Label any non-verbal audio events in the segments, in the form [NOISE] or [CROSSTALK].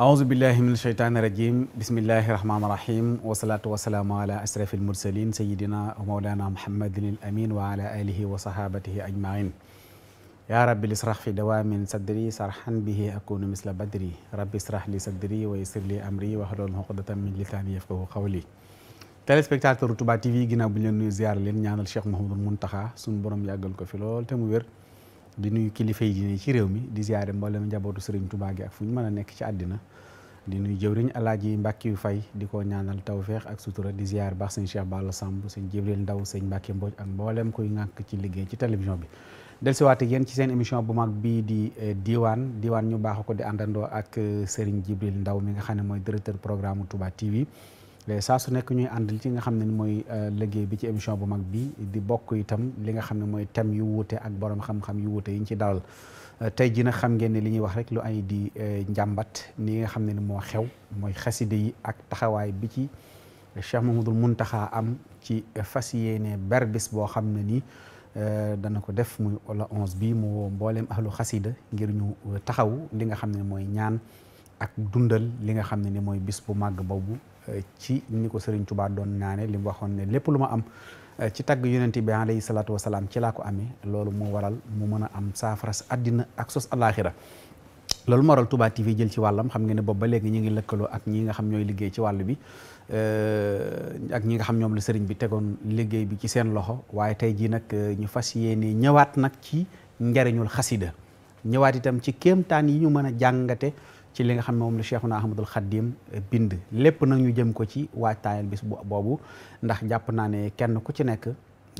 أعوذ بالله من الشيطان الرجيم بسم الله الرحمن الرحيم والصلاة والسلام على أشرف المرسلين سيدنا ومولانا محمد الأمين وعلى آله وصحابته أجمعين يا رب اسرح في دوام صدري سرحا به أكون مثل بدري رب اسرح لي صدري ويسر لي أمري واحلل المقدة من لثاني يفقه قولي téléspectateur Touba TV تيفي bi leen nuyu ziar leen ñaanal Cheikh Mouhamadou Mountakha suñu borom yàggal di nuyu kilifa yi diine ci réew mi di ziare mboolem njabootu Serigne Touba ak fu ñu mën a nekk ci àddina di nuyu jëwriñ alaaji Mbàkke yu fay di ko ñaanal tawféex ak sutura di ziare baax sëñ Cheikh Balla Samb sëñ Jibril Ndaw sëñ Mbàkke Mbooj ak mboolem kuy ŋànk ci liggéey ci télévision bi dellusiwaat ak yéen ci seen émission bu mag bii di eh, diwaan diwaan ñu baax ko di àndandoo ak eh, Serigne Jibril Ndaw mi nga xam ne mooy directeur programme Touba TV Eh, saa su nekk ñuy ànd ci nga xam ne ni mooy eh, liggéey bi ci émission bu mag bi di bokk itam li nga xam ne mooy thème yu wuute ak borom xam-xam yu wuute yi ñu ci dalal eh, tey jii nag xam ngeen ne li ñuy wax rek lu ay di njàmbat ni nga xam ne ni moo xew mooy xaside yi ak taxawaay bi ci Cheikh mun Muntaxa am ci fas yéene berbis boo xam ne nii dana ko def muy la onze bi mu woo mbooleem ahlu xasida ngir ñu taxaw li nga xam ne mooy ñaan ak dundal li nga xam ne ni mooy bis bu màgg boobu Eh, ci ni ko Serigne Touba don nané lim mu waxoon ne lépp am eh, ci tag yonenti bi alayhi salatu wassalam ci la ko amé mo waral mu meuna am safras. adina ak sos alakhirah loolu moral Touba TV jël ci walam xam ngeen ne boobu ba léegi ñu ngi lëkkaloo ak ñi nga xam ñoy liggéey ci walu bi eh, ak ñi nga xam ñom la serigne bi tégon liggéey bi ci seen loxo waye tay ji nak ñu fasiyene ñëwaat ci ndariñul khasida ñëwaat itam ci yi ñu meuna jangate ci li nga xam ne moom lu la Cheikhuna Ahmadul Xaddim bind lépp nag ñu jëm ko ci waajtaayal bis boobu ndax jàpp naa ne kenn ku ci nekk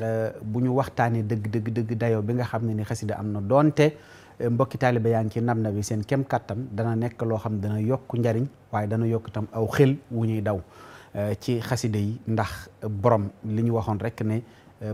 euh, bu ñu waxtaanee dëgg dëgg dëgg dayoo bi nga xam ne ni xasida am na doonte euh, mbokki taaliba yaa ngi ci nab bi seen kem kattan dana nekk loo xam dana yokk njariñ waaye dana yokk itam aw xel wu ñuy daw euh, ci xasida ndax borom li ñu waxoon rek ne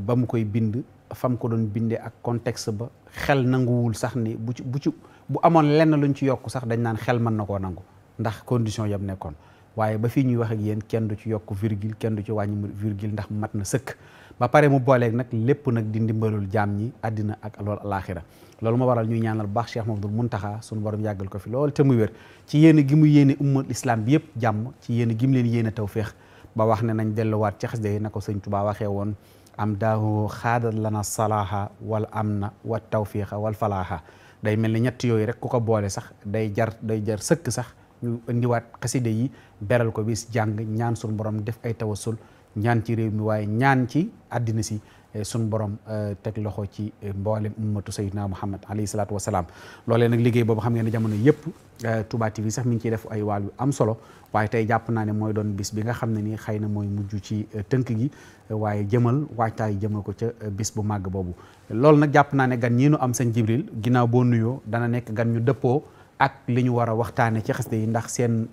ba mu koy bind fam ko doon bindee ak contexte ba xel nanguwul sax ni bu ci bu ci bu amone len luñ ci yokk sax dañ nan xel man nako nangu ndax condition yam nekkon waye ba fii ñuy wax ak yéen kenn du ci yokk virgule kenn du ci wàññi virgule ndax mat na sëkk ba pare mu booleeg nak lépp nak di ndimbalul jam ñi adina ak lool alakhirah lool mo waral ñuy ñaanal bax Cheikh Mamadou muntaha sun borom yagal ko fi lool te muy wér ci yeen gi mu yéene ummat islam bi yëpp jam ci yeen gi mu leen yéene tawfiq ba wax ne nañ delu wat ci xasse yi na ko sëñ touba waxé won am daahu xaadat lana salaha wal amna wat tawfiqa wal falaha day mel ni ñetti yooyu rek ku ko boole sax day jar day jar sëkk sax ñu indiwaat xaside yi beral ko bis jàng ñaan suñu borom def ay tawasul ñaan ci réew mi waaye ñaan ci àddina si suñ borom tek loxo ci mboolem ummatu sayyidina muhammad alayhi salatu wassalam lolé nak liggéey bobu xam ngeen ni jamono yëpp Touba TV sax mi ngi ci def ay wàll yu am solo waye tay jàpp na ne moy don bis bi nga xam ne ni xëy na ci teunk gi waye jëmal waajtaay jëmal ko ci bis bu mag bobu lol nak jàpp na ne gan ñi nu am sëñ Jibril ginaaw bo nuyo dana nek gan ñu dëppoo ak li ñu war a ci xasida yi ndax seen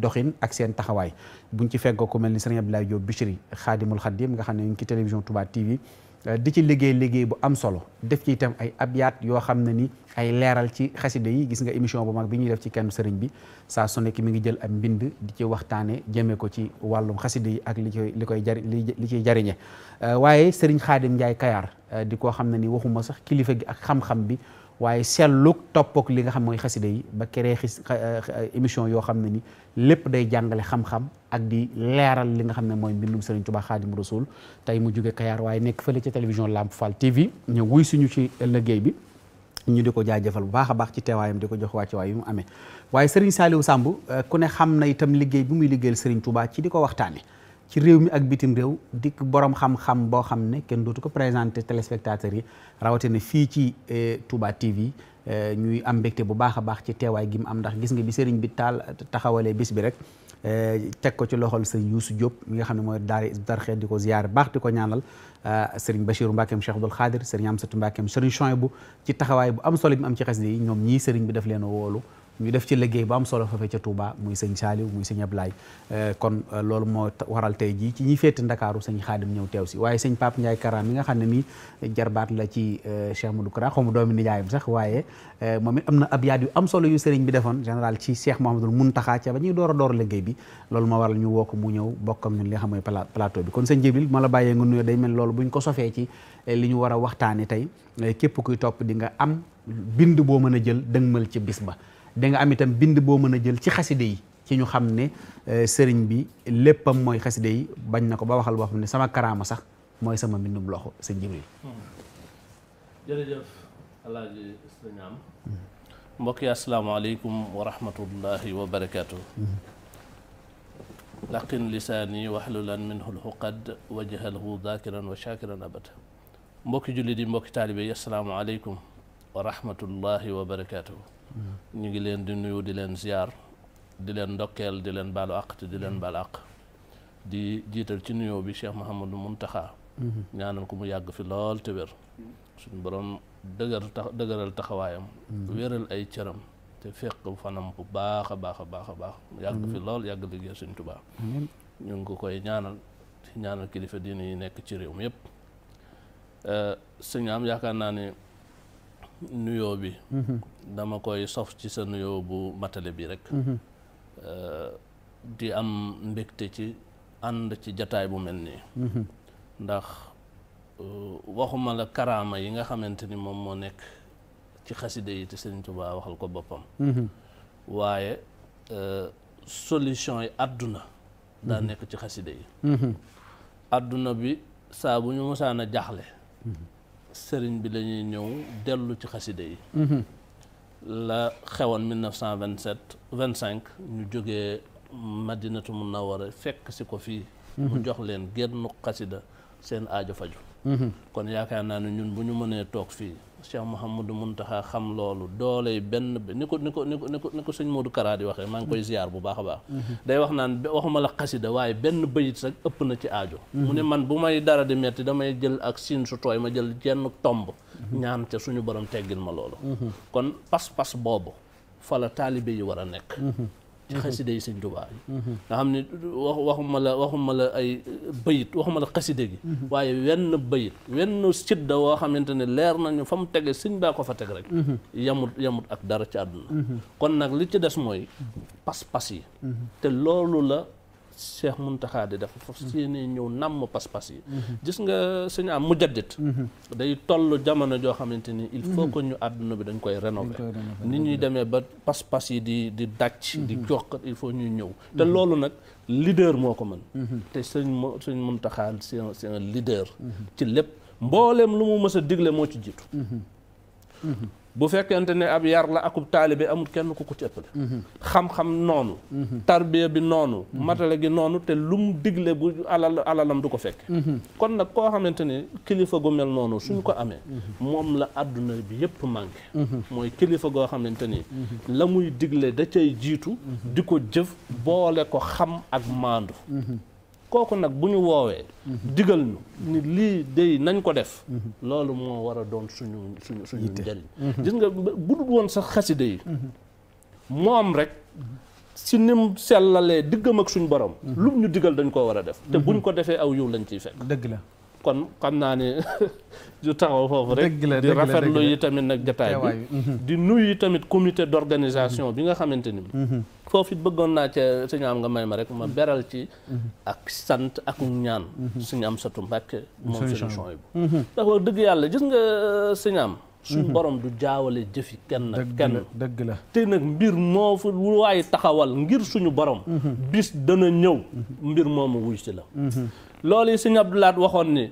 doxin ak seen taxaway buñ ci fegg ko melni serigne Abdoulaye Diop Bichri khadimul khadim nga xam ne ñu ci télévision Touba TV Euh, di ci liggéey liggéey bu am solo def ci itam ay abyaat yoo xam ne ni ay leeral ci xasida yi gis nga émission bu mag bi ñuy def ci kenn sëriñ bi saa su nekk mi ngi jël ab mbind di ci waxtaane jëmee ko ci wàllum xasida yi ak li koy li koy jari li ciy jariñe euh, waaye sëriñ Xaadim Njaay Kayaar euh, di koo xam ne ni waxuma sax kilifa gi ak xam-xam bi waaye seetlu toppook li nga xam mooy xasida yi ba créé émission yoo xam ne ni lépp day jàngale xam-xam ak di leeral li nga xam ne mooy mbindum Serigne Touba Xaadimu Rasuul tey mu jóge Kayaar waaye nekk fële ci télévision Lamp Fall TV ñu wuy suñu liggéey bi ñu di ko jaajëfal bu baax a baax ci teewaayam di ko jox wàcc waay mu amee waaye Serigne Saliou Samb eh, ku ne xam na itam liggéey bi muy liggéeyal Serigne Touba ci di ko waxtaane ci réew mi ak bitim réew dikk borom xam-xam boo xam ne kenn dootu ko présenté téléspectateurs yi rawatina fii ci eh, Touba TV eh, ñuy am mbégte bu baax a baax ci teewaay gi mu am ndax gis nga bi Serigne bi taal taxawalee bis bi rek Eh, teg ko ci loxol sëñ Youssou Diop mi nga xam ne mooy daara dar Tarqiyyah di ko ziyaare baax di ko ñaanal eh, sëriñ Bachirou Mbackeem Cheikh Abdoul Khadir sëriñ Amsatou Mbackeem sëriñ Chouaïbou bu ci taxawaay bu am solo bi am ci xes yi ñoom ñii sëriñ bi daf leen a woolu ñu def ci liggéey bu am solo fa ca Touba muy sëñ Saliou muy sëñ Ablaye eh, kon eh, loolu moo waral tey jii ci ñi féete Ndakaaru sëñ Xaadim ñëw teew si waaye sëñ Pape Ndiaye Kara mi nga xam ne nii jarbaat la ci eh, Cheikh Modou Kara xaw ma doomi nijaayam sax waaye moom it am na ab yaat am solo yu sëriñ bi defoon général ci Cheikh Mouhamadoul Mountakha ca ba ñuy door a door liggéey bi loolu moo waral ñu woo ko mu ñëw bokk ak ñun li nga xam mooy bi kon sëñ Jibril ma la bàyyee nga nuyoo day mel loolu buñ ko sofee ci li ñu war a waxtaane tey képp kuy topp di am bind boo mën a jël dëngmal ci bis ba da nga am itam bind bo meuna jël ci khasside yi ci ñu xamne serigne bi léppam moy khasside yi bañ nako ba waxal bopam ne sama karama sax moy sama mbindum loxo sëñ Jibril jërëjëf alaaji sëñ am mbokk assalamu alaykum wa rahmatullahi wa barakatuh لكن لساني وحلولا منه الحقد وجهله ذاكرا وشاكرا ابدا موكي جولي دي موكي mbokki السلام عليكم ورحمه الله وبركاته ñu ngi leen di nuyoo di leen ziar di leen ndokkeel di leen baalu àq te di leen baal àq di jiital ci nuyoo bi Cheikh Mouhamadou Mountakha mm-hmm. ñaanal ko mu yàgg fi lool te wér suñu boroom dëgër tax dëgëral taxawaayam mm-hmm. wéral ay cëram te fekk fanam bu baax a baax a baax a baax yàgg fi mm-hmm. lool yàgg liggéey suñ Tuubaa ñu ngi ko koy ñaanal ci ñaanal kilifa diine yi nekk ci réew mi yépp eh, sëñ am yaakaar naa ne nuyoo bi mm-hmm. Mm-hmm. dama koy sof ci sa nuyoo bu matale bi rek mm-hmm. uh, di am mbégte ci ànd ci jataay bu mel nii ndax uh, waxuma la karaama yi nga xamante ni moom moo nekk ci xaside yi te Sëriñ Tuubaa waxal ko boppam waaye uh, solution yi àdduna daa nekk ci xaside yi àdduna bi saa ñu mosaan jaaxle sëriñ bi lañuy ñëw dellu ci xasida yi mm-hmm. la xewoon 1927 25 ñu jógee madinatu a fekk si ko fii mm-hmm. mu jox leen génn xasida seen aajo faju mm-hmm. kon yaakaar naa ne ñun bu ñu mënee toog fii Cheikh Mouhamadou Mountakha xam loolu doole benn ba ko ni ko ni ko ni ko ni ko sëñ Modou Kara di waxee maa ngi koy ziar bu baax a baax day wax naan waxuma la xasida waaye benn bayit sax ëpp na ci aajo mu ne man bu may dara di metti damay jël ak siin su tooy ma jël jenn tomb ñaan ca suñu borom teggil ma loolu mhm. kon pas-pas boobu fa la taalibe yi war a nekk ci xaside yi sëñ Tuubaa yi mm-hmm. Mm-hmm. nga xam ne wax waxuma la waxuma la ay bayit waxuma la xaside gi mm-hmm. waaye wenn bayit wenn sidda woo xamante ne leer nañu fa mu tegee sëñ baa ko fa teg rek yamut yamut ak dara ci àdduna kon nag li ci des mooy pas-pas yi te loolu la Cheikh Mountakha di def foofu mm-hmm. seeni ñëw nàmm pas-pas yi mm-hmm. gis nga suñu am mujaddid mm-hmm. day toll jamono joo xamante ni il faut que ñu àdduna bi dañ koy rénover ni ñuy demee ba pas-pas yi di di dàcc di jokk il faut ñuy ñëw te loolu nag leader moo ko mën te sëñ sëñ Mountakha c'est un c'est un ci lépp mbooleem lu mu mës a digle moo ci jiitu bu fekkente ne ab yar la akub taalibe amul kenn ku ko ci ëppale xam-xam noonu tarbiya bi noonu matale gi noonu te lum digle bu alal alalam du ko fekk kon nag koo xamante ne kilifa gu mel noonu suñ ko amee moom la àdduna bi yépp manqué mooy kilifa goo xamante ni la muy digle da cay jiitu di ko jëf boole ko xam ak maandu kooku nag bu ñu woowee mhm. digal ñu nit lii day nañ ko def mhm. loolu moo war a doon suñu suñu suñu njëriñ mhm. gis nga bu dul woon sax xasida yi moom rek si ni sellalee diggam ak suñu borom lu ñu digal dañ koo war a def te buñ ko defee aw yow lañ ciy fekk dëgg la kon xam naa ne [LAUGHS] ju taxaw foofu rek di rafetlu yi tamit nag jataay bi mhm. di nuyu tamit comité d'organisation bi nga xamante ni mhm. foofu it bëggoon naa ca suñu ma rek ma beral ci mhm. ak sant ak ñaan suñu am satu mbàkke moom solution yi bu ndax dëgg yàlla gis nga euh, suñu am suñu borom du jaawale jëfi kenn kenn dëgg la te nag mbir moo fi waaye taxawal ngir suñu borom bis dana ñëw mbir moomu wuy si la loolu yi sëñ Abdou Lahad waxoon ni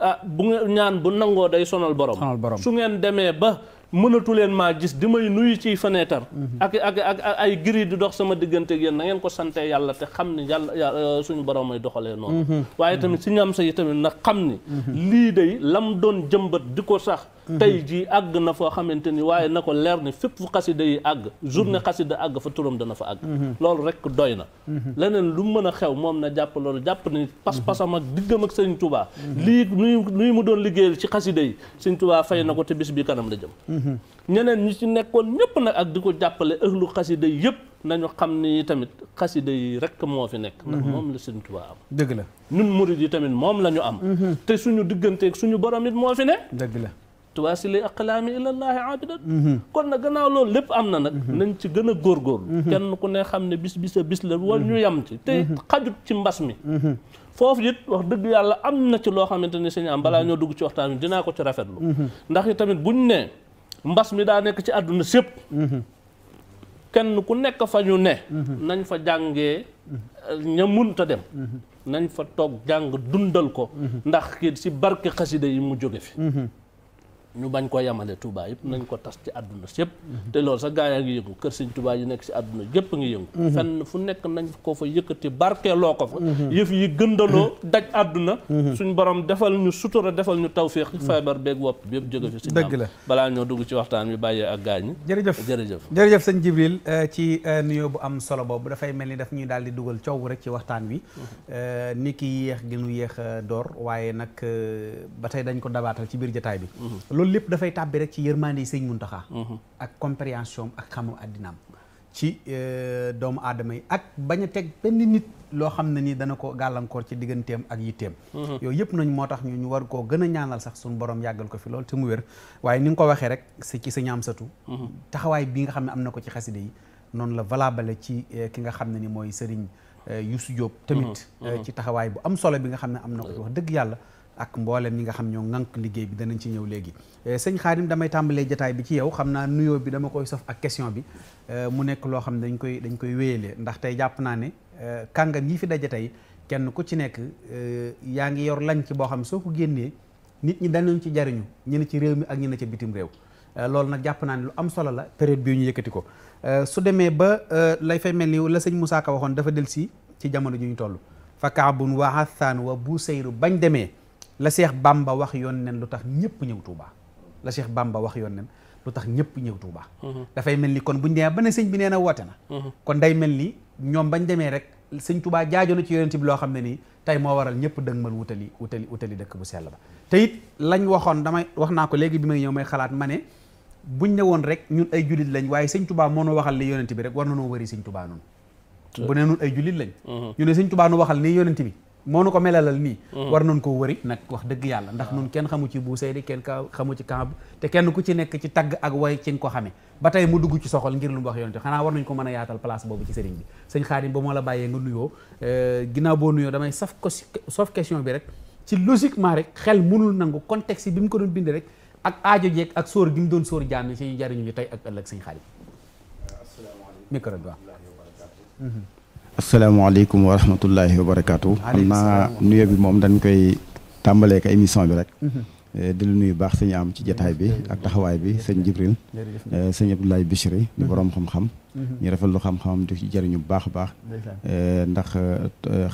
ah bu ngeen ñaan bu nangoo day sonal borom. borom su ngeen demee ba mënatu leen maa gis di may nuyu ciy fenêtre. Mhm. ak ak ak ay giri di dox sama diggante ak yéen na ngeen ko sante yàlla te xam ni yàlla euh, suñu borom may doxalee noonu. Mhm. waaye tamit si ñam sa yi tamit na xam ni. Mhm. lii day lam doon jëmbat di ko sax. tey ji àgg na foo xamante ni waaye na ko leer ni fépp fu xasida yi àgg journée xasida àgg fa turam dana fa àgg mhm. loolu rek doy na mhm. leneen lu mën a xew moom na jàpp loolu jàpp ni pas-pasam ak mhm. diggam ak Sëriñ Tuubaa lii nuy mu doon liggéeyal ci xasida yi Sëriñ Tuubaa fay na ko te bis bi kanam la jëm ñeneen ñi ci nekkoon ñëpp nag ak di ko jàppale ëhlu xasida yi yëpp nañu xam ni tamit xasida yi rekk moo fi nekk ndax moom la seen Tuubaa am dëgg la ñun murid yi tamit moom la ñu am te suñu digganteeg suñu borom it moo fi ne dëgg la tuwaasili aqlaami ilallaahi aabidan mhm. kon nag gannaaw loolu lépp am na nag mhm. nañ ci gën a góor góorgóorlu mhm. kenn ku ne xam ne bis bi sa bis la war ñu yem ci te xajut ci mbas mi foofu it wax dëgg yàlla am na ci loo xamante ni sëñ am balaa ñoo dugg ci waxtaan wi dinaa ko ci rafetlu ndax i tamit ñu nee mbas mi daa nekk ci àdduna sépp kenn ku nekk fa ñu ne nañ fa jàngee ña munta dem nañ fa toog jàng dundal ko ndax kii si barke xasida yi mu jóge fi ñu bañ ko yamale Touba yëpp nañ ko tas ci àdduna si yëpp te loolu sax gaa yaa ngi kër sëñ Touba yi nekk si àdduna yëpp ngi yëngu mhm. fenn fu nekk nañ ko fa yëkkati barkeeloo ko fa mhm. yëf yi gëndaloo mhm. daj àdduna suñ borom defal ñu sutura defal ñu tawféex feebar beeg wopp bi yëpp jóge fi si dëgg la balaa ñoo dugg ci waxtaan bi bàyyee ak gaa ñi jërëjëf jërëjëf jërëjëf sëñ Jibril euh, ci euh, nuyoo bu am solo boobu dafay mel ni daf ñuy daal di dugal coow rek ci waxtaan wi euh, ni ki yéex gi nu yéex door waaye nag ba tey dañ ko dabaatal ci biir jataay bi loolu lépp dafay tàbbi rek ci yërmande yi sëñ Muntaxa mhm. ak compréhension ak xamam àddinaam ci euh, doomu aadama yi ak bañ a teg benn nit loo xam ne ni dana ko gàllankoor ci digganteem ak yitteem mhm. yooyu yëpp nañ moo tax ñu ñu war ko gën a ñaanal sax suñu borom yàggal ko fi loolu te mu wér waaye ni nga ko waxee rek si ci sëñ Amsatu mhm. taxawaay bi nga xam ne am na ko ci xaside yi noonu la valable ci euh, ki nga xam ne ni mooy sëriñ euh, Youssou Diop tamit ci taxawaay bu am solo na ko wax dëgg ak mboolem ñi nga xam ñoo ŋànk liggéey bi danañ ci ñëw léegi eh, sëñ Xaadim damay tàmbalee jataay bi ci yow xam naa nuyo bi dama koy sof ak question bi eh, mu nekk loo xam dañ koy dañ koy wéyale ndax tey jàpp naa ne eh, kàngam yi fi daje tey kenn ku ci nekk yaa ngi yor lañ boo xam soo ko génnee nit ñi danañ ci jariñu ñi ne ci réew mi ak ñi ne ca bitim réew loolu nag jàpp naa ne lu am solo la période bii ñu yëkkati ko su demee ba la fay mel ni la sëñ Moussa Ka waxoon dafa del si ci jamono ju ñu toll fa kaabun waa hathaan wa bu seyru bañ demee la Cheikh Bamba wax yoon nen lu tax ñëpp ñëw Touba la Cheikh Bamba wax yoon nen lu tax ñëpp ñëw Touba. Mhm. dafay mel ni kon buñ demee ba ne sëñ bi nee na woote na. Mhm. kon day mel ni ñoom bañ demee rek sëñ Touba jaajoo na ci yonent bi loo xam ne nii tey moo waral ñëpp dëgmal wutali wutali wutali dëkk bu sell ba. te lañ waxoon damay wax naa ko léegi bi may ñëw may xalaat ma ne buñ ne woon rek ñun ay jullit lañ waaye sëñ Touba moo nu waxal li yonent bi rek war nañoo wëri sëñ Touba noonu. bu ne ñun ay jullit mhm. waxal nii yonent bi. moo nu ko melalal nii mm. war nañ koo wëri nag wax dëgg yàlla ndax ah. nun kenn xamu ci Bou Seydi kenn ka xamu ci Kamb te kenn ku ci nekk ci tagg ak way ci nga ko xame ba tey mu dugg ci soxol ngir lu mu wax xanaa war nañ ko mën a yaatal place boobu ci sëriñ bi sëñ Xaadim ba moo la bàyyee nga nuyoo euh, ginnaaw boo nuyoo damay saf ko saf question bi rek ci logiquement rek xel mënul nangu contexte bi mu ko doon bind rek ak aajo jeek ak soor gi mu doon sóor jàmm si ñu jariñu ñu tey ak ëllëg sëñ Xaadim micro bi waaw asalaamaaleykum wa rahmatullahi wa barakaatu. xam naa nuyoo bi moom dañ koy tàmbalee ak émission bi rek. Mhm. Eh, di lu nuyu baax sëñ am ci jataay bi ak taxawaay bi sëñ Jibril eh, sëñ Abdoulaye Bichri di mhm. borom xam-xam mhm. ñu rafet lu xam-xamam di ci bu baax a baax eh, ndax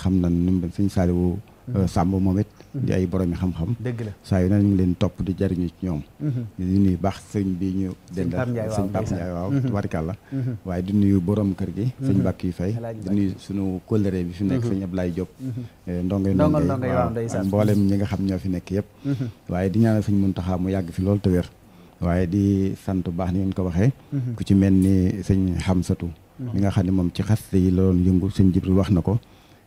xam na nu mu sëñ Saaliwu Euh, sàmm moom it di ay borom yi xam-xam dëgg la saa yu ne ñu leen topp di jariñu ci ñoom mhm. di nuyu baax sëñ bi ñu dendal sëñ Pape Ndiaye waaw mhm. tubarkàlla mhm. waaye di nuyu borom kër gi sëñ Bakk yi fay di nuyu suñu kóllëre bi fi nekk sëñ Ablaye Diop eh, ndongoy ndongoy ñi nga xam ñoo fi nekk yëpp waaye di ñaanal sëñ Muntaxa mu yàgg fi loolu te waaye di sant bu baax ni ngeen ko waxee ku ci mel ni sëñ satu mi nga xam ne moom ci xas yi la doon yëngu sëñ Jibril wax na ko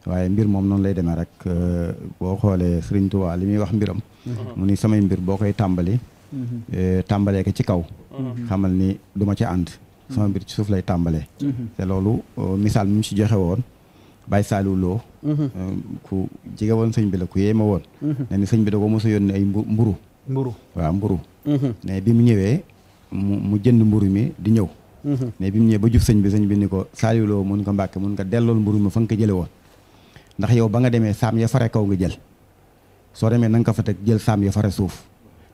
waaye mbir moom noonu lay demee rek euh, boo xoolee Serigne Touba li muy wax mbiram. Mhm. mu ni samay mbir boo koy tàmbali. Mhm. Euh, tàmbalee ko ci kaw. Mhm. xamal ni duma ci ànd. sama mbir ci suuf lay tàmbalee. te loolu euh, misaal mi mu ci joxe woon Baye Saliou ku jege woon sëñ bi la ku yéeme woon. ne sëñ bi da ko mos a yónnee ay mburu mburu mburu mais bi mu ñëwee mu mu jënd mburu mi di ñëw. mais bi mu ñëwee ba jub sëñ bi sëñ bi ni ko Saliou mun ko mbàkke mun ko dellool mburu m fa nga ko jëlee woon. ndax yow ba nga demee saam ya fare kaw nga jël soo demee na nga ko fa teg jël saam ya fare suuf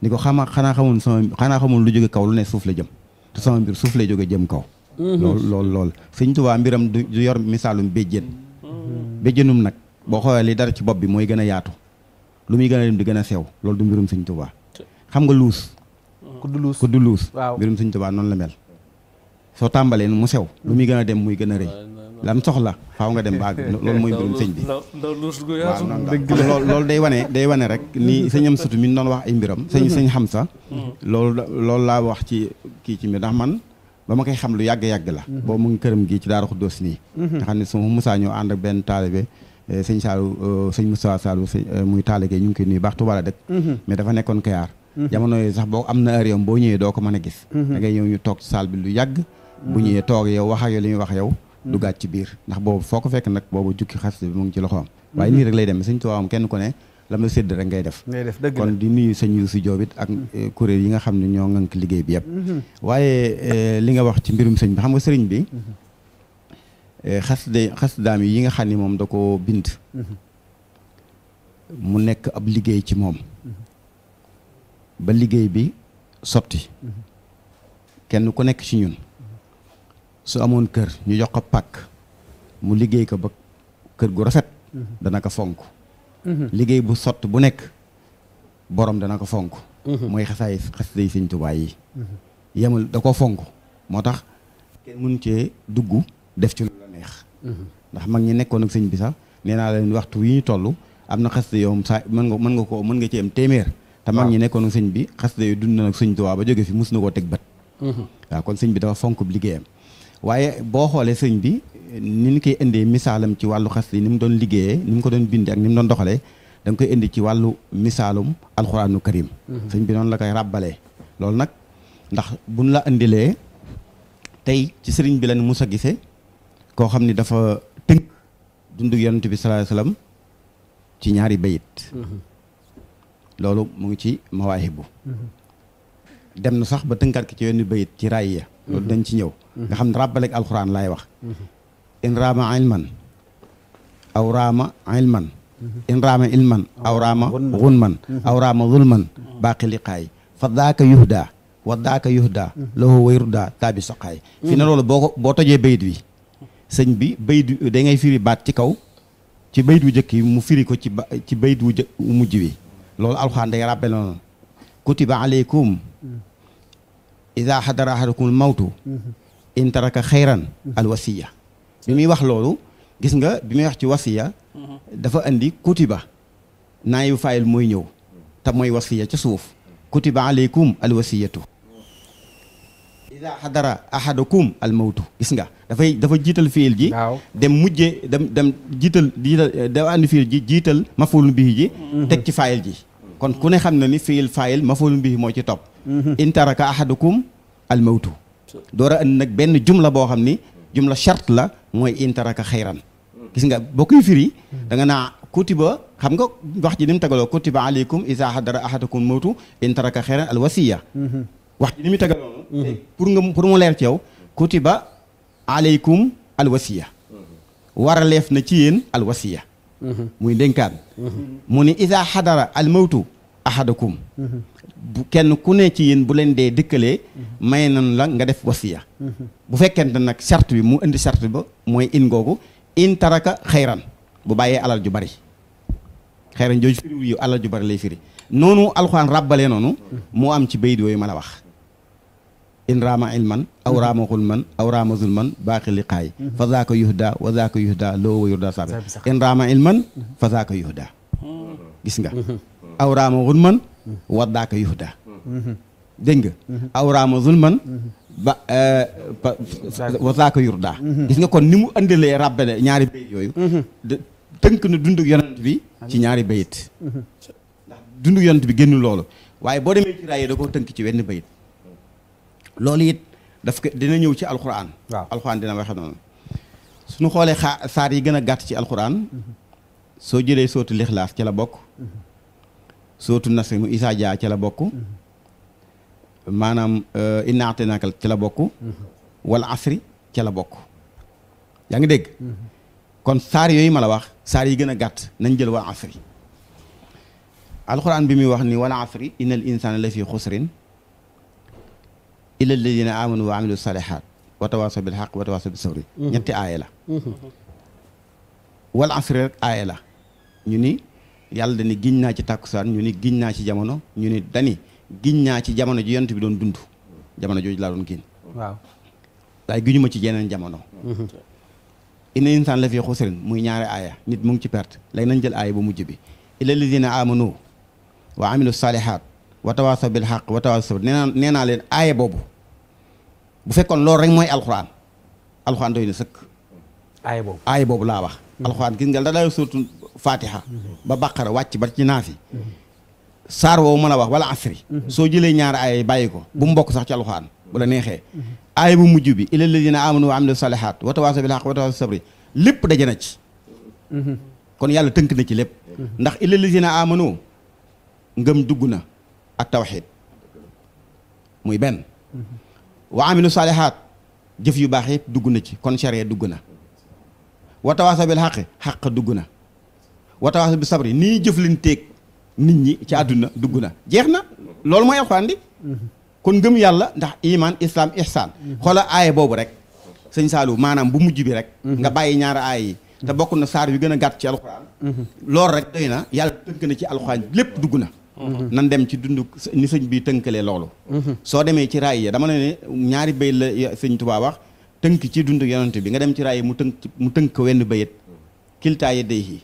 ni ko xamaa xanaa xamul sama xanaa xamul lu jóge kaw lu ne suuf la jëm te sama mbir suuf lay jóge jëm kaw mhm. lool lool lool sëñ mbiram du yor misaalum béjjén mhm. béjjénum nag boo xoolee li dara ci bopp bi mooy gën a yaatu lu muy gën a dem di gën a sew loolu du mbirum sëñ Tuubaa xam nga luus mhm. kuddu luus kuddu luus mbirum sëñ Tuubaa noonu la mel soo tàmbalee mu sew lu muy gën a dem muy gën a lam soxla faaw nga dem baag [LAUGHS] loolu mooy mbirum sëñ bi waaw noonu loolu day wane day wane rek ni mm-hmm. sëñam sutu mi doon wax ay mbiram sëñ mm-hmm. sëñ xam sa mm-hmm. loolu loolu laa wax ci kii ci mbir ndax man ba koy xam lu yàgg-yàgg la boobu mu këram gii ci Daaru Xuddoos xam ne su musaa ñoo ànd ak benn taalibe eh, sëñ Saalu eh, sëñ Moustapha Saalu eh, muy taaligee ñu ngi koy nuyu baax Tuubaa la dëkk mais dafa nekkoon Kayaar jamono yooyu sax boo am na boo ñëwee doo ko mën a gis da ñëw ñu toog ci saal bi lu yàgg bu ñëwee toog yow wax ak yow li ñuy wax yow dugaat ci biir ndax boobu foo ko fekk nag boobu jukki xasida bi mu ngi ci loxoom mhm. waaye nii rek lay dem sëñ Tuubaa am kenn ku ne lam la sédd rek ngay def kon di nuyu sëñ Yuusu Joob it ak mhm. eh, kuréel yi nga xam ne ñoo ngànk liggéey yëpp mhm. waaye eh, li nga wax ci mbirum sëñ bi xam nga sëriñ bi xasida eh, xasidaam yi nga xam ne moom da ko bind mu nekk ab liggéey ci moom ba liggéey bi sotti kenn ku nekk ci ñun su amoon kër ñu jox ko pàkk mu liggéey ko ba kër gu rafet mhm. dana ko fonk mhm. liggéey bu sott bu nek borom dana ko fonk moy mhm. xassay xassay yi touba yi yamul da ko fonk motax ken mën ci dugg def ci lu neex ndax mag ñi nekkon ak sëñ bi sax leen waxtu yi ñu toll am na xasida yoom mën nga mën nga ko mën nga ci am témèr ta mag ñi nekkon ak sëñ bi xassay yu dund nak ak touba ba joge fi mus na tek bat bët kon sëñ bi dafa fonk liggéeyam waaye boo xoolee sëñ bi ni ñu koy indee misaalam ci wàllu xas li ni mu doon liggéeyee ni mu ko doon bindee ak ni mu doon doxalee da koy indi ci wàllu misaalum alxuraanu karim mhm. sëñ bi noonu la koy ràbbalee loolu nag ndax bu buñ la indilee tey ci sëriñ bi la mus a gisee koo xam ni dafa tënk dundug yonent bi sallallahu alayhi ci ñaari bayit mhm. loolu mu ngi ci mawaahibu mhm. dem na sax ba tënkaat ki ci wenn bayit ci raay ya loolu dañ ci ñëw nga xam ne ràbbaleeg alxuraan laay wax in raama ilman aw raama ilman in raama ilman aw raama gunman aw raama daaka yuhda wa daaka yuhda lahu wayruda taabi soqaay fi ne loolu boo ko boo tojee bayit wi sëñ bi bayit wi da ngay firi baat ci kaw ci bayit wu jëkk mu firi ko ci ci bayit wu mujj wi loolu alxuraan day ràbbale noonu kutiba aleykum اذا حضر احدكم الموت ان ترك خيرا الوصيه بيمي واخ لولو غيسغا بيمي واخ تي وصيه دا فا اندي كتب نايو فايل موي نيو تا موي وصيه تي سوف كتب عليكم الوصيه اذا حضر احدكم الموت غيسغا دا فاي دا فا جيتال فيل جي دم موجي دم دم جيتال دا اندي فيل جي جيتال مفعول به جي تك تي فايل جي kon ku ne xam na ni fiil faayil maful mbii mo ci topp intaraka ahadukum al maut door a indi nag benn jumla bo xamni jumla shart la mooy intaraka xayran gis nga bokuy firi da nga na kutiba xam nga wax ji nim tagalo kutiba alaykum iza hadara ahadukum mawtu intaraka xayran al wasiya wax ji nim tagalo pour nga pour mo leer ci yow kutiba alaykum al wasiya waralef na ci yéen al wasiya muy dénkaan mu ni isa xadara al mawtu ahadakum bu kenn ku ne ci yéen bu leen dee dëkkalee may nañ la nga def wasiya bu fekkente nag charte bi mu indi sart ba mooy in googu in taraka xayran bu bàyyee alal ju bari xayran jooju firiwu yu alal ju bari lay firi noonu alxuraan ràbbalee noonu moo am ci bayit yooyu ma la wax in raama ilman aw raama xulman aw raama zulman baaqi liqaay fa zaaka yuhda wa zaaka yuhda loo wa yurda sabi in raama ilman fa zaaka yuhda gis nga aw raama xulman wa zulman ba wa zaaka yurda gis nga kon ni mu andilee ràbbale ñaari bayit yooyu tënk na dundug yonent bi ci ñaari bayit ndax dundug yonent bi génn loolu waaye boo demee ci raay da ko tënk ci wenn bayit loolu it daf ko dina ñëw ci alxuraan. waaw alxuraan dina waxe noonu. suñu xoolee xaa saar yi gën a gàtt ci alxuraan. soo jëlee sootu lixlaas ca la bokk. sootu nasi mu isaa jaa ca la bokk. maanaam euh, innaa a'taynaakal ca la bokk. wal asri ca la bokk. yaa ngi dégg. kon saar yooyu ma la wax saar yi gën a gàtt nañ jël wal asri. alxuraan bi muy wax ni wal asri innal insaana la fi xusrin illa alladina amanu wa amilu salihat wa tawasaw bil haq wa tawasaw bis sabri ñetti aaya la wal asri rek aaya la ñu ni yàlla dani giñ naa ci tàkkusaan ñu ni giñ naa ci jamono ñu ni dani giñ naa ci jamono ji yonent bi doon dund jamono jooju laa doon giñ waaw waaye giñu ma ci yeneen jamono inna insaan la fi xusrin muy ñaari aaya nit mu ngi ci perte léegi nañ jël aaya bu mujj bi illa alladina amanu wa amilu salihat watawaasaw bil xaq watawaasaw nee naa nee naa leen aaye boobu bu fekkoon loolu rek mooy alxuraan alxuraan doy na sëkk. aaye boobu aaye boobu laa wax. alxuraan gis nga da lay surtout Fatiha. ba Baqara wàcc ba ci naafi. saar woowu mën a wax wala asri. soo jëlee ñaari aaye bàyyi ko. bu mu bokk sax ci alxuraan bu la neexee. aaye bu mujj bi illal ladina amanu wa amilu salihaat watawaasaw bil xaq watawaasaw sabri lépp daje na ci. kon yàlla tënk na ci lépp. ndax illal ladina amanu ngëm dugg na. ak tawxiid muy benn wa amilu saalihaat jëf yu baax yëpp dugg na ci kon sharia dugg na wa tawaasaw bil xaqi xaq dugg na wa tawaasaw bi sabri nii jëflanteeg nit ñi ci àdduna dugg na jeex na loolu mooy alxuraan di kon ngëm yàlla ndax iman islam ihsaan xoola aaya boobu rek sëñ Saalum maanaam bu mujj bi rek nga bàyyi ñaari aaya yi te bokk na saar yu gën a gàtt ci alxuraan mhm. loolu rek doy na yàlla tënk na ci alxuraan lépp dugg na Mhm. nan dem ci dund ni sëñ bi tënkalee loolu mhm. soo demee ci raay yi dama ne ne ñaari bay la sëñ Tuubaa wax tënk ci dund yonent bi nga dem ci raay mu tënk mu tënk ko wenn bayit kiltaa yadayhi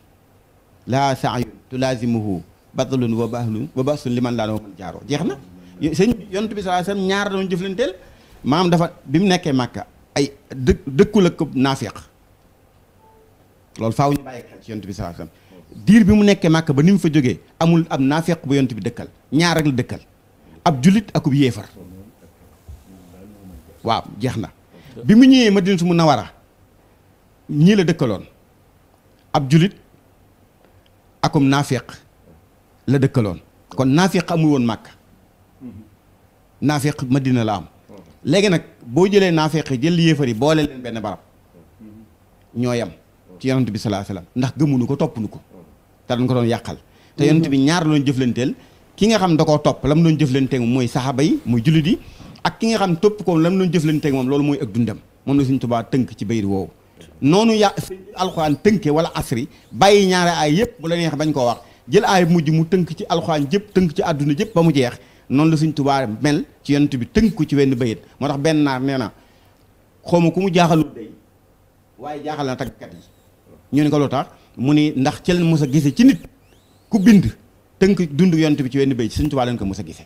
laa saayun tulaazimuhu batalun wa bahlun ba basun liman laa noo mën jaaro jeex na sëñ yonent bi sa alayhi wasallam ñaar doon jëflanteel maam dafa bi mu nekkee màkka ay dëkk dëkkul ak naafiq loolu faaw ñu bàyyi xel ci yonent bi sallallahu alayhi wasallam diir bi mu nekkee màkk ba ni mu fa jógee amul am naafeq bu yont bi dëkkal ñaar rek la dëkkal ab julit akub yéefar waaw jeex na bi mu ñëwee Madinatu Munawara ñii la dëkkaloon ab julit akum naafeq la dëkkaloon kon naafeq amul woon màkk naafeq Madina la am léegi nag boo jëlee naafeq yi jël yéefar yi boole leen benn barab ñoo am ci yonent bi salaa salaam ndax gëmuñu ko toppuñu ko te dañ ko doon yàqal te yonent bi ñaar loon jëflanteel ki nga xam da koo topp la mu doon jëflanteeg moom mooy saxaaba yi mu jullit yi ak ki nga xam topp ko la mu doon jëflanteeg moom loolu mooy ak dundam moom la Sëriñ Tuubaa tënk ci bayit woowu noonu ya alxuraan tënke wala asri bàyyi ñaare aay yëpp bu la neex bañ koo wax jël aay mujj mu tënk ci alxuraan jëpp tënk ci àdduna jëpp ba mu jeex noonu la suñ tubaar mel ci yonent bi tënk ko ci wenn bayit moo tax benn naar nee na xawma ku mu jaaxalul day waaye jaaxal na tàggkat yi ñu ne ko lu tax mu ni ndax ci leen mos a gise ci nit ku bind tënk dund yonent bi ci wenn béy Sëñ Tuubaa leen ko mos a gise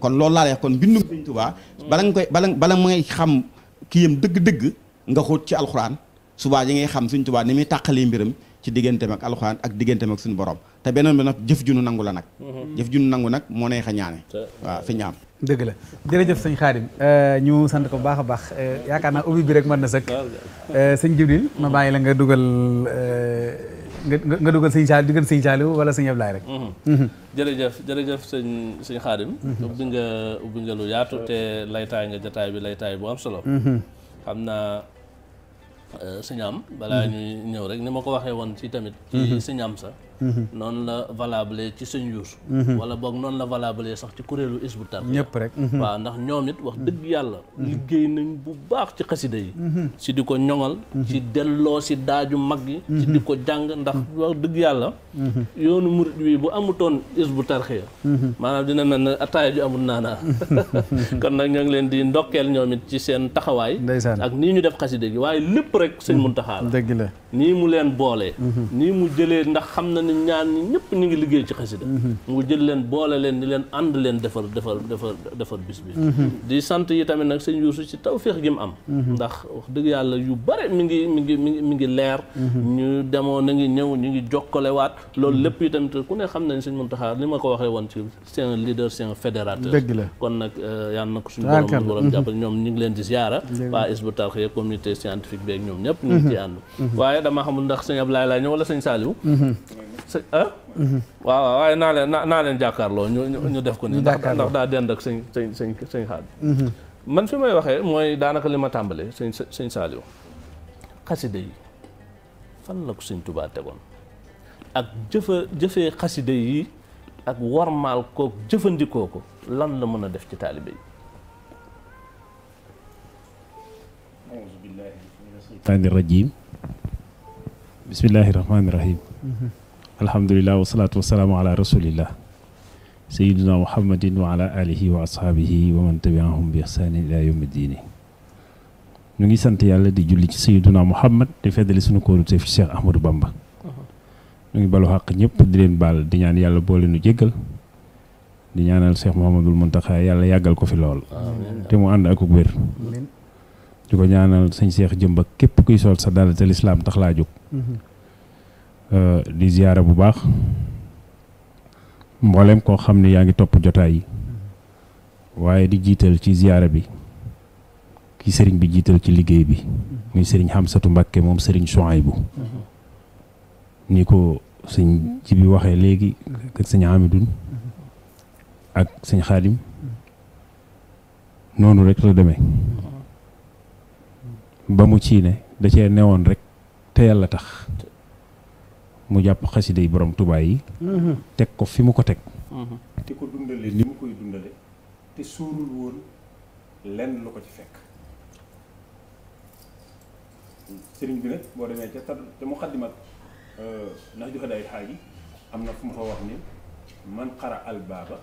kon loolu laa lay kon bindu Sëñ Tuubaa bala nga koy bala bala ngay xam kiyam dëgg-dëgg nga xóot ci alxuraan subaa yi ngay xam Sëñ Tuubaa ni muy tàqalee mbiram ci digganteem ak alxuraan ak digganteem ak suñu borom te beneen bi nag jëf ju nangu la nag mm-hmm. jëf ju nu nangu nag moo neex a ñaane waaw fi ñaam dëgg la jërëjëf sëñ Xaadim euh, ñu sant ko bu baax a baax euh, yaakaar naa ubbi bi rek mën na sëkk euh, sëñ Jibril ma bàyyi la nga dugal nga dugal sëñ Saaliw digal sëñ Saaliw wala sëñ Ablaay rek mhm. Mhm. jërëjëf jërëjëf sëñ sëñ Xaadim mhm. ubbi nga ubbi nga lu yaatu te laytaay nga jataay bi laytaay bu am solo xam naa sëñ am balaa ñuy ñëw rek ni ma ko waxee woon ci tamit ci sëñ sa Mm-hmm. noonu la valable ci sëñ yuus mm-hmm. wala boog noonu la valable sax ci kuréelu isbu tarbiya ñëpp rek mm-hmm. waaw ndax ñoom it wax dëgg yàlla liggéey nañ bu baax ci xasida yi si di ko ñoŋal ci delloo si daaju mag yi ci di ko jàng ndax wax dëgg yàlla yoonu murit wi bu amutoon bu tarxiya maanaam dina mel ne ataaya ju amul naanaa [LAUGHS] kon nag ñoo ngi leen di ndokkeel ñoom ci seen taxawaay ak nii ñu def xasida gi waaye lépp rek sëñ Muntaxa la la nii mu leen boolee nii mu jëlee ndax ni ñaan ñi ñëpp ñu ngi liggéey ci xasida mhm. mu jël leen boole mhm. yi tamit nag sëñ Youssou ci tawféex gi mu am mhm. ndax wax dëgg yàlla mi ngi mi ngi mi ngi mi ngi ñu ngi ñëw ñu ngi loolu lépp yi tamit ku ne xam nañ sëñ Mountakha li ma ko waxee woon ci c'est la kon euh, na ko suñu borom borom jàppale ñoom ñu ngi leen di ziara waa Hizbut Tarqiyyah communauté scientifique beeg ñoom ñëpp ñu ngi ci ànd waaye dama xamul ndax sëñ Ablaye laa ñëw wala sëñ Saliou sëñ ah? waaw waaye naa leen naa leen jàkkaarloo ñu ñu def ko nii. ndax daa dend ak sëñ sëñ sëñ sëñ mhm. man fi may waxee mooy daanaka li ma tàmbalee sëñ sëñ Saliou xaside yi fan la ko sëñ Tuubaa tegoon ak jëfa jëfee xaside yi ak warmaal ko jëfandikoo ko lan la mën a def ci taalibe yi. auzu billaahi mina shaytaani alhamdulilah wasalaatu wasalaamu ala rasulillah sayiduna muhammadin wa ala alihi wa ashaabihi wa man tabiahum bi ihsaanin ila yawmi diini ñu ngi sant yàlla di julli ci sayiduna muhammad di feddali suñu kóoruteef ci Cheikh Ahmadou Bamba ñu ngi balu xàq ñëpp di leen baal di ñaan yàlla boole nu jéggal di ñaanal Cheikh Mouhamadul Muntaxa yàlla yàggal ko fi lool te mu ànd ak wér di ko ñaanal sëñ Cheikh jëmb ak képp kuy sol sa dara te lislaam tax laa jóg Euh, di ziyaara bu baax mboolem koo xam ne yaa ngi topp jotaay yi waaye di jiital ci ziyaara bi ki sëriñ bi jiital ci liggéey bi muy sëriñ Xamsatu Mbàkke moom sëriñ Suwaybu ni ko sëñ ci bi waxee léegi ak sëñ Amidun ak sëñ Xaadim noonu rek la demee ba mu ci ne da cee newoon rek te yàlla tax mu japp xasida yi borom Tuubaa yi. Mhm. tek ko fi mu ko tek mhm. di ko dundale ni mu koy dundale te sóorul woon len lu ko ci fekk. serigne bi nag boo demee ca tar ca muqaddimat euh, ndax joxe day haaji amna am na fu mu wax ni man xara albaaba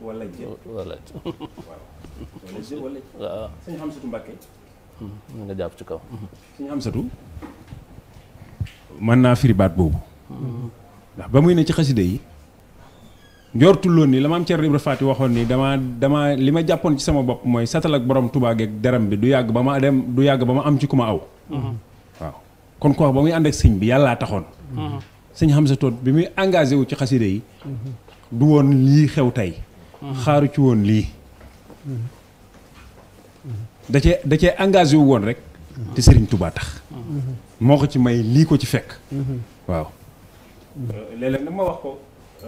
wala wala jë wala jë wala jë waaw sëñ Xamsatu mhm. nga japp ci kaw sëñ Xamsatu man na firibat bobu ndax ba muy ne ci xasida yi njortuloon ni la maam Thierno Ibra Faty waxoon nii damaa damaa li ma jàppoon ci sama bopp mooy satal ak borom Tuubaa deram bi du yàgg ba ma dem du yàgg ba ma am ci ku ma aw. Mm-hmm. waaw kon kooku ba muy ànd ak sëñ bi yàllaa taxoon. Mm-hmm. sëñ sa Todd bi muy engagé wu ci xasida yi. Mm-hmm. du woon lii xew tey. xaaru ci woon lii. da cee da wu woon rek. te sëriñ Tuubaa tax. moo ko ci may lii ko ci fekk. waaw. Euh, léeg-léeg nag ma wax ko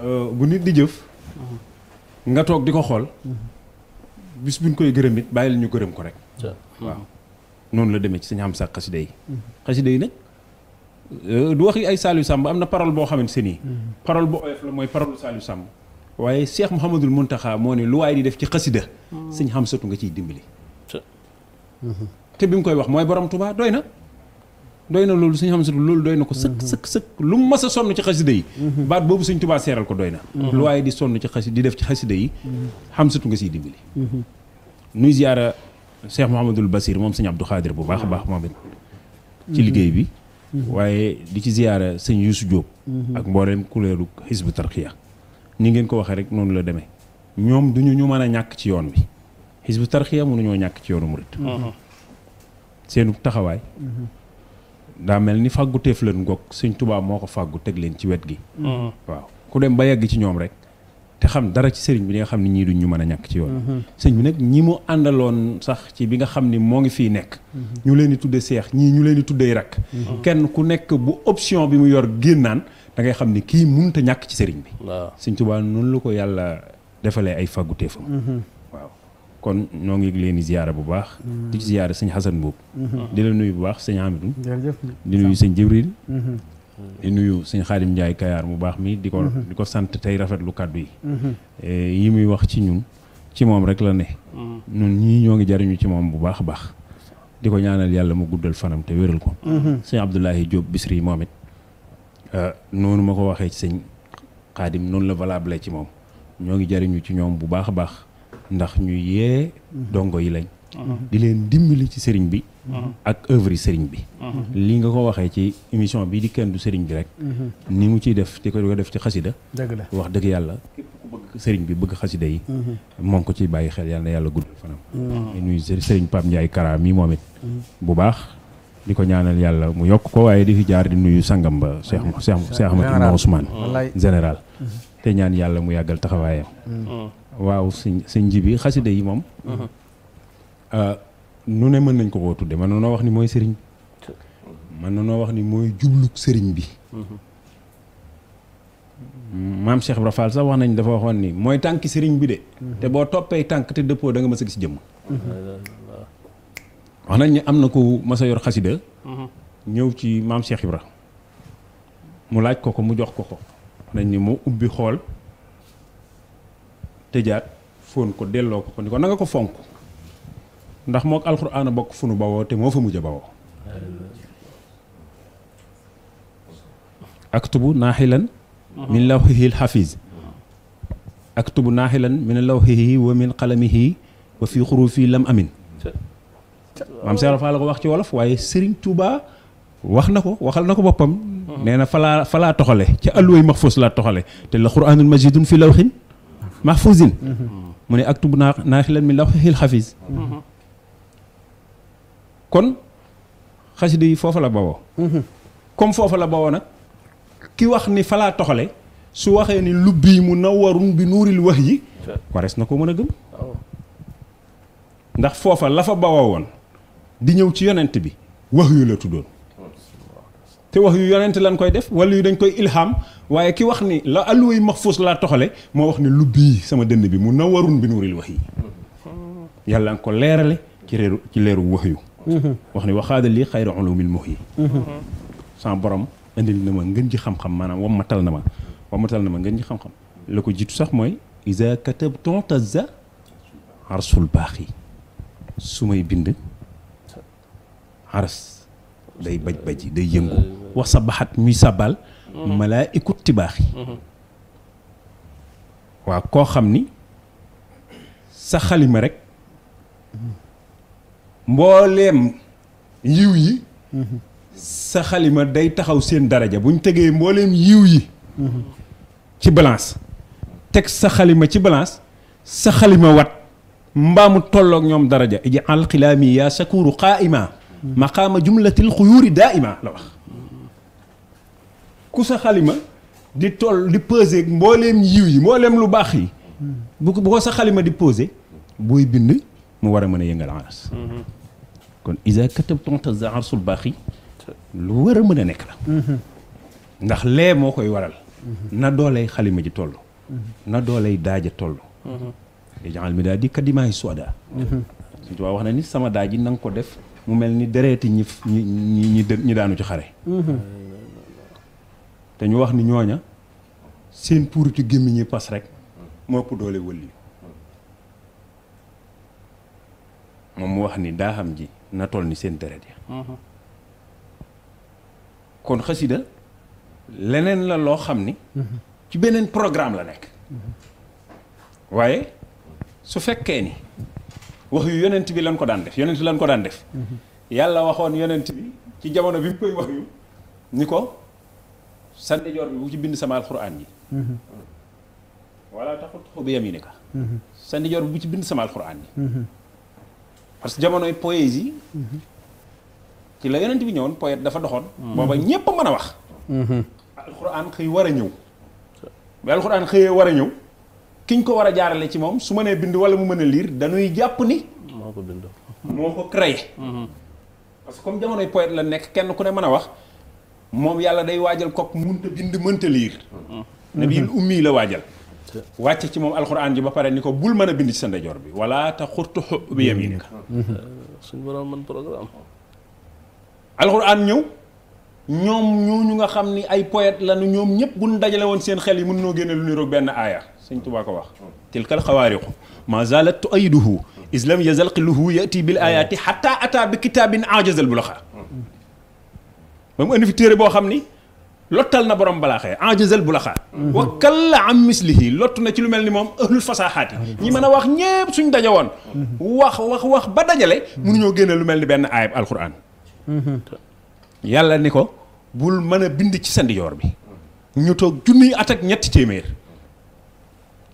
euh, bu nit di jëf nga toog di ko xool bis buñ koy gërëm bàyyi lañu ñu gërëm ko rek waaw noonu la demee ci sañ am sax xasida yi mm-hmm. xasida yi nag euh, du waxi ay Saliou Samb am na parole boo xamante se nii mm-hmm. parole bu oyof la mooy parole Saliou Samb waaye Cheikh Mouhamadul Mountakha moo ne lu waay di def ci xasida mm-hmm. sëñ xam satu nga ciy dimbili te bi mu koy wax mooy borom Touba doy na doy na loolu suñu xam ne loolu doy na ko sëkk sëkk sëkk lu mu mas a sonn ci xasida yi baat boobu suñ tubaa seeral ko doy na lu waaye di sonn ci xasi di def ci xasida yi xam satu nga siy dimbali nuy ziyaara Cheikh Mouhamadul Basir moom sëñ Abdou Khadir bu baax a baax moom it ci liggéey bi waaye di ci ziyaara sëñ Youssou Diop ak mboolem kuréelu Hizbu Tarqiya ni ngeen ko waxee rek noonu la demee ñoom duñu ñu mën a ñàkk ci yoon bi Hizbu Tarqiya ñoo ñàkk ci yoonu murit seenu taxawaay Da mel ni fàgguteef leen goog sëñ Tuubaa moo ko fàggu teg leen ci wet gi mm-hmm. waaw ku dem ba yegg ci ñoom rek te xam dara ci sëriñ bi nga xam ne ñii duñ ñu mën ci yoon mm-hmm. sëñ bi nag ñi mu àndaloon sax ci bi nga xam ni mo ngi fii nekk mm-hmm. ñu leen di tudde seex ñii ñu leen di tuddee rak kenn ku nekk bu option bi mu yor génnaan da ngay xam ni kii mënut a ñàkk ci sëriñ bi waaw sëñ Tuubaa noonu la ko yàlla defalee ay fàgguteefam kon ñoo ngi leen di ziyaara bu baax. Mm-hmm. di ci ziyaara sëñ Xasan Mbuub. Mm-hmm. di la nuyu bu baax sañ Amidou. jërëjëf di nuyu sëñ Jibril. Mm-hmm. di nuyu sëñ Xaadim Njaay Kayaar mu baax mi di ko di ko sant tey rafet lu kàddu yi. E, yi muy wax ci ñun ci moom rek la ne. ñun ñii ñoo ngi jariñu ci moom bu baax a baax. di ko ñaanal yàlla mu guddal fanam te wéral ko. sëñ Abdoulahi Diop Bisri moom it. E, noonu ma ko waxee ci sëñ Xaadim noonu la valable ci moom ñoo ngi jariñu ci ñoom bu baax a baax. ndax ñu yee mhm. dongo yi lañ mhm. di leen dimbali ci sëriñ bi mhm. ak œuvre yi sëriñ bi li nga ko waxee ci émission bi di kenn du sëriñ bi rek ni mu ciy def di ko def ci xasida dëgg la wax dëgg yàlla képp ku bëgg sëriñ bi bëgg xasida yi moom ko ciy bàyyi xel yàlla na yàlla gudd fanam nuyu sëriñ Pape Ndiaye Kara mi moom it bu baax di ko ñaanal yàlla mu yokk ko waaye di fi jaar di nuyu sangam ba Cheikh Cheikh Cheikh Ahmadou Ousmane général te ñaan yàlla mu yàggal taxawaayam waaw sëñ sëñ ji bi xasida yi moom. Uh-huh. Ah, nu ne mën nañ ko koo tudde mën na noo wax ni mooy sëriñ. mën na noo wax ni mooy jubluk sëriñ bi. Uh-huh. maam Cheikh Ibra Fall sax wax nañ dafa waxoon ni mooy tànki sëriñ bi de. Uh-huh. te boo toppee tànk te dëppoo da nga mës a gis jëmm. wax nañ ni am na ko mës a yor xasida ñëw ci maam Cheikh ra mu laaj ko ko mu jox ko ko. nañ ni mu ubbi xool. tëjaat fóon ko delloo ko ko ni ko na nga ko fonk ndax mook alxuraan a bokk fu nu bawoo te moo fa mujj a bawoo aktubu naaxilan min lawxihi alxafiz aktubu naaxilan min lawxihi wa min qalamihi wa fi xurufi lam amin maam Seex Faal la ko wax ci wolof waaye Sëriñ Tuubaa wax na ko waxal na ko boppam nee na falaa falaa toxale ca alluway maxfuus laa toxale te la quraanul majidun fi lawxin محفوظين من اكتب ناخل من لوح الحفيظ كون خاش دي فوفا لا بابا كوم فوفا لا بابا نا كي واخ ني فلا توخلي سو واخي ني لوبي منور بنور الوحي كوارس نكو مانا گم ndax fofa la fa bawawon di ñew ci yonent bi waxyu la tudon te wax yu yonent lañ koy def wala yu dañ koy ilham waye ki wax ni la alluway maxfuus la toxale mo wax ni lu bi sama dënd bi mu nawarun bi nuril wahyi yàlla ko léralé ci leeru ci leeru wahyu wax ni wa khad li khayru ulumil mux yi sans borom andil na ma ngeen ci xam-xam manam maanaam matal na ma matal na ma ngeen ci xam-xam la ko jiitu sax mooy isa katabton tazza arsul baqi sumay bind aras day baj baji day yëngu wax sa baxat muy sabal malaa ikut tibaax yi waaw koo xam ni sa xalima rek mbooleem yiw yi sa xalima day taxaw seen daraja buñ tegee mbooleem yiw yi ci balance teg sa xalima ci balance sa xalima wat mbaamu tolloog ñoom daraja iji alxilaami yaa sakuru qaaima maqaama jumlatil xuyuuri daaima la wax ku sa xalima di toll di peser mbooleem yiw yi mbooleem lu baax yi bu ko sa xalima di poser booy bind mu war a mën a yëngal aras kon isa katab tonta arsul baax yi lu war a mën a nekk la ndax lee moo koy waral na doolay xalima ji toll na doolay daaja toll di mhm. jaxal mi daal di kadimaay suada mhm. suñu tubaab wax na ni sama daaj yi na ko def mu mel ni yi ñi ñi ñi daanu ci xare mm-hmm. te ñu wax ni ñooña seen puuritu gémmiñ ñi pas rek moo ëpp doole wëlli moom mu wax ni daaxam ji na toll ni seen deret ya mm-hmm. kon xasida leneen la loo xam ni mm-hmm. ci beneen programme la nekk waaye su fekkee ni wax yu yonent bi lañ ko daan def yonent lañ ko daan def yàlla waxoon yonent bi ci jamono bi mu koy wax yu ni ko sa ndijoor bi bu ci bind sama alxuraan ji wala taxutxu bi yaminika sa ndijoor bu ci bind sama alxuraan ji parce que jamonoy poésie ci la yonent bi ñëwoon poète dafa doxoon booba ñépp mën a wax alxuraan xëy war a ñëw bi alxuraan xëyee war a ñëw kiñ ko wara jaarale ci mom su mënee bind wala mu mën lire da nuy japp ni. moko bind. moko créer hmm parce que comme jamono poète la nek kenn ku ne mën wax mom yalla day waajal kok mënta bind mënta liir. Mm-hmm. nabil mm-hmm. ummi la waajal. wacc ci mom alquran ji ba pare ni ko bul mën bind ci sa ndjor bi wala ta khurtu xu bi yaminika. Mm-hmm. Euh, sun borom mën programme. alxuraan ñëw. ñoom ñu nga xamni ay poète la ñom ñëpp bu ñu won seen xel yi تلك الخوارق ما زالت تؤيده إذ لم يزل قله يأتي بالآيات حتى أتى بكتاب عاجز البلخة بمؤن في تيري بوخمني لطلنا برام بلاخة عاجز البلخة وكل عن مثله لطلنا كل ملني موم أهل الفصاحات يمنا واخ نيب سنين دجوان واخ واخ واخ بدا جلي من يوجين الملني بأن آيب القرآن يالا نيكو بول من بندي كسان ديور بي نيوتو جني أتاك نيات تيمير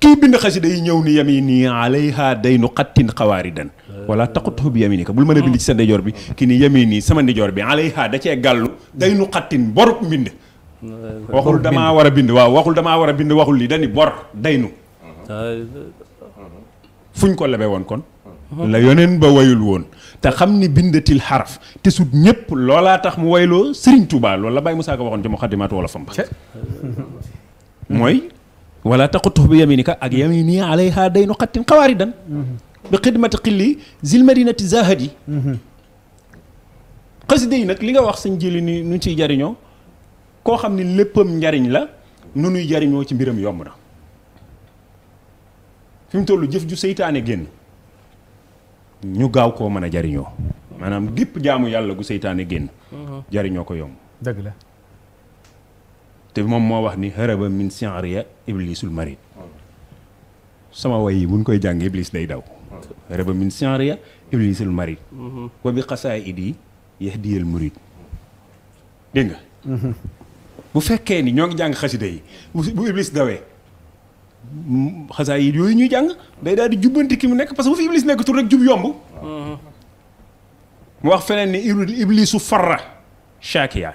كي بن خشيد ينوني يميني عليها دين قتن قواردا ولا تقته بيمينك بل ما نبي نتسن دجور بي كني يميني سمن دجور بي عليها دكي قالو دين قتن بورك من واخول دما ورا بند واو واخول دما ورا بند واخول لي داني بور دينو فوني كو لبي وون كون لا يونن با ويول وون تا خامني بندت الحرف تسود نيب لولا تخ مو ويلو سيرن توبا لولا باي موسى كو واخون جمو خاتمات ولا فم موي wala taqutuhu bi yaminika ak yamini alayha daynu xattin xawaaridan mhm. bi xidmati xilli zil madinati zahadi mhm. xasida yi nag li nga wax sañ jëli ni nu ciy jariñoo koo xam ne léppam njariñ la nu nuy jariñoo ci mbiram yomb na fi mu toll jëf ju seytaane génn ñu gaaw koo mën a jariñoo maanaam gépp jaamu yàlla gu seytaane génn mhm. jariñoo ko yomb dëgg te moom moo wax ni haraba min si'riya iblisul marid sama way yi buñ koy jàng iblis day daw haraba min si'riya iblisul marid mhm. wa bi qasaa'idi yahdiyal murid dégg nga mhm. bu fekkee ni ñoo ngi jàng xasida yi bu iblis dawee xasaa yi yooyu ñuy jàng day daal di jubbanti ki mu nekk parce que bu fi iblis nekkatul rek jub yomb mhm. mu wax feneen ni iblisu farra shakiya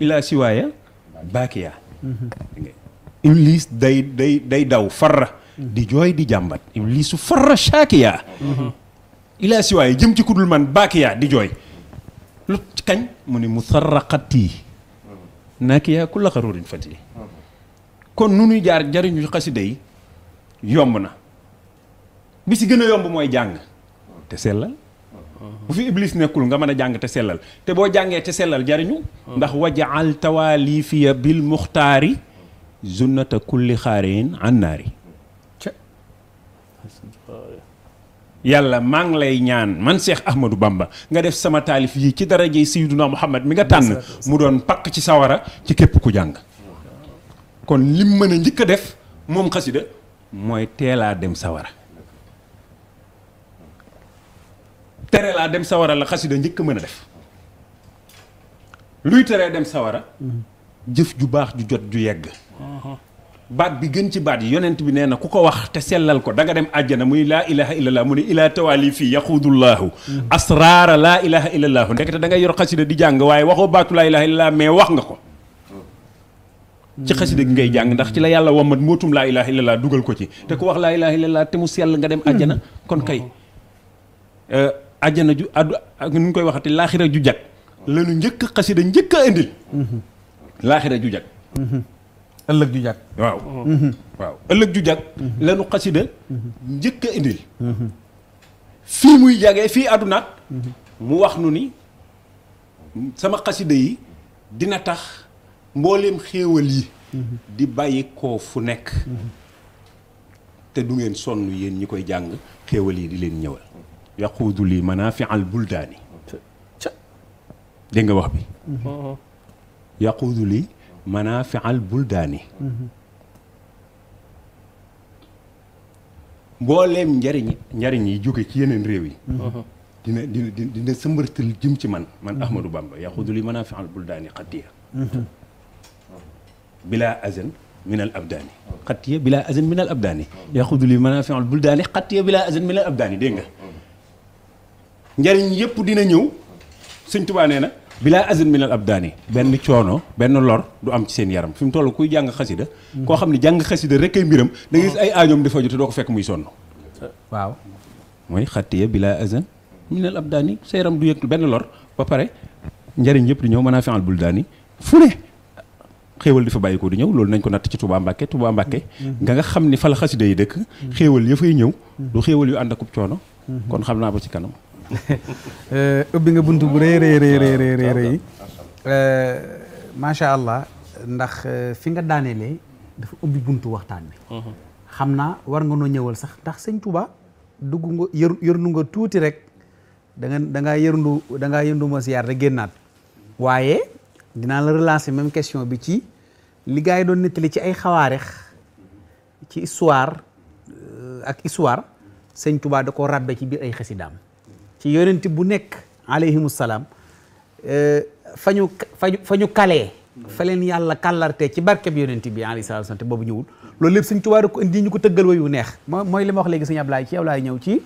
ila siwaaya baakiya iblis day day day daw farra di jooy di jàmbat iblisu farra shaakiya ilaa siwaay jëm ci kudul man baakiya di jooy lu kañ mu ni musarraqati naakiya ku la xarurin fati kon nu nuy jaar jariñu xasida day yomb na bi si gën a yomb mooy jàng te sellal bu fi iblis nekkul nga mën a jàng te sellal te boo jàngee te sellal jariñu ndax wajaal tawaalifiya bil muxtaari zunnata kulli xaariin annaari yàlla maa ngi lay ñaan man Cheikh Ahmadou Bamba nga def sama taalif yi ci darajey Sayyiduna Muhammad mi nga tànn mu doon pakk ci sawara ci képp ku jàng kon lim mën a njëkk a def moom xasida mooy teelaa dem sawara tere la dem sawara la khassida njëkk mën def luy teree dem sawara jëf ju baax ju jot ju yegg baat bi gën ci baat yi yonent bi neena kuko ku wax te selal ko danga dem aljana muy la ilaha illallah mu ila tawali fi fii yaxuudullaahu asraara ilaha illallahu ndekete da ngay yor khassida di jang waye waxo baatu la ilaha illallah mais wax nga ko ci khassida ngay jang ndax ci la yalla womat motum la ilaha illallah dugal ko ci te ku wax la ilaha illallah te mu sel nga dem aljana kon kay euh, aljana ju adu ñu koy waxati laaxira ju jag lanu njëkk xasida njëkk a jujak laaxira ju jak ëllëg ju jak waaw waaw ëllëg ju jag lanu xasida njëkk a indil fii muy jagee fii àddunaat mu wax nu sama xasida yi dina tax mbooleem xéewal yi di bàyyi ko fu nek te du ngeen sonu yeen ñi koy di leen ñëwal يقود لمنافع البلدان دينغ وهبي يقود لي منافع البلدان بولم نجارني نجارني يجوك كيانن ريوي دين دين دين دين سمرت الجيم تمان من أحمد بامبا يقود لي منافع البلدان قديا بلا أذن من الأبدان قطية بلا أذن من الأبدان يأخذ لي منافع البلدان قطية بلا أذن من الأبدان دينغ njariñ yëpp dina ñëw sëñ Tuubaa nee na bilaa azin minal daani benn coono benn lor du am ci seen yaram fi mu toll kuy jàng xasida koo xam ne jàng xasida rek ay mbiram da ngay gis ay aajoom di faju te doo ko fekk muy sonn waaw mooy xattiya bilaa azin minal abdaani sa yaram du yëg benn lor ba pare njariñ yëpp di ñëw mën aa fenal bul daani fu ne xéewal di fa bàyyi ko di ñëw loolu nañ ko natt ci tubaa Mbacké Touba Mbacké nga nga xam ni fa la xasida yi dëkk xéewal ya ñëw du xéewal yu ànd akub coono mm-hmm. kon xam naa ba ci kanam Eh, ubbi nga bunt bu rëy rëy rëy rëy eh, macha allah ndax eh, fi nga daaneelee dafa ubbi bunt waxtaan bi mhm. xam naa war nga noo ñëwal sax ndax sëñ Touba dugg nga yër nu nga tuuti rek da nga da ngaa yërndu da ngaa yërndu ma siyaar rek génnaat waaye dinaa la relancer même question bi ci li gars yi doon nettali ci ay xawaarex ci histoire ak histoire sëñ Touba da ko ràbbe ci biir ay xasidaam ci yonent bu nekk alayhimu salaam eh, fa ñu fa ñu kalee fa leen yàlla kàllarte ci barkeb yonent bi alayhi salaatu sant boobu ñëwul loolu lépp suñ tubaa rek ko indi ñu ko tëggal wayu neex mooy li ma wax léegi sëñ Ablaay ci yow laay ñëw ci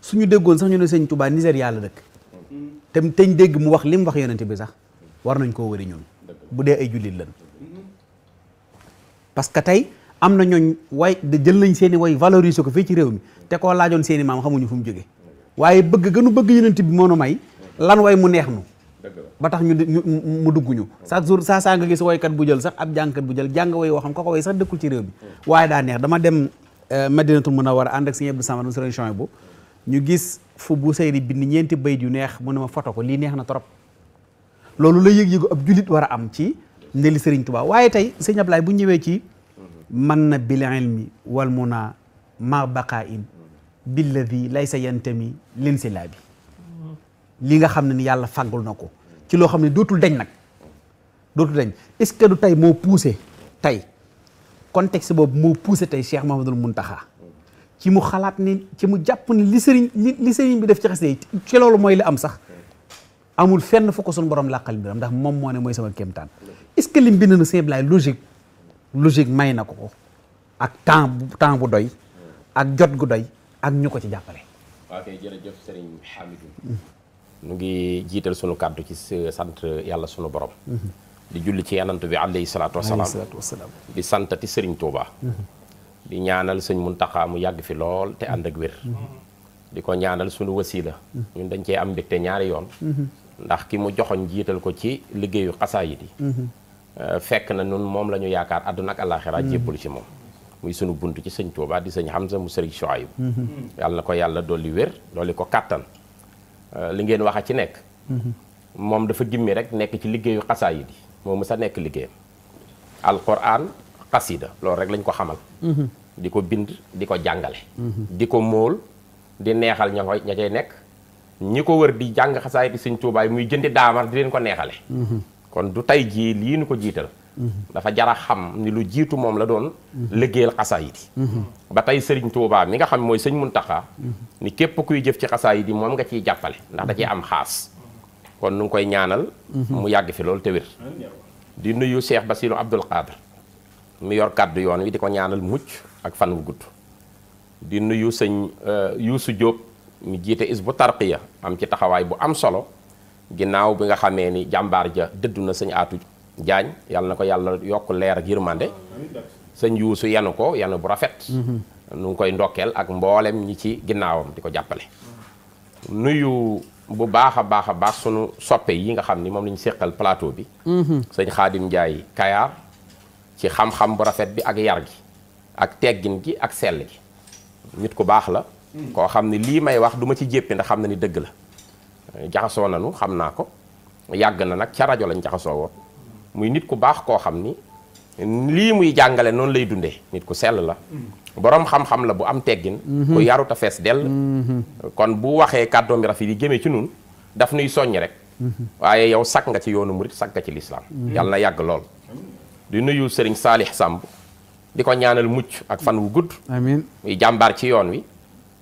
suñu déggoon sax ñu ne sëñ tubaa Nigéria la dëkk te teñ dégg mu wax li mu wax yonent bi sax war nañ koo wari ñun bu dee ay jullit lañ parce que tey am na ñooñ way jël nañ seeni i way valoriser ko fii ci réew mi te koo laajoon seen i fu mu jóge waaye bëgg gënu bëgg yonent bi moo moonu may lan way mu neex nu ba tax ñu mu dugg ñu chaque jour saa saa nga gis waykat bu jël sax ab jàngkat bu jël jàng way woo xam ko ko way sax dëkkul ci réew bi waaye daa neex dama dem euh, madinatul munawwara ànd ak sëñ Abdou Samad mu sëriñ Chouaïb bu ñu gis fu bu sayri bind ñeenti bay yu neex mu ne ma foto ko lii neex na trop loolu la yëg-yëgu ab julit war a am ci ndeli sëriñ Tuubaa waaye tey sëñ Ablaay bu ñëwee ci mm-hmm. man na bil ilmi wal muna ma baqaa in billadi laysa yantami lin si laa bi li nga xam ne ni yàlla fàggul na ko ci loo xam ne dootul dañ nag dootul dañ est-ce que du tey moo poussé tey contexte boobu moo poussé tey Cheikh mun taxaa ci mu xalaat ni ci mu jàpp ni li sëriñ li sëriñ bi def ci xasida yi ci loolu mooy li am sax amul fenn fu ko suñu borom làqal biram ndax moom moo ne mooy sama kéemtaan est-ce que lim bind na sëñ Ablaay logique logique may na ko ko ak temps temps bu doy ak jot gu doy ak ñu ko ci jàppale. waaw kay jërëjëf Serigne Hamidou. nu ngi jiital sunu kàddu ci sant yàlla sunu borom. di julli ci yanant bi alayhi salaatu wasalaam di santati Serigne Touba. di ñaanal sëñ Muntaxa mu yàgg fi lool te ànd ak wér. di ko ñaanal sunu wasiila. ñun dañ cee am mbégte ñaari yoon. ndax ki mu joxoñ jiital ko ci liggéeyu xasaayid yi. Mhm. Euh, fekk na ñun moom la ñu yaakaar àdduna ak àllaaxira jébbalu ci moom. muy sunu bunt ci sëñ Touba di xam Hamza mu sëriñ Chouaib yàlla na ko yàlla dolli wér dolli ko kàttan euh, li ngeen wax a ci nekk moom dafa gimmi rek nekk ci liggéeyu xasaayid yi moom mu sa nekk liggéeyam alquran xasida loolu rek lañ ko xamal di ko bind di ko jàngale di ko móol di neexal ña koy ña cay nekk ñi ko wër di jàng xasaayid yi sëñ Touba muy jëndi daamar di leen ko neexale mm-hmm. kon du tey jii lii nu ko jiital dafa jara xam ni lu jiitu moom la doon liggéeyal xasaayid yi ba tey sëriñ Tuubaa mi nga xam mooy sëñ mun taxa ni képp kuy jëf ci xasaayid yi moom nga ciy jàppale ndax da am xaas kon nu ngi koy ñaanal mu yàgg fi loolu te wér di nuyu Cheikh Basiru Abdul Qadir mi yor kàddu yoon wi di ko ñaanal mucc ak fan wu gudd di nuyu sëñ Yuusu Jóob mu jiite is Hizbut Tarqiyyah am ci taxawaay bu am solo ginnaaw bi nga xamee ni jàmbaar ja dëddu na sëñ aatu Jaañ yàlla na ko yàlla yokk leer ak yërmande sëñ yuusu yanu ko yanu bu rafet nu ngi koy ndokkeel ak mboolem ñi ci ginnaawam di ko jàppale nuyu bu baax a baax a baax sunu soppe yi nga xam ni moom lañu séqal plateau bi sëñ Xaadim Njaay Kayaar ci xam-xam bu rafet bi ak yar gi ak teggin gi ak sell gi nit ku baax la koo xam ni lii may wax duma ci jéppi ndax xam na ni dëgg la jaxasoo nanu xam naa ko yàgg na nag ca rajo lañ jaxasoo woon muy nit ku baax koo xam ni lii muy jàngale noonu lay dundee nit ku sell la boroom xam-xam la bu am teggin mhm. ku yaruta fees dell mhm. kon bu waxee kàddoom bi rafet yi jëmee ci nun daf nuy soññ rek mhm. waaye yow sag nga ci yoonu murit sakk nga ci lislaam yàlla na yàgg lool di nuyu sëriñ Saalix sàmb di ko ñaanal mucc ak fan wu gudd muy jàmbaar ci yoon wi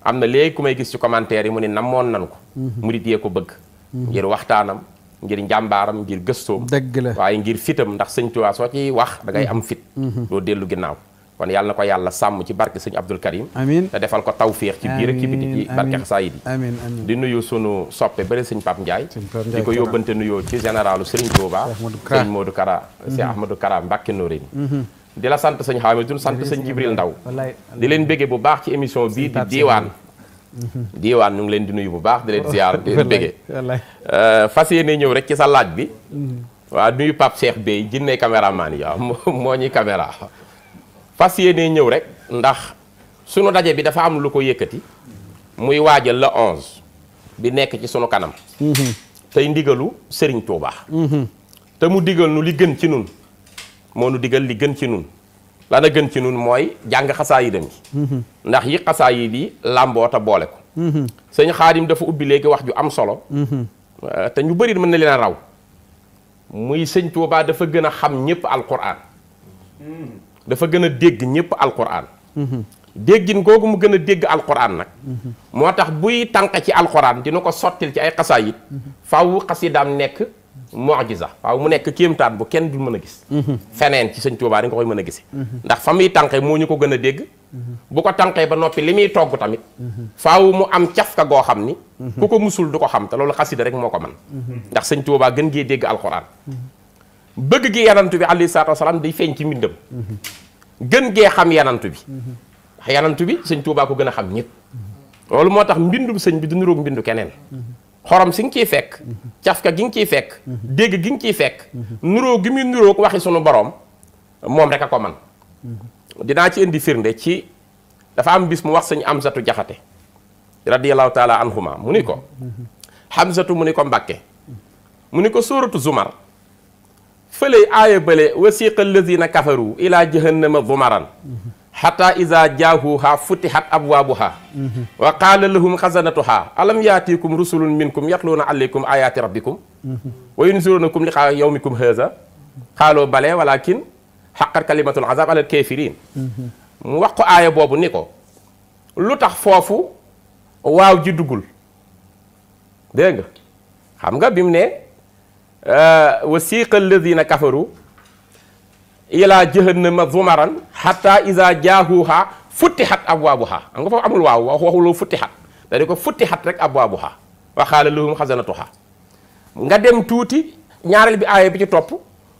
am na léegi ku may gis ci commentaire yi mu ne namoon nan ko murit yee ko bëgg ngir waxtaanam ngir njàmbaaram ngir gëstoom dëgg la waaye ngir fitam ndax sëñ Tuubaa soo ci wax da ngay mm-hmm. am fit mm-hmm. doo dellu ginnaaw kon yàlla ko yàlla sàmm ci barke sëñ Abdul Karim amiin te defal ko tawféex ci biir ak ci biti ci barke xasaayid yi amiin amiin di nuyu sunu soppe bëri sëñ Pape Ndiaye di ko yóbbante nuyoo ci généralu Serigne Touba sëñ Modou Kara sëñ mm-hmm. Ahmadou Kara Mbàkke Noreyni di la sant sëñ Hamidou sant sëñ Jibril Ndaw di leen béggee bu baax ci émission bii di diiwaan diwaan ñu ngi leen di nuyu bu baax di leen ziar di leen bége euh, fas yéene ñëw rek ci sa laaj bi mhm. waaw nuyu Pape seex Bey jinne caméraman yi waaw [LAUGHS] moo ñuy caméra fas ne ñëw rek ndax sunu daje bi dafa am lu ko yëkkati muy waajal la onze bi nekk ci sunu kanam mhm. tey ndigalu Serigne Touba. Mhm. te mu digal nu li gën ci nun moo nu digal li gën ci nun la gën ci nun mooy jàng xasaayidam yi ndax yi xasaayid yi làmboo te boole ko sëñ xaadim dafa ubbi léegi wax ju am solo euh, te ñu bëri mën na leen a raw muy sëñ Tuubaa dafa gën a xam ñëpp alquran dafa gën a dégg ñëpp alquran déggin googu mu gën a dégg alquran nag moo tax buy tànq ci alquran dina ko sottil ci ay xasaayid faaw xasidaam nekk mu'jiza waaw mu nekk kéemtaan bu kenn dul mën a gis feneen ci sëñ Tuubaa di nga koy mën a gise ndax fa muy tànqee moo ñu ko gën a dégg bu ko tànqee ba noppi li muy togg tamit faaw mu am cafka goo xam ni ku ko musul du ko xam te loolu xasida rek moo ko man ndax sëñ Tuubaa gën gee dégg alxuraan bëgg gi yanantu bi alayhi salaatu wasalaam day feeñ ci mbindam gën gee xam yanantu bi ndax bi sëñ Tuubaa ko gën a xam ñëpp loolu moo tax mbindum sëñ bi du niroog keneen xorom si nga ciy fekk cafka gi nga ciy fekk dégg gi nga ciy fekk nuroo gi muy nuróo ko waxi sunu boroom moom rek a ko man dinaa ci indi firnde ci dafa am bis mu wax sëñ Amsatu Jaxate radiyallahu taala anhuma mu ni ko Hamsatu mu ni ko Mbàkke mu ni ko sóoratu Zumar fële aaya bële wasiqa allazina kafaru ila jahannama zumaran xataa iza jaahuha futihat abwaabuha wa qaala lahum xasanatuha alam yaatikum rusulun minkum yatluuna alaykum ayaati rabbikum wa yunzirunakum liqaa yawmikum haza xaaloo bale walakin xaqat kalimatul azab alal kafirin mu wax ko aaya boobu ni ko lu tax foofu waaw ji duggul dégg nga xam nga bi mu ne wasiqa alladina kafaru ilaa جهنم zumaran xata isa jaahuha futtihat abwaabuha am nga foofu amul waaw wax waxuloo futtihat da di ko futtihat rek abwaabuha wa xaala lahum xasanatuha nga dem tuuti ñaareel bi aaya bi ci topp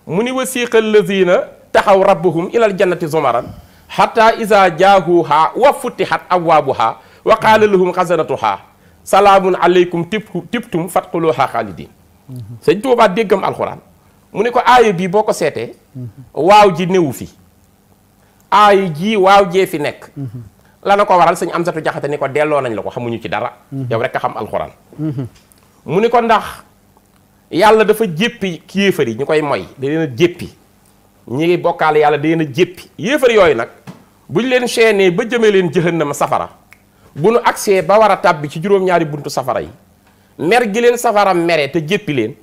mu ni wasiqa lazina taxaw rabbuhum ilal jannati zumaran xata isa jaahuha wa futtihat abwaabuha wa qaala lahum xasanatuha salaamun aleykum tibtum fatxuluha xaalidin sëñ Tuubaa déggam alxuraan mu ne ko aaya bii boo ko seetee waaw ji néwu fi aaya ji waaw jee fi nekk lana ko waral sëñ Amsatu Jaxate ni ko delloo nañ la ko xamuñu ci dara yow rekk a xam alxuraan mu ni ko ndax yàlla dafa jéppi yéefar yi ñu koy moy da leen a ngi bokkaale yàlla da a jéppi yéefar yooyu nag buñ leen chaîné ba jëmee leen jëhannama safara bu nu agsee ba war a tàbbi ci juróom-ñaari buntu safara yi mer gi leen safara mere te jéppi leen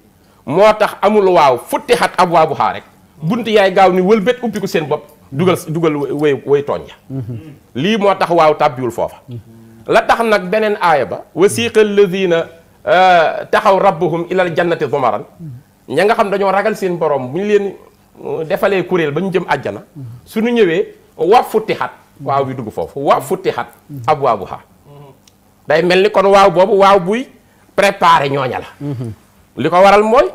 moo tax amul waaw abwaabu ha rek harek. yaay gaaw ni welbet uppi ko seen bop dugal dugal way way tooñ ya lii moo tax waaw la tax nak benen aya ba wasiqa alladina euh, taxaw rabbuhum ila aljannati zumaran ña nga xam dañu ragal seen borom buñ ñu leen defalee kuréel jëm aljana suñu ñëwé wa futtixat waw wi dug wa abwaabu ha day melni kon waw bobu waw buy préparer ñoña la li ko waral mooy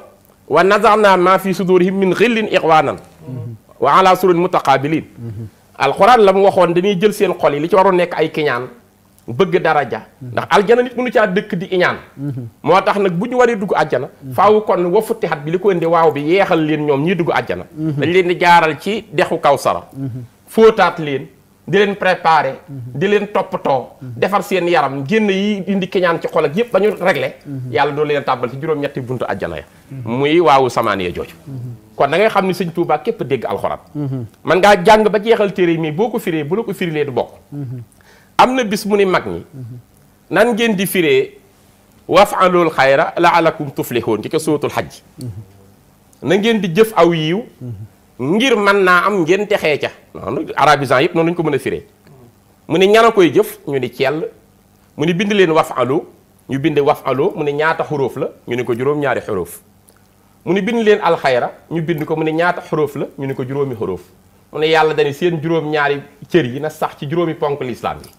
wa nazana ma fi sudurihim min xillin ixwaanan wa ala surin mutaqabilin alxuraan la mu waxoon dañuy jël seen xol yi li ci waroon nekk ay kiñaan bëgg daraja ndax aljana nit mënu caa dëkk di iñaan moo tax nag bu ñu waree dugg àjjana faaw kon wafutixat bi li ko indi waaw bi yeexal leen ñoom ñii dugg àjjana dañ leen di jaaral ci dexu kaw fóotaat leen di leen préparer. Mhm. di leen toppatoo. Mhm. defar seen yaram génn yi indi keñaan ci xol ak yëpp ba ñu réglé. Mhm. yàlla doo leen tàbbal ci juróom-ñetti buntu àjjana ya muy waawu samaan ya jooju. kon na ngay xam ne sëñ tuubaak képp dégg alxuraan. man ngaa jàng ba jeexal téere mi boo ko firee bu la ko firilee du bokk. am na bis mu ni mag ñi. nan ngeen di firee waf'alul xayra la'alakum tuflihun ci ko sootul xaj. na ngeen di jëf aw yiw. ngir man naa am ngeen texee ca noonu arabisant yëpp noonu lañ ko mën a firee mu ne ñan a koy jëf ñu ni cell mu ni bind leen waf alo ñu bind waf alo mu ne ñaata xuróof la ñu ne ko juróom mu ne bind leen alxayra ñu bind ko mu ne ñaata xuróof la ñu ne ko juróomi xuróof mu ne yàlla dañu seen juróom-ñaari cër yi na sax ci juróomi ponk lislaam yi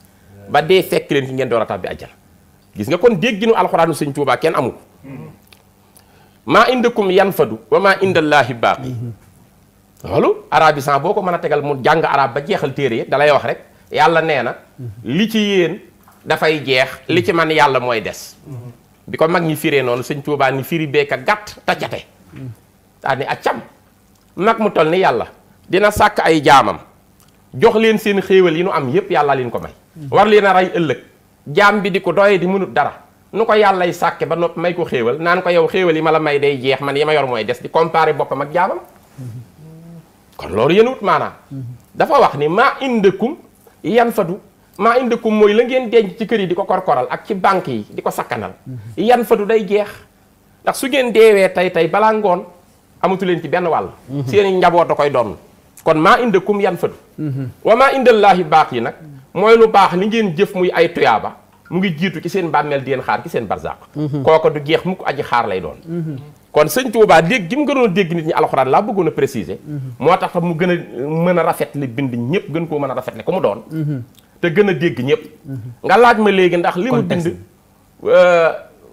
ba dee fekk leen ki ngeen door a tabbi gis nga kon dégginu alxuraanu sëñ Tuubaa kenn amu ko mm-hmm. maa indakum yanfadu wa maa indallaahi baaqi mm-hmm. halo arabi boo boko tegal mu jang arab ba jeexal téere yëpp da wax rek yalla neena li ci da fay jeex li ci man yalla moy dess biko mag ni firé non seigne touba ni firi ka gat tacate daa ni accam mag mu tol ni dina sakai ay jaamam jox leen seen xewal yi nu am yépp yalla leen ko may war leen a rey jaam bi di doye di mënut dara nu ko yàllay sakke ba noppi may ko xewal nan ko yow xewal yi mala may day jeex man yima yor moy dess di comparer bopam ak jaamam kon loolu yéen wut maanaam mhm. dafa wax ni maa indakum yan fadu maa indakum mooy la ngeen denc ci kër yi di ko korkoral ak ci banque yi di ko sakkanal mhm. yan fadu day jeex ndax su ngeen deewee tey tey balaa ngoon amatu leen ci benn wàll mhm. seeni njaboot a koy doon kon maa indakum yan fadu wa maa indallaahi baax yi nag mooy lu baax li ngeen jëf muy ay tuyaaba mu ngi jiitu ci seen bàmmeel di leen xaar ci seen barzaq kooka du jeex mukk aji xaar lay doon kon sëñ Tuubaa dégg gi mu gënoon dégg nit ñi alxuraan laa bëggoon a préciser. Mhm. moo tax mu gën a mën a rafet rafetle bind ñëpp gën koo mën a rafetle ko mu doon. Mhm. te gën a dégg ñëpp. Mhm. nga laaj ma léegi ndax li mu bind. Euh,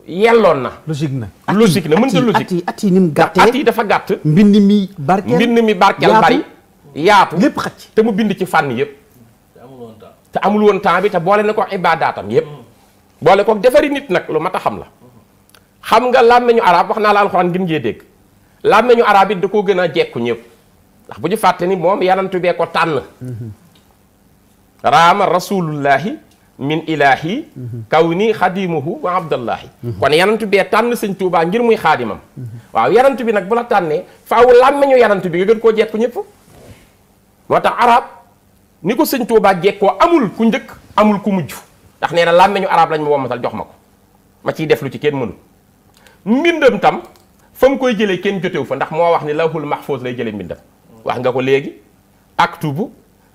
yelloon na. logique na logique na mënta logique at yi at yi ni mu gàttee dafa gàtt. mbind mi barkeel mbind mi barkeel bari. yaatu lépp xaj te mu bind ci fànn yëpp. te amul woon temps te bi te boole na ko ibadaatam yëpp. Mm. boole ko defari nit nag lu mat a xam la. xam nga làmmeñu arab wax na la alquran gën jee dégg làmmeñu arab it da ko gëna a jekku ñëpp ndax bu ñu fàtte ni mom yanantu bee ko tan rama rasulullah min ilahi kauni khadimuhu wa abdullah kon yanantu bee tan sëñ touba ngir muy khadimam waaw yanantu bi nak bu la tànnee faaw làmmeñu yanantu bi nga gën ko jekku ñëpp motax arab ni ko sëñ tuubaa amul ku njëkk amul ku mujju ndax neena na arab lañ ma womatal jox mako ma ci def lu ci kenn mënu mbindam tam fa mu koy jëlee kenn jotewu fa ndax moo wax ni lawhul mahfuz lay jëlee mbindam wax nga ko léegi aktubu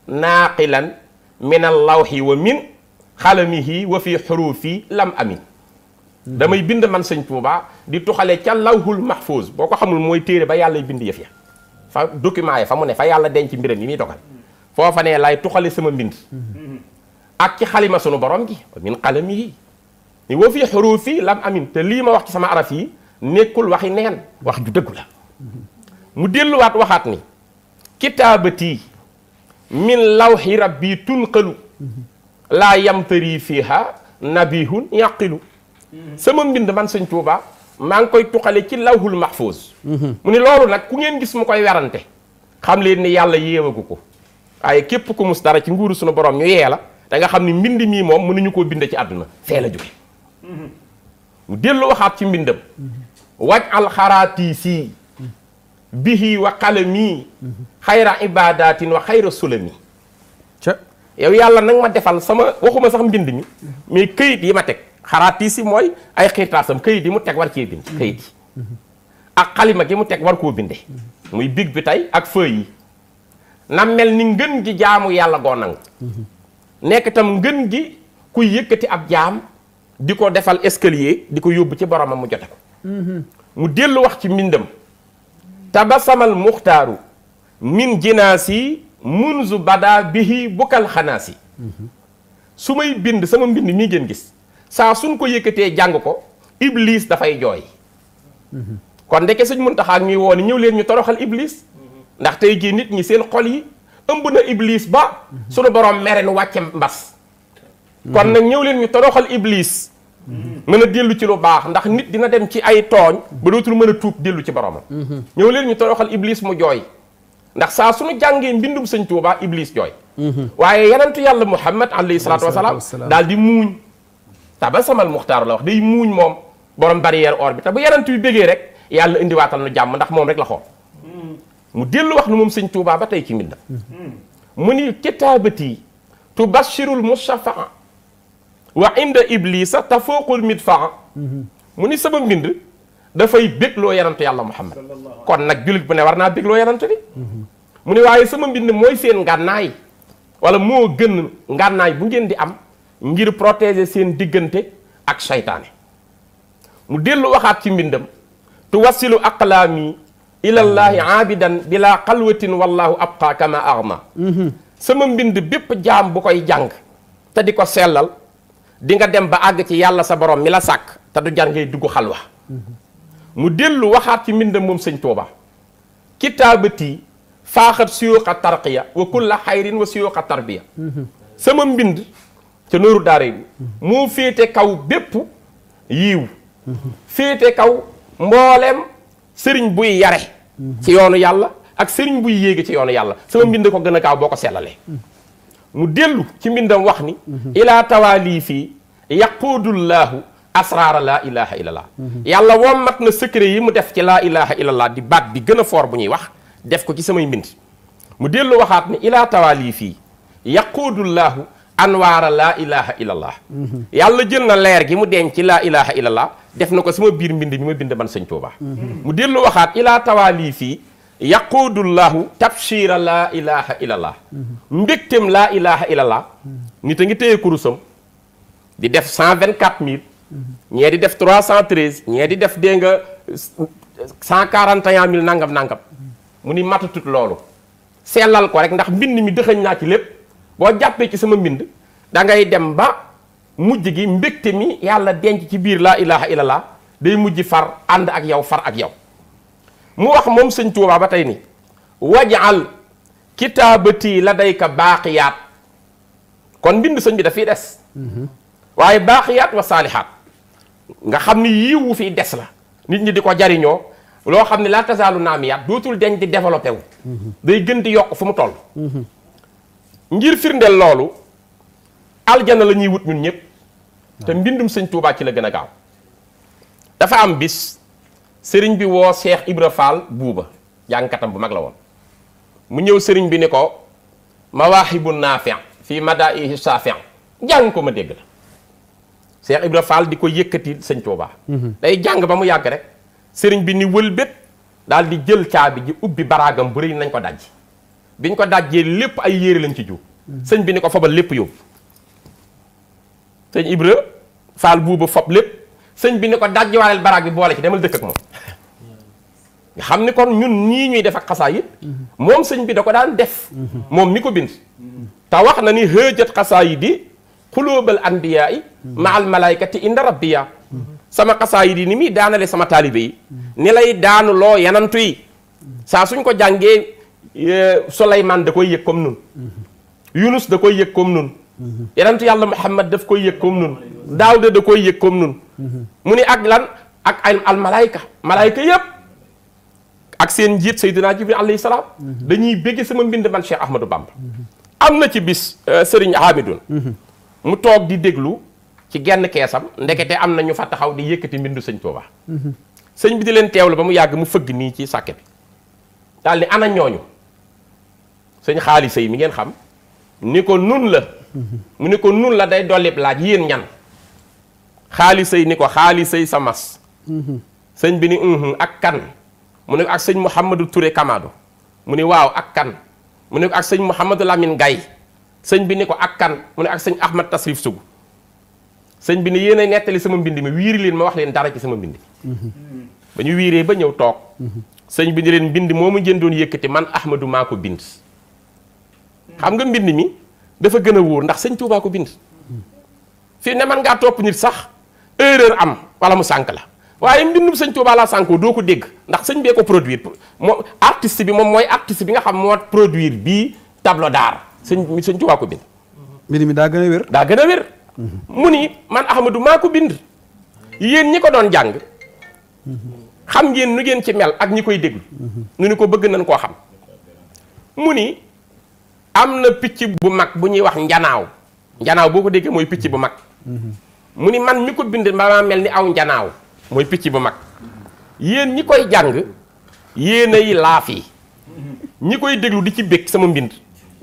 naaqilan min allawhi wa min xalamihi wa fi xurufi lam amin damay bind man sëñ Touba di tuxale ca lawhul mahfuz boo ko xamul mooy téere ba yàllay bind yëf ya fa document yi fa mu ne fa yàlla denc mbiram yi muy dogal foofa ne lay tuxale sama mbind ak ci xalima sunu borom gi min xalamihi ni wo fi hurufi lam amin te li ma wax ci sama araf yi nekkul waxi neen wax ju dëggu la mu wat waxat ni kitabati min lawhi rabbi tunqalu la yamtari fiha nabihun yaqilu sama mbind man seigne touba mang koy tukale ci lawhul mahfuz mu ni nak nag ku ngeen gis mu koy werante xam leen ni yalla yeewagu ko waaye képp ku mus dara ci nguru sunu borom ñu yela da nga xam mbind mi mom mënuñu ko bind ci aduna la mu dellu waxaat ci mbindam waj alxaraati sii bihi wa qalami xayra ibadatin wa xayra sulami yow yàlla nag ma defal sama waxuma sax mbind mi mais këyit yi ma teg xaraati si mooy ay xiirtaasam këyit yi mu teg war cee bind këyit yi ak xalima gi mu teg war koo binde muy big bi tey ak feuille yi na mel ni ngën gi jaamu yàlla goo nangu nekk itam ngën gi kuy yëkkati ab jaam di ko defal escalier di ko yóbbu ci boromam mu jote ko mu dellu wax ci mbindam tabasamal muxtaaru min jinaasi munzu bada bihi bukkal xanaasi su may mbind sama mbind mii ngeen gis saa suñ ko yëkkatee jàng ko iblis dafay jooy kon ndeke suñ mun taxaak ñuy woon ñëw leen ñu toroxal iblis ndax tey jii nit ñi seen xol yi ëmb na iblis ba suñu borom mere nu wàcce mbas kon nag ñëw leen ñu toroxal iblis. mën a dellu ci lu baax ndax nit dina dem ci ay tooñ ba dootul mën a tuub dellu ci boromam. ñëw leen ñu toroxal iblis mu jooy ndax saa suñu jàngee mbindum sëñ Tuubaa iblis jooy waaye yenentu yàlla Muhammad alayhi salaatu wasalaam daal di muuñ tabasamal muxtaar la wax day muuñ moom borom barrière or bi te bu yenent yu bégee rek yàlla indiwaatal nu jàmm ndax moom rek la xool mu dellu wax nu moom sëñ Tuubaa ba tey ci mbindam mu wa inda iblisa tafuqul muni mu bind da fay bekk lo yarantu yalla muhammad kon nak julit bu ne warna bekk lo yarantu ni muni ni sama bind moy sen ngannaay wala mo genn ngannaay bu ngeen di am ngir protéger sen digeunte ak shaytané mu delu waxat ci mbindam aqlami ila allah aabidan bila qalwatin wallahu abqa kama arma mhm. sama bind bepp jam bu koy jang te diko ko di nga dem ba àgg ci yàlla sa borom mi la sàkk te du jar ngay dugg xalwa mu dellu waxaat ci mbindam moom sëñ Tuuba kitaabati faaxat suyuuqa tarqiya wa kulla xayrin wa suyuuqa tarbiya sama mbind ca nooru daara yi moo féete kaw bépp yiw féete kaw mbooleem sëriñ buy yare ci yoonu yàlla ak sëriñ buy yéege ci yoonu yàlla sama mbind ko gën a gaaw boo ko sellalee mu dellu ci mbindam wax ni ilaa tawaalii yaquudullaahu asraara laa ilaha illallah yàlla woom mat na secret yi mu def ci laa ilaha illallah di baat bi gën a foor bu ñuy wax def ko ci samay mbind mu dellu waxaat ne ilaa tawaali fii yaquudullaahu anwaara laa ilaha illallah yàlla jël na leer gi mu denc ci laa ilaha def na ko sama biir mbind mi ma bind man sëñ Tuuba mu dellu waxaat ilaa tawaali fii yaquudullaahu tabshira laa ilaha illallah laa ilaha illallah nit a ngi téye kurusam di def 124000 ñee di def 313 ñee di def de nga 141000 nangam nangam mu ni matatut lolu selal ko rek ndax mbind mi dexeñ na ci lepp bo jappé ci sama mbind da ngay dem ba mujj gi mbekté mi yalla denc ci bir la ilaha illallah day mujj far and ak yow far ak yow mu wax mom sëñ touba ba tay ni wajal kitaabati la day ka kon mbind sëñ bi dafiy des waye baqiyat wa salihat nga xamni yiwu fi dess la nit ñi di jariño lo xamni la tazalu namiyat tasaalu deñ di développer wu day gën di fu mu toll ngir firndel lolu aljana lañuy wut ñun ñepp te mbindum touba ci la gëna gaaw dafa am bis serigne bi wo Cheikh Ibra Fall buba jàngkatam bu mag la won mu ñew serigne bi ne ko mawahibun nafi' fi mada'ihi safi' jang ko ma degg la Cheikh Ibra Fall di ko yëkkati sëñ Touba. day jàng ba mu yàgg rek sëriñ bi ni wëlbét daal di jël caabi ji ubbi baraagam bu nañ ko daj biñ ko dajjee lépp ay yére lañ ci ju sëñ bi ni ko fobal lépp yóbbu sëñ Ibra Fall buuba fob lépp sëñ bi ni ko dajjiwaaleel baraag bi boole ci demal dëkk ak moom xam ni kon ñun ñii ñuy def ak xasaayit moom sëñ bi da ko daan def mm-hmm. moom mi ko bind te wax na ni xëjat xasaayit yi xulóobal anbiyaa yi maal malaykati inda rabbiya sama xasaayid yi ni muy daanale sama taalibe yi ni lay daanu loo yanantu yi saa suñ ko jàngee Souleymane da koy yëg comme nun Yunus da koy yëg comme nun yanantu yàlla Muhammad daf koy yëg comme nun Daawda da koy yëg comme nun mu ni ak lan ak ay al malayka malayka yëpp ak seen njiit Seydina Jibril alayhi salaam dañuy bégge sama mbind man Cheikh Ahmadou Bamba am na ci bis euh, Serigne Hamidou mu toog di déglu ci genn keesam ndekete am na ñu fa taxaw di yëkkati mbindu sëñ Touba. Mhm. sëñ bi di leen teewlu ba mu yàgg mu fëgg nii ci sàkke bi daal ni ana ñooñu sëñ xaalisa yi mi ngeen xam ni ko nun la mhm. mu ni ko nun la day dollib laaj yéen ñan xaalisa yi ni ko xaalisa yi sa mas mhm. sëñ bi ni ak kan mu ne ko ak sëñ Mouhamadou Touré Kamado mu ni waaw ak kan mu ne ko ak sëñ Mouhamadou Lamine Gaye sëñ bi ne ko ak kan mu ne ak seigne Ahmad Tasrif Sougou seigne bi ne yene netali sama mbindi mi wiri len ma wax len dara ci sama mbind ba ñu ba ñëw toog seigne bi ne len mbindi momu jëndoon yëkëti man Ahmadu mako bind xam nga mbindi mi dafa gëna woor ndax seigne touba ko bind fi ne man nga top nit sax erreur am wala mu sank la waye mbindu seigne touba la sanko doo ko dégg ndax seigne bee ko produire artiste bi mom moy artiste bi nga xam mo produire bi tableau d'art sëñ ko bind. mi daa gën man Ahmadou maa bind. yeen ñi ko doon jang xam ngeen nu ngeen ci mel ak ñi koy déglu. nu ni ko bëgg nañ ko xam. mu ni am picc bu mag bu ñi wax njanaaw. njanaaw boko ko moy picc bu mag. mu man mi ko bind maa mel ni aw njanaaw. moy picc bu mag. yeen ñi koy jang yeenay lafi laaf ñi koy deglu di ci bekk sama mbind.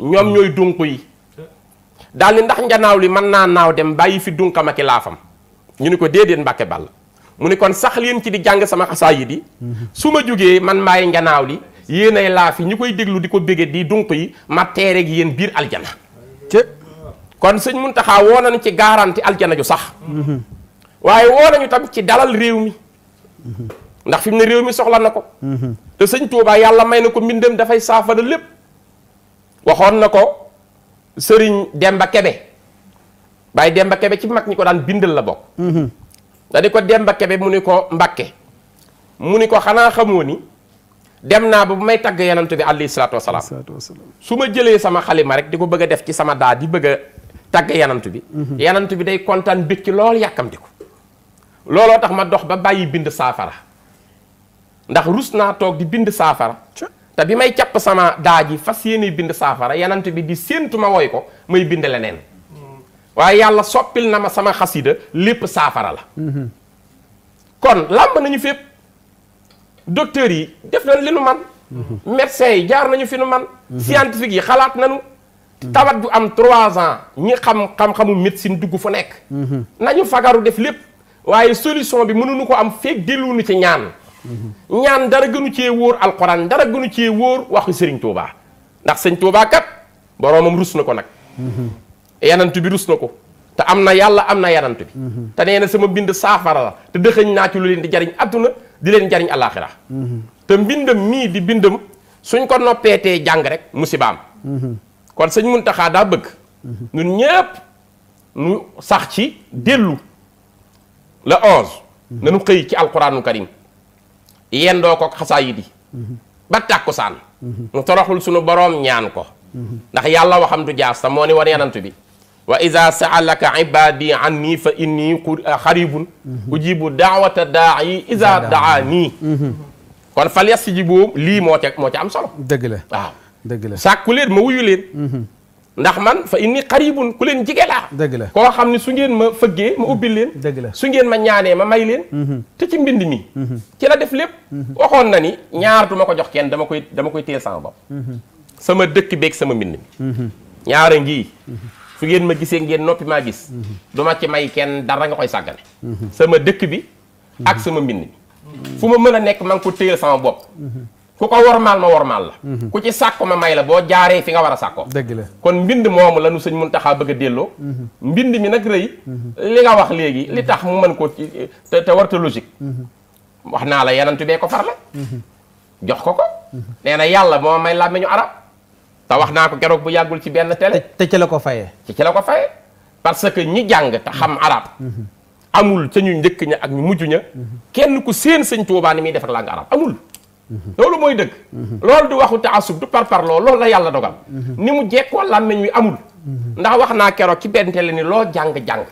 ñoom ñooy dunq yi eh. daal ni ndax njanaaw li mën naa naaw dem bàyyi fi dunkam ak i laafam ñu ni ko déedéet mbàkke bàll mu ne kon sax leen ci di jàng sama xasaayid yi mm-hmm. su ma jógee man maay njanaaw li yéen ay laaf yi ñu koy déglu di ko bége di dunq yi ma teereeg yéen biir aljana te kon sëñ Muntaxa woo nañu ci garanti aljana ju sax mm-hmm. waaye woo nañu tam ci dalal réew mi mm-hmm. ndax fi ne réew mi soxla na ko te sëñ Tuubaa yàlla may na ko mbindam dafay saafara lépp waxoon na ko sëriñ Demba Kebe bàyyi Demba Kebe ci mag ñi ko daan bindal la bokk mhm. da ko Demba Kebe mu ni ko Mbàkke mu ni ko xanaa xamoo ni dem naa ba bu may tagg yonent bi alayhi salaatu wasalaam su ma jëlee sama xalima rek di ko bëgg a def ci sama daa di bëgg a tagg yonent bi mhm. yonent bi day kontaan bég ci lool yàkkamtiku looloo tax ma dox ba bàyyi bind saafara ndax rus naa toog di bind saafara te bi may capp sama daa ji fas yéene bind saafara yanant bi di séentu ma woy ko may bind leneen waaye yàlla soppil na ma sama xasida lépp saafara la mhm. kon làmb nañu fépp docteurs yi def nañ li nu man mhm. médecins yi jaar nañu fi nu man mhm. scientifique yi xalaat nañu tawat ju am trois ans ñi xam xam-xamu médecine dugg fu nekk nañu fagaru def lépp waaye solution bi mënuñu ko am feeg delluwuñu ci ñaan ñaan dara gënu cee wóor alxuraan dara gënu cee wóor waxu sëriñ Touba ndax sëñ Touba kat boroomam rus na ko nag. yanant bi rus na ko. te am na yàlla am na yanant bi. te nee na sama mbind saafara la te dëxëñ naa ci lu leen di jariñ àdduna di leen jariñ alaaxira te mbindam mii di bindam suñ ko noppeetee jàng rek musibaam. kon sëñ Muntaxa daa bëgg. ñun ñëpp nu sax ci dellu. la onze. nanu xëy ci alxuraanu karim. yendoo ko xasaayid yi mhm. ba tàkkusaan mu toroxul sunu boroom ñaan ko mhm. ndax yàlla waxam du jaas ta moo ni woon yanant bi wa ida saalaka ibadi an fa inni ah, xaribun mhm. ujibu daawata daayi ida daa nii kon fal yas si lii moo ca moo ca am solo dëgg la leen ma wuyu leen ndax man fa inni qaribun ku leen jige laa dëgg la koo xam ne su ngeen ma fëggee ma ubbil leen dëgg la su ngeen ma ñaanee ma may leen mhm. te ci mbind mi mhm. ci la def lépp mhm. waxoon na ni ñaar du ma ko jox kenn dama koy dama koy teel sama bopp sama dëkk beeg sama mbind mi ñaara ngii su ngeen ma gisee ngeen noppi maa gis du ci may kenn dara nga koy sàggane sama dëkk bi ak sama mbind mi fu ma mën a nekk ma ngi ko téyel sama bopp ku ko wormaal ma wormaal la mhm. ku ci sakko ma may la bo jaare fi nga wara sakko la kon mbind moomu lañu señ muntaha bëgg a mhm. mbind mi nak reuy mhm. li nga wax legi li tax mu mën ko te te warta logique wax la yanantu be ko far la jox ko ko neena yalla yàlla may la meñu arab ta wax ko keroog bu yagul ci ben tele te ci la ko fayee ci ci la ko parce que ñi jang ta xam arab amul ca ñu agni mujunya. ak ñu mujj ñi kenn ku seen señ touba ni muy arab amul loolu mooy dëkk loolu du waxu taasub du parpar loolu loolu la yàlla dogal. ni mu jekkoo làmmiñ wi amul. ndax wax naa keroog ci benn télé ni loo jàng jàng.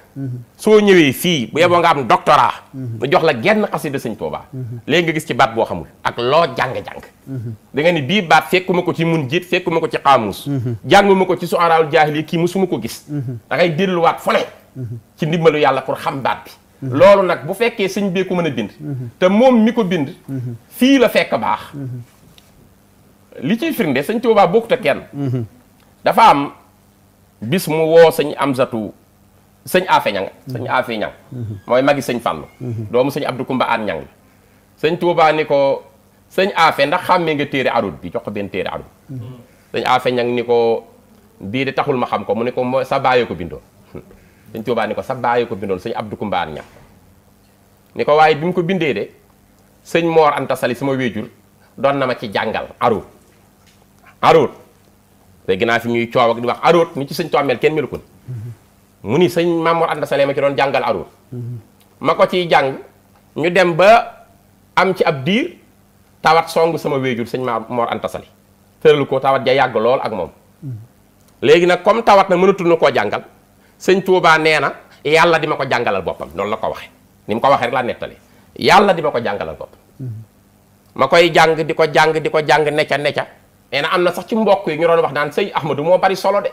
soo ñëwee fii bu yeboo nga am doctorat. mu jox la genn xasida sëñ Tuubaa. léegi nga gis ci baat boo xamul ak loo jàng jàng. da nga ni bii baat fekkuma ko ci mun jiit fekkuma ko ci xaamuus. jànguma ko ci su araawul yi kii musuma ko gis. da ngay delluwaat fole. ci ndimbalu yàlla pour xam baat bi. loolu nag bu fekkee sëñ bee ko mën a bind te moom mi ko bind fii la fekk baax li ciy firnde sëñ Tuubaa bokkut ak kenn dafa am bis mu woo sëñ Amsatu sëñ Afe Ñang sëñ Afe Ñang mooy magi sëñ Fàllu doomu sëñ Abdu Kumba aan Ñang sëñ Tuubaa ni ko sëñ Afe ndax xàmmee nga téere arut bi jox ko benn téere arut sëñ Afe Ñang ni ko bii de taxul ma xam ko mu ne ko sa bàyyee ko bindoo sëñ Tuubaa ko sa bàyyi ko bindoon sëñ Abdu Kumbaan ñam ni ko waaye bi mu ko bindee de sëñ Moor antasali sama wéjur doon na ma ci jàngal aróot aróot léegi naa fi ñuy coow di wax aróot ni ci sëñ Tuubaa mel kenn melu ko ni mu ni sëñ Maam Moor Anta Sali ma ci doon jàngal aróot ma ko ciy jàng ñu dem ba am ci ab diir tawat song sama wéjur sëñ Maam Moor Anta tëralu ko tawat ja yàgg lool ak moom léegi nag comme tawat na mënatul na koo jàngal sëñ Tuubaa nee na yàlla di ma ko jàngalal boppam noonu la ko waxee ni mu ko waxee rek laa nettali yàlla di ma ko jàngalal boppam ma koy jàng di ko jàng di ko jàng necca necca nee na am na sax ci mbokk yi ñu doon wax naan sëñ Ahmadou moo bari solo de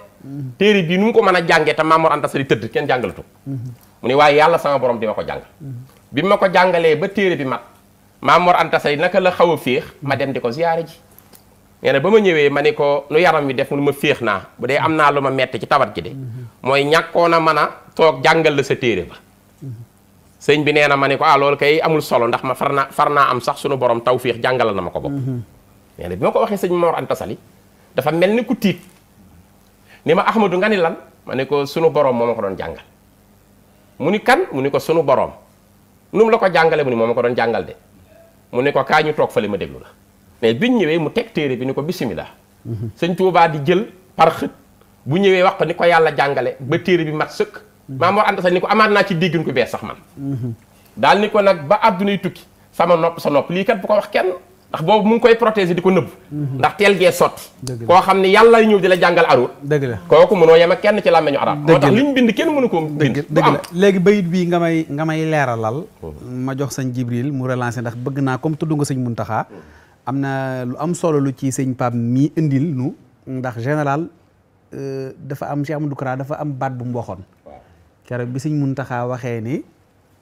téere bii nu mu ko mën a jàngee te Mamour Anta Sali tëdd kenn jàngalatu mu ne waaye yàlla sama borom di ma ko jàngal bi ma ko jàngalee ba téere bi mag Mamour Anta Sali naka la xaw a féex ma dem di ko ziyaare ji nee bama ba ma ko lu yaram wi def luma ma bu dé amna luma metti ci tabat gi de moy ñàkkoon a mën a la sa téré ba sëñ bi néna ah lool kay amul solo ndax ma farna farna am sax sunu borom tawfiq jangal na mako ko bopp bima ko waxé sëñ Mor Anta dafa melni ku tiit nima ahmadu ngani lan ma sunu borom moo ma ko Muni kan muni ko sunu borom num la ko jangalé muni ni ko doon de ko kañu tok fa lima déglu la mais biñ ñëwee mu teg téere bi ni ko bisimilah. sëñ Tuubaa di jël par xët bu ñëwee wax ko ni ko yàlla jàngale ba téere bi mat sëkk. maam war ànd sax ni ko amaat naa ci déggin ko bees sax man. daal ni ko nag ba àddunay tukki sama nopp sa nopp lii kat bu ko wax kenn ndax boobu mu ngi koy protégé di ko nëbb. ndax teel gee sotti. koo xam ne yàlla ñëw di la jàngal arut. dëgg kooku mënoo yem ak kenn ci làmmeñu arab. dëgg moo tax li ñu bind kenn mënu ko bind. bu am léegi bayit bii nga may nga may hmm. ma jox sëñ Jibril mu relancer ndax bëgg naa comme tudd nga sëñ Muntaxa am na lu am solo lu ci sëñ Pape mii indil nu ndax général euh, dafa am Cheikh Amadou Kara dafa am baat bu mu waxoon. keroog bi sëñ mun Muntaxa waxee ni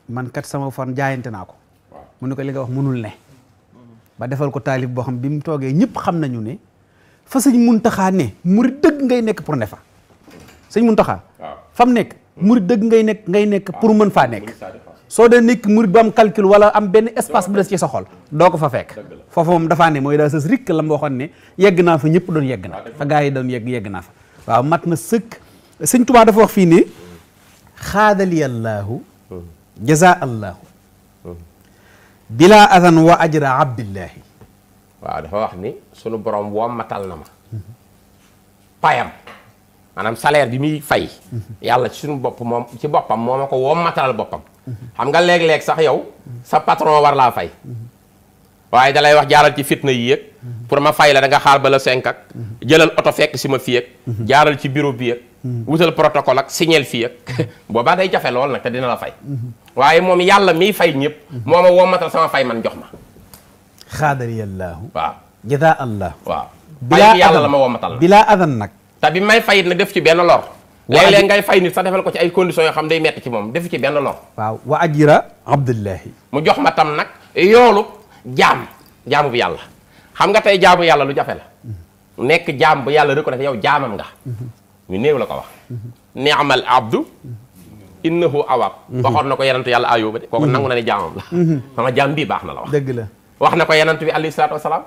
man kat sama fon jaayante naa ko. mu ne ko li nga wax mënul ne. ba defal ko taalif boo xam bi mu toogee ñëpp xam nañu ne fa sëñ Muntaxa ne murid dëgg ngay nekk pour ne fa. sëñ Muntaxa. waaw fa nekk murid dëgg ngay nekk ngay nekk pour mën faa nekk. soo dee nekk murit bu am calcul wala am benn espace bu des ci sa xol doo ko fa fekk foofu moom dafaa ne mooy daa sës rikk la ma waxoon ne yegg naa fa ñëpp doon yegg na fa gaa yi yegg naa fa waaw mat na sëkk sëñ Tuubaa dafa wax fii ne xaadali allaahu jaza allaahu bila wa ajra abdillahi waaw dafa wax ni sunu borom woo matal na ma payam bi muy fay mhm. yàlla ci sunu bopp moom ci boppam moo ma ko woo matalal boppam xam nga leeg leeg sax yow sa patron war laa fay waaye dalay wax jaaral ci fitna yi yëg pour ma fay la danga xaar ba la cinq ak jëlal oto fekk si ma fii ak jaaral ci bureau bi ak wutal protocole ak siñel fii ak [LAUGHS] boobaa day jafe lool nag te dina la fay waaye moom yàlla miy fay ñëpp moo ma woomatal sama fay man jox ma xaadari yàllaahu waaw jazaa allah waaw bilaa yàlla la ma woomatal nag bilaa adan nag te bi may fayit na def ci benn lor léeg-léeg ngay fay nit sax defal ko ci ay condition yoo xam day metti ci moom defu ci benn lor waaw wa ajira abdullahi mu jox ma tam nag yoolu jaam jaamu bu yàlla xam nga tey jaamu yàlla lu jafe la mm-hmm. nekk jaam bu yàlla rek ko def yow jaamam nga mm-hmm. ñu néew la ko wax mm-hmm. ni'mal abdu innahu awab waxoon na ko yenantu yàlla ayóba de kooku nangu na ne jaamam la sama jaam bii baax na la wax dëgg la wax na ko yonent bi alayhi salaatu wasalaam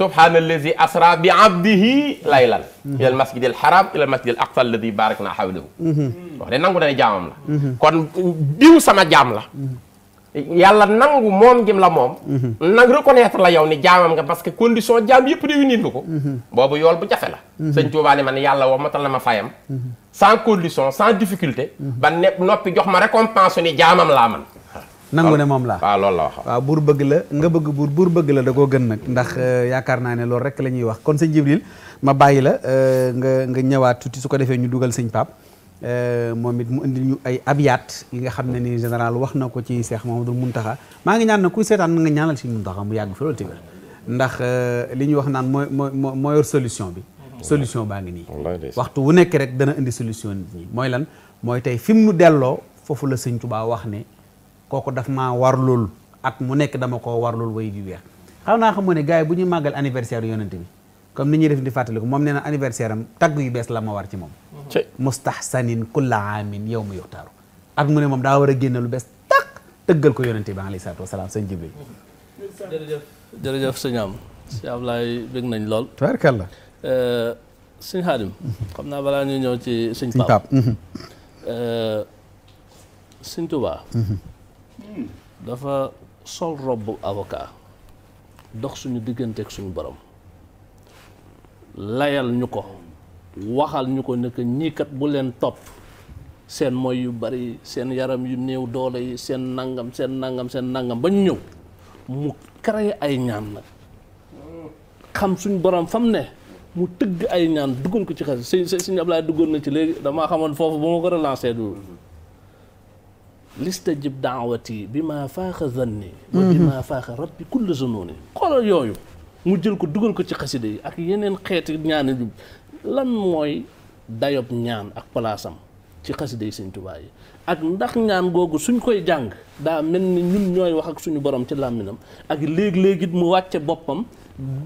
subhaanallazi asra bi la laylan ila al masjid al haram ila masjid al aqsa alladi barak naa wax de nangu la kon diw sama jaam la yàlla nangu moom gim la moom nang reconnaître la yow ni jaamam nga parce que condition jaam yëpp réunir nga ko boobu yool bu jafe la sëñ Tuubaa ne man yàlla woo matal la ma fayam sans condition sans difficulté ba noppi jox ma récompense ni jaamam laa man nangu ne moom laa waaw la wax waaw buur bëgg la nga bëgg buur bëgg la da koo gën nag ndax euh, yaakaar naa ne lool rek la ñuy wax kon sa Jibril ma bàyyi la euh, nga nga ñëwaat tuuti su ko defee ñu dugal sëñ Pape euh, moom it mu indi ñu ay abiyaat yi nga xam ne ni général wax na ko ci seex Cheikh Mamadou Muntaxa maa ngi ñaan na kuy seetaan na nga ñaanal si Muntaxa mu yàgg fi loolu téwér ndax li ñu wax naan mooy mooy mooy solution bi solution baa ngi nii waxtu wu nekk rek dana indi solution bi mooy lan mooy tey fi mu la sëñ Tuubaa wax kooku daf maa warlul at mu nekk dama koo warlul way di weex xam naa xamoo ne gars yi bu ñuy màggal anniversaire yonente bi comme ni ñuy def di fàttaliku moom nee na anniversaire am tagg la ma war ci moom mhm. mustahsanin kulla amin yow mu yuxtaaru at mu ne moom daa war a génne lu bees tàq tëggal ko yonente bi alayhi salaatu wasalaam sëñ Jibril jërëjëf jërëjëf sëñ am si Ablaye bég nañ lool tabaarkalla euh, sëñ Xaadim xam naa balaa ñu ñëw ci sëñ Paap mhm. euh, sëñ Tuubaa mhm. dafa sol robb avocat dox suñu digënté ak suñu borom layal ñuko wahal waxal ñuko nyikat ne top, ñi kat bu len top sen moy yu bari sen yaram yu neew doole yi sen nangam sen nangam sen nangam ba ñew mu créé ay ñaan nak xam suñu borom fam ne mu teug ay ñaan dugal ko ci seigne na ci legi dama xamone fofu bu ko du listajib daawati bi maa faaxa zanni wa bi maa faaxa rabbi kulla zunooni xoolal yooyu mu jël ko dugal ko ci xasida yi ak yeneen xeeti ñaana ju lan mooy dayob ñaan ak palaasam ci xasida yi sëñ Tuubaa yi ak ndax ñaan googu suñ koy jàng daa mel ni ñun ñooy wax ak suñu borom ci làmminam ak léegi-léegi mu wàcce boppam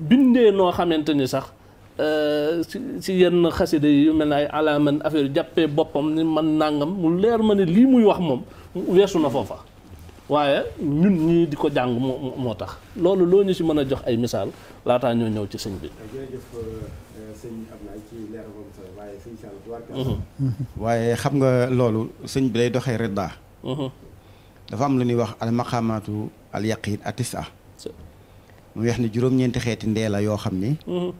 bindee noo xamante ni sax euh, si si yenn xasida yu mel na ay alaaman affaire jàppee boppam ni man nàngam mu leer ma ne lii muy wax moom weesu na foofa waaye ñun ñii di ko jàng moo moo tax loolu loo ñu si mën a jox ay misaal laataa ñoo ñëw ci sëñ bi. waaye xam nga loolu sëñ bi day doxee ridda mhm. dafa am lu ñuy wax al maqaamaatu al yaqiin atisa mu wax ni juróom-ñeenti xeeti ndee la yoo xam ni mhm.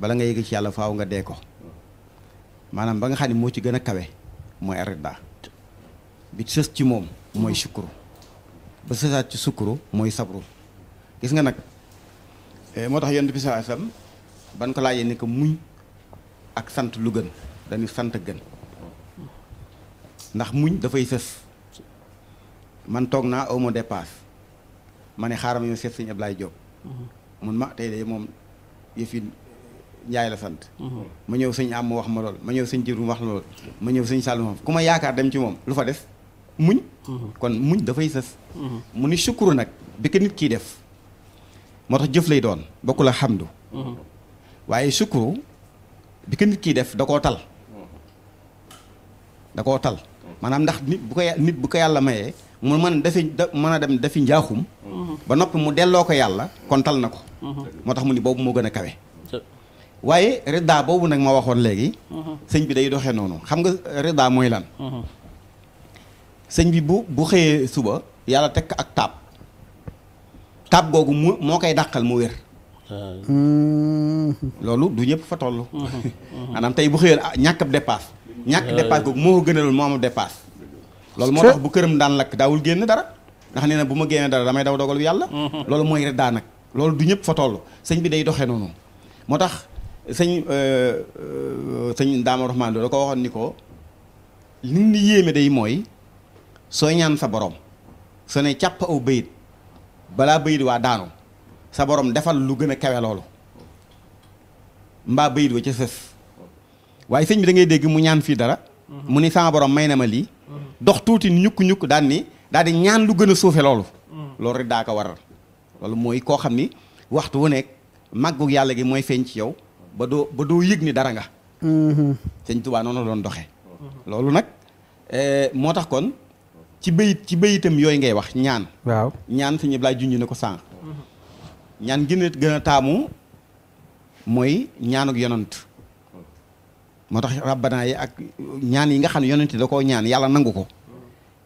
bala nga yëg ci yàlla faaw nga dee ko maanaam ba nga xam ne moo ci gën a kawe mooy ridda bi sës ci moom mooy sukkuru ba sësaat ci sukkuru mooy sabru gis nga nag eh, moo tax yonent bi saa sam ban ko muñ ak sant lu gën dañu sant gën ndax muñ dafay sës man toog naa aw ma dépasse ma ne xaaral ma seet sëñ Ablaye Diop mun ma tey de moom yëf yi Njaay la sant ma ñëw sëñ am wax ma lool ma ñëw sëñ Jiru wax ma lool ma ñëw sëñ Saalum ku ma yaakaar dem ci moom lu fa des muñ mhm. kon muñ dafay sës mhm. mu ni sukuru nag bi ko nit kiy def moo tax jëf lay doon bokkul ak xamdu mhm. waaye sukuru bi ko nit kiy def da koo tal da koo tal maanaam ndax nit bu ko nit bu ko yàlla mayee mu mën dafi mën a dem dafi njaaxum ba noppi mu delloo ko yàlla kon tal na ko moo tax mu ni boobu moo gën a kawe waaye rida boobu nag ma waxoon léegi sëñ bi day doxee noonu xam nga rida mooy lan sëñ bi bu bu xëyee suba yàlla teg ak taab taab googu mu moo koy dàqal mu wér. Hmm. loolu du ñëpp fa toll. Hmm. Hmm. [LAUGHS] maanaam tey bu xëyoon ah ñàkk ab ñàkk dépasse moo ko gënaloon loolu moo tax bu këram daan lakk daawul génn dara ndax nee na bu ma génnee dara damay daw dogal yàlla. loolu mooy rek daan nag loolu du ñëpp fa toll sëñ bi day doxe noonu moo tax. sëñ euh, euh, sëñ Ndaama Rahmaan da ko waxoon ni ko li ñu yéeme day mooy soo ñaan sa borom soo ne càpp aw bayit balaa bayit waa daanu sa borom defal lu gën a kawe loolu mbaa bayit wa ca sës waaye sëñ bi dangay dégg mu ñaan fii dara mu ni sama borom may na ma lii dox tuuti ñukk-ñukk daan ni daal di ñaan lu gën a suufe loolu loolu rek daa ko waral loolu mooy koo xam ni waxtu wu nekk màggu yàlla gi mooy feeñ ci yow ba doo ba doo yëg ni dara nga mm-hmm. sëñ Tuubaa noonu la doon doxee loolu nag eh, moo tax kon ci bayit ci bayitam yooyu ngay wax ñaan waaw ñaan sëñ Ablaye junj na ko sànq ñaan gi gën a taamu mooy ñaanuk yonant moo tax rabbana yi ak ñaan yi nga xam ne yonent da koo ñaan yàlla nangu ko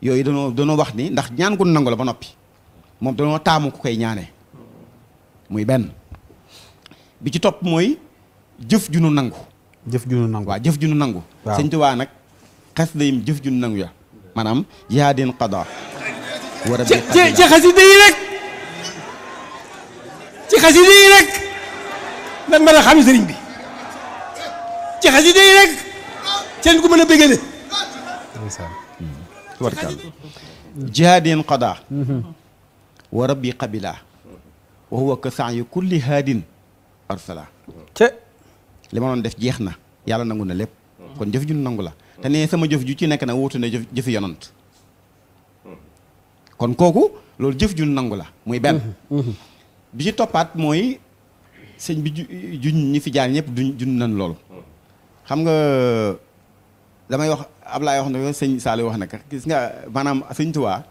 yooyu danoo danoo wax ni ndax ñaan gu nangu la ba noppi moom danoo taamu ku koy ñaane muy benn bi ci topp mooy jëf ju nu nangu jëf ju nu nangu waaw jëf ju nu nangu sëñ Tuubaa nag xes dayim jëf ju nu nangu ya maanaam jihaadin qada war a ci wa rabbi ka sa'yi kulli haadin arsala li ma doon def jeex na yàlla nangu na lépp kon jëf ju nangu la te nee sama jëf ju ci nekk nag wuutu na jëf jëfi yonant kon kooku loolu jëf jun nangu la muy benn bi ci toppaat mooy sëñ bi ju ñi fi jaar ñëpp duñ jun nan loolu xam nga damay wax Ablaye wax na ko sëñ Saliou wax na ko gis nga maanaam sëñ Tuubaa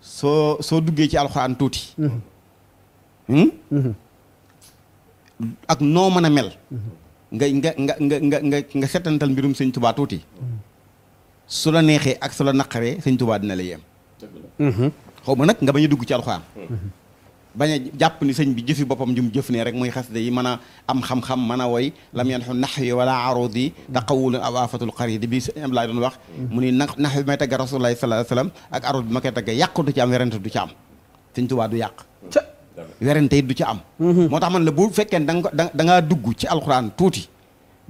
soo soo duggee ci alxuraan tuuti mm-hmm. Hmm? Mm-hmm. ak noo mën a mel mm-hmm. nga nga nga nga nga nga xetantal mbirum sëñ tubaa tuuti su la neexee ak su la naqaree sëñ tubaa dina la yem xaw ma nag nga bañ dugg ci alxuraan bañ jàpp ni sëñ bi jëfi boppam jum jëf nee rek muy xasida yi mën a am xam-xam man a woy lam yan xu nax yi wala arud yi taqawulu aw afatul xaridi bi sëñ Ablaay doon wax mu ni nax bi may tagga rasulullahi sallallahu alayhi wasallam ak arud bi ma koy tagga yàqu ci am werante du ci am sëñ tubaa du yàq werante it du ci am mhm. moo tax man la bu fekkee ne danga da dugg ci alxuraan tuuti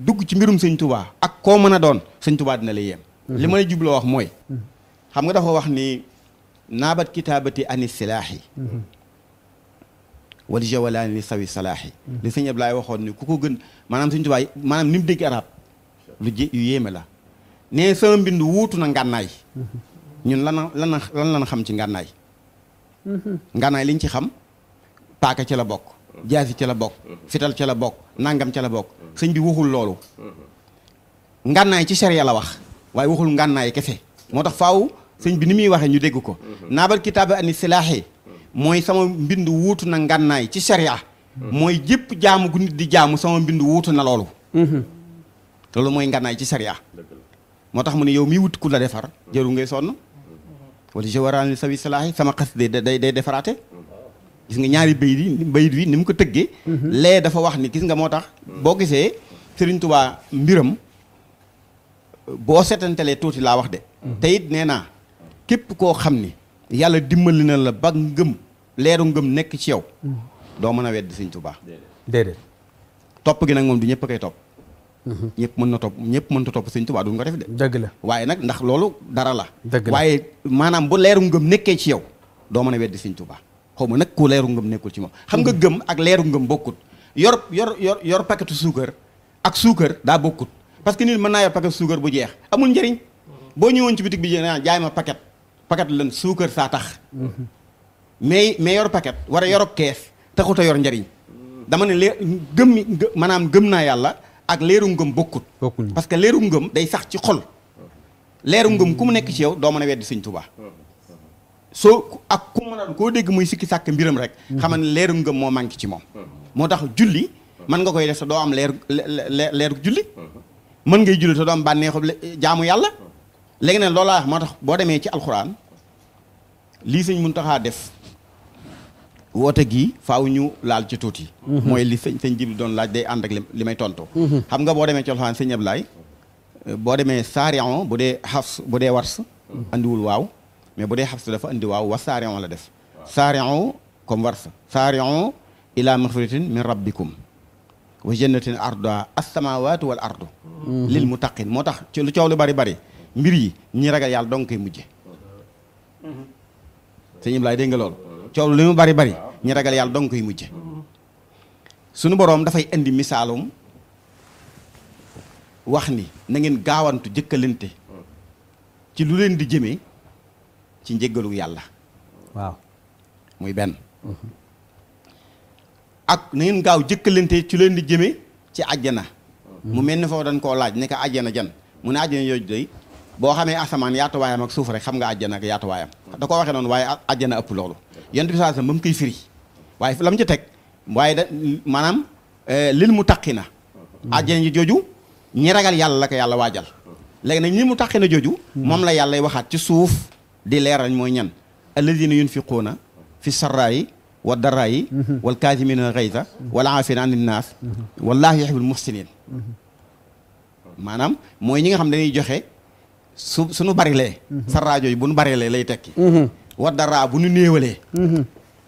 dugg ci mbirum sëñ tubaa ak koo mën a doon sëñ tubaa dina la yéem mhm. li may la jubloo wax mooy mhm. xam nga dafa wax ni naabat kitaabati ani silaahi wal jawalaani sawi salaahi li sëñ Ablaay waxoon ni ku ko gën maanaam sëñ tubaa maanaam ni mu dégg arab lu jé yu yéeme la ne sama mbind wuutu na ngànnaay ñun lan lan lan xam ci ngànnaay ngànnaay liñ ci xam paka ci la bok jazi ci la bok fital ci la bok nangam ci la bok sëñ bi waxul lolu ngànnaay ci sharia la wax way waxul ngànnaay kese motax faaw sëñ bi nimuy waxe ñu degg ko nabal kitab an silahi moy sama bindu wuutu na ngànnaay ci sharia moy jep jaamu gu nit di jaamu sama bindu wuutu na lolu lolu moy ngànnaay ci sharia motax yomi mu ne yow mi wut ku la defar jëru ngay sonn wala je sabi sawi sama qasdi day defarate de gis nga ñaari bayit yi bayit wi ni mu ko tëggee mhm. lee dafa wax ni gis nga moo tax boo gisee Sëriñ Tubaa mbiram boo setantalee tuuti laa wax de mhm. te it nee naa képp koo xam ni yàlla dimbali na la ba ngëm leeru ngëm nekk ci yow mhm. doo mën a weddi Sëriñ Tubaa déedéet topp gi nag moom du ñëpp koy topp ñëpp mën na topp ñëpp mën na topp Sëriñ Tubaa duñ def de la waaye nag ndax loolu dara la waaye maanaam bu leeru ngëm nekkee ci yow doo mën a weddi Sëriñ Tubaa xaw ma nag ku leeru ngëm ci moom xam nga mm-hmm. gëm ak leeru ngëm bokkut yor yor yor yor paquetu suukar ak suukar daa bokkut parce que nit mën naa yor paquet suukar bu jeex amul njëriñ mm-hmm. boo ñëwoon ci bitig bi jaay ma paquet paquet lan suukar saa tax mm-hmm. mais mais yor paquet war a yorob kees taxut a yor njëriñ dama ne leer gëm maanaam gëm naa yàlla ak leeru ngëm bokkut parce que leeru ngëm day sax ci xol leeru ngëm ku mu nekk ci yow doo mën a weddi sëñ soo ak ku mën a koo dégg muy sikki sàkk mbiram rek xaman leeru ngëm moo manqué ci moom moo tax julli mën nga koy def sa doo am leer leeru julli mën ngay julli te doo am bànneexu jaamu yàlla léegi nag loolaa moo tax boo demee ci alxuraan lii sëñ taxaa def woote gii faaw ñu laal ci tuuti mooy li sëñ sëñ Jibril doon laaj day ànd ak li may tontu xam nga boo demee ci alxuraan sëñ Ablaay boo demee saarion bu dee xafs bu dee wars andiwul waaw mais bu dee xabsu dafa andi waaw wasari'u la def sari'u comme warsa sari'u ila magfiratin min rabbikum wa jannatin arda as samawati wal ardu mhm. lil muttaqin motax ci lu ciowlu bari bari mbir yi ñi ragal yàlla dong koy mujjé mhm. sëñ Ibrahima dégg nga loolu coow bari bari ñi ragal donc dong mujjé suñu borom da fay indi misalum wax ni na ngeen gawantu jëkkalante ci lu leen di jëmee ci njëggalu yàlla waaw muy benn mhm. ak na ngeen gaaw jëkkalante ci leen di jëme ci àjjana mhm. mu mel ni foofu dan koo laaj ne ko àjjana jan mu ne àjjana yooyu day boo xamee asamaan yaatuwaayam ak suuf rek xam nga àjjana ak yaatuwaayam da ko waxe noonu waaye àjjana ëpp loolu yonent bi saa sam ba mu koy firi waaye lam ci teg waaye da maanaam eh, lil mu taqi na mhm. àjjana ji jooju ñi ragal yàlla la ko yàlla waajal léegi nag lil mu taqi na jooju moom la yàlla waxaat ci suuf di leeral mooy ñan alladina yunfiquuna fi sarraayi wa darraayi mhm. wal kaazimina gayza wal aafina anin naas mhm. wallaahu yuhibbul muhsinin maanaam mooy ñi nga xam dañuy joxe su suñu barilee mhm. sarraa jooju bu nu barilee lay tekki wa darraa bu nu néewalee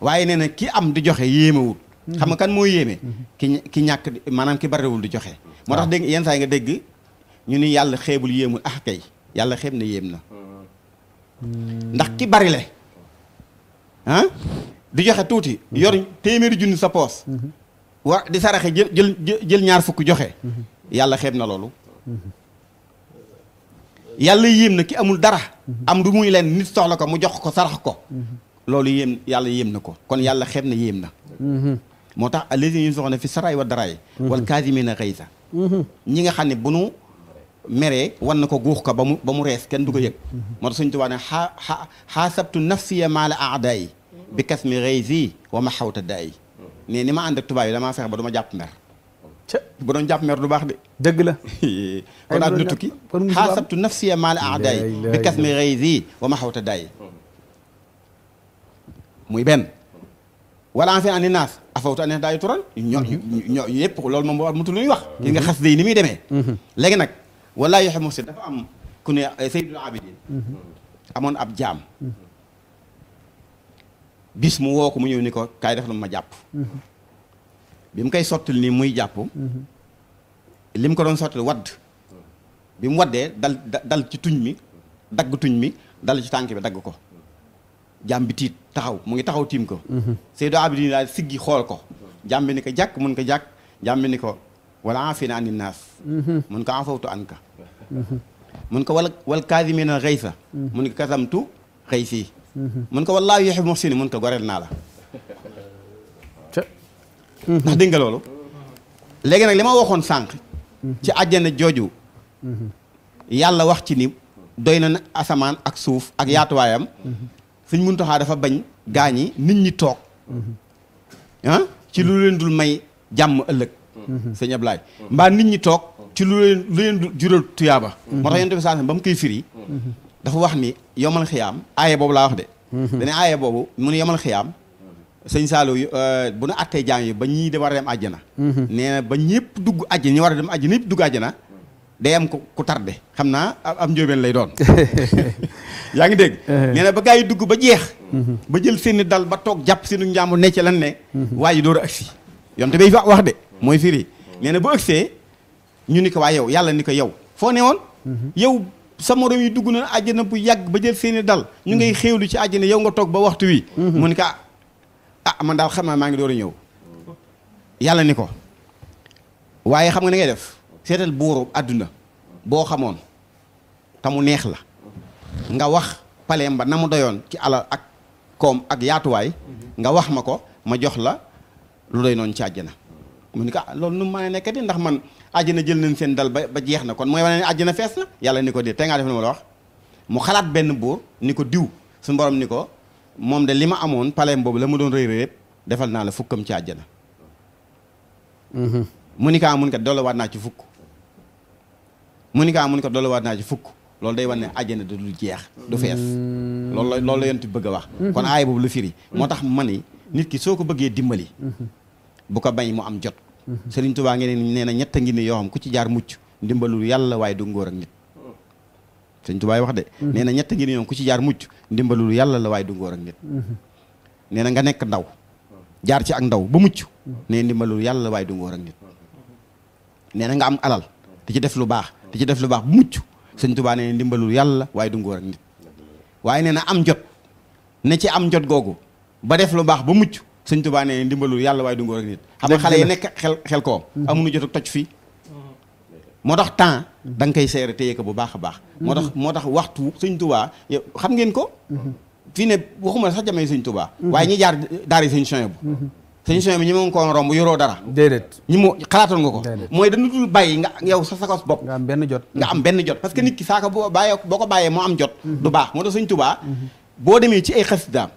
waaye nee na ki am di joxe yéemewul xam nga kan moo yéeme ki ki ñàkk maanaam ki bariwul di joxe moo tax dégg yenn saa yi nga dégg ñu ni yàlla xeebul yéemul ah kay yàlla xeeb na yéem na hmm. Hmm. ndax ki bari le ah di joxe tuuti hmm. yor téeméeri junni sa poos hmm. war di saraxe jël jël jël ñaar fukk joxe yàlla xeeb na loolu yàlla yéem na ki amul dara am du muy leen nit soxla ko mu jox ko sarax ko loolu yéem yàlla yéem na ko kon yàlla xeeb na yéem na moo tax alésine yi soxna fi saraay wa daraay wal kaasimiina xëy sa ñi nga xam ne bu nu meree wan na ko guux ko ba mu rees kenn du ko yëg moo tax suñ tubaa ne xaa a xaasabtu nafsiya maala aada yi bi kas mi rëy wa ma xawta dayi ne ni ma ànd ak tubaab yi damaa fexe ba du ma jàpp mer bu du baax de la [LAUGHS] kon àdduna ma xawta dayi muy naas afawtu ani naas daayu tural yëpp loolu moom mutu lu ñuy wax gis mm-hmm. xas day ni muy demee mm-hmm. léegi nag wala yoxe musi dafa am ku ne eh, Seydul Abidin mhm. amoon ab jaam mhm. bis mu woo ko mu ñëw ni ko kaay def la ma jàpp mhm. bi mu koy sottil nii muy jàpp li mu ko doon sottil wadd bi mu waddee dal dal ci tuñ mi dagg tuñ mi dal ci tànk bi dagg ko jaam bi tiit taxaw mu ngi taxaw tiim ko Seydul Abidin daal siggi xool ko jaam bi ni ko jàkk mun ko jàkk jaam bi ni ko والعافين عن الناس منك عفوت عنك منك والكاذمين الغيث منك كذمت غيثي منك والله يحب محسن منك goreel naa la ndax dégg nga loolu léegi nag li ma waxoon sànq ci àjjana jooju yàlla wax ci ni doy na asamaan ak suuf ak yaatuwaayam suñ muntaxaa dafa bañ gaañi nit ñi toog ah ci lu leen dul may jàmm ëllëg Mm-hmm. sëñ Ablaay mbaa nit ñi toog ci lu leen lu leen jural tuyaaba mm-hmm. moo tax yonent bi saa ba mu koy firi mm-hmm. dafa wax ni yomal xiyaam aaye boobu laa wax de dana aaye boobu mu ne yomal xiyaam sëñ Saalou euh, bu nu attee jaam yi ba ñii de war a dem àjjana nee na ba ñëpp dugg àjjana ñi war a dem àjjana ñëpp dugg àjjana day am ku tardé xam naa am njóobeen lay doon [LAUGHS] yaa ngi dégg uh-huh. nee na ba gaa yi dugg ba jeex ba jël seeni dal ba toog jàpp seenu njàmbur ne ci lan ne waa ji door a agsi yonte bay wax de mooy firi nee na bu ëgsee ñu ni ko waa yow yàlla ni ko yow foo ne woon yow sama morom yi dugg na àjjana bu yàgg ba jël seeni dal ñu ngay xéewlu ci àjjana yow nga toog ba waxtu wi mu ni ko ah, ah man daal xam naa maa ngi door a ñëw yàlla ni ko waaye xam nga ni ngay def seetal buuru àdduna boo xamoon te mu neex la nga wax paleem ba na mu doyoon ci alal ak koom ak yaatuwaay nga wax ma ko ma jox la lu doy noonu ci àjjana mu ni ko ah loolu nu mu mën nekk di ndax man na jël nañ seen dal ba ba jeex na kon mooy wane ne na fees na yàlla ni ko dee tey ngaa def na ma la wax mu xalaat benn buur ni ko diw su borom ni ko moom de li ma amoon paleem boobu la mu doon rëy rëy yëpp defal naa la fukkam ci àjjana mu ni ah, mun ko dolliwaat naa ci fukk mu ni kaa ah, mun ko dolliwaat naa ci fukk loolu day wane ne na da lu jeex du fees loolu la loolu la yonent bëgg a wax mm-hmm. kon aay boobu lu firi ki soo ko bëggee dimbali mm-hmm. buka ko bañ mu am jot serigne touba ngeen neena na ñett ngi ni yoo xam ku ci jaar muccu dimbalul yalla way du ngor ak nit serigne touba wax de mm-hmm. neena na ñett ngi ni yoo ku ci jaar muccu dimbalul yalla la way du ngor ak nit mm-hmm. neena nga nek ndaw jaar ci ak ndaw bu muccu mm-hmm. ne dimbalul yalla way du ngor ak nit neena nga am alal di ci def lu baax di ci def lu baax muccu serigne touba ne dimbalul yalla way du ngor ak nit waye neena am jot ne ci am jot ba def lu baax ba muccu sëñ Tuubaa ne ndimbalu yàlla waaye du ngóor ak nit xam nga xale yi nekk xel xel koom mhm. amuñu jot ak toj fii moo tax temps da nga koy seere téye ko bu baax a baax mhm. moo tax moo tax waxtu sëñ Tuubaa xam ngeen ko mhm. fii ne waxuma sax jamee sëñ Tuubaa waaye ñi jaar daari sëñ Soñ bu sëñ Soñ bi ñi moom ko romb yoroo dara déedéet ñi mu xalaatoon nga ko mooy dañu dul bàyyi nga yow sa sakos bopp nga am benn jot nga benn jot parce que nit ki saaka boo bàyyee boo ko bàyyee moo am jot du baax moo tax sëñ Tuubaa boo demee ci ay xasidaam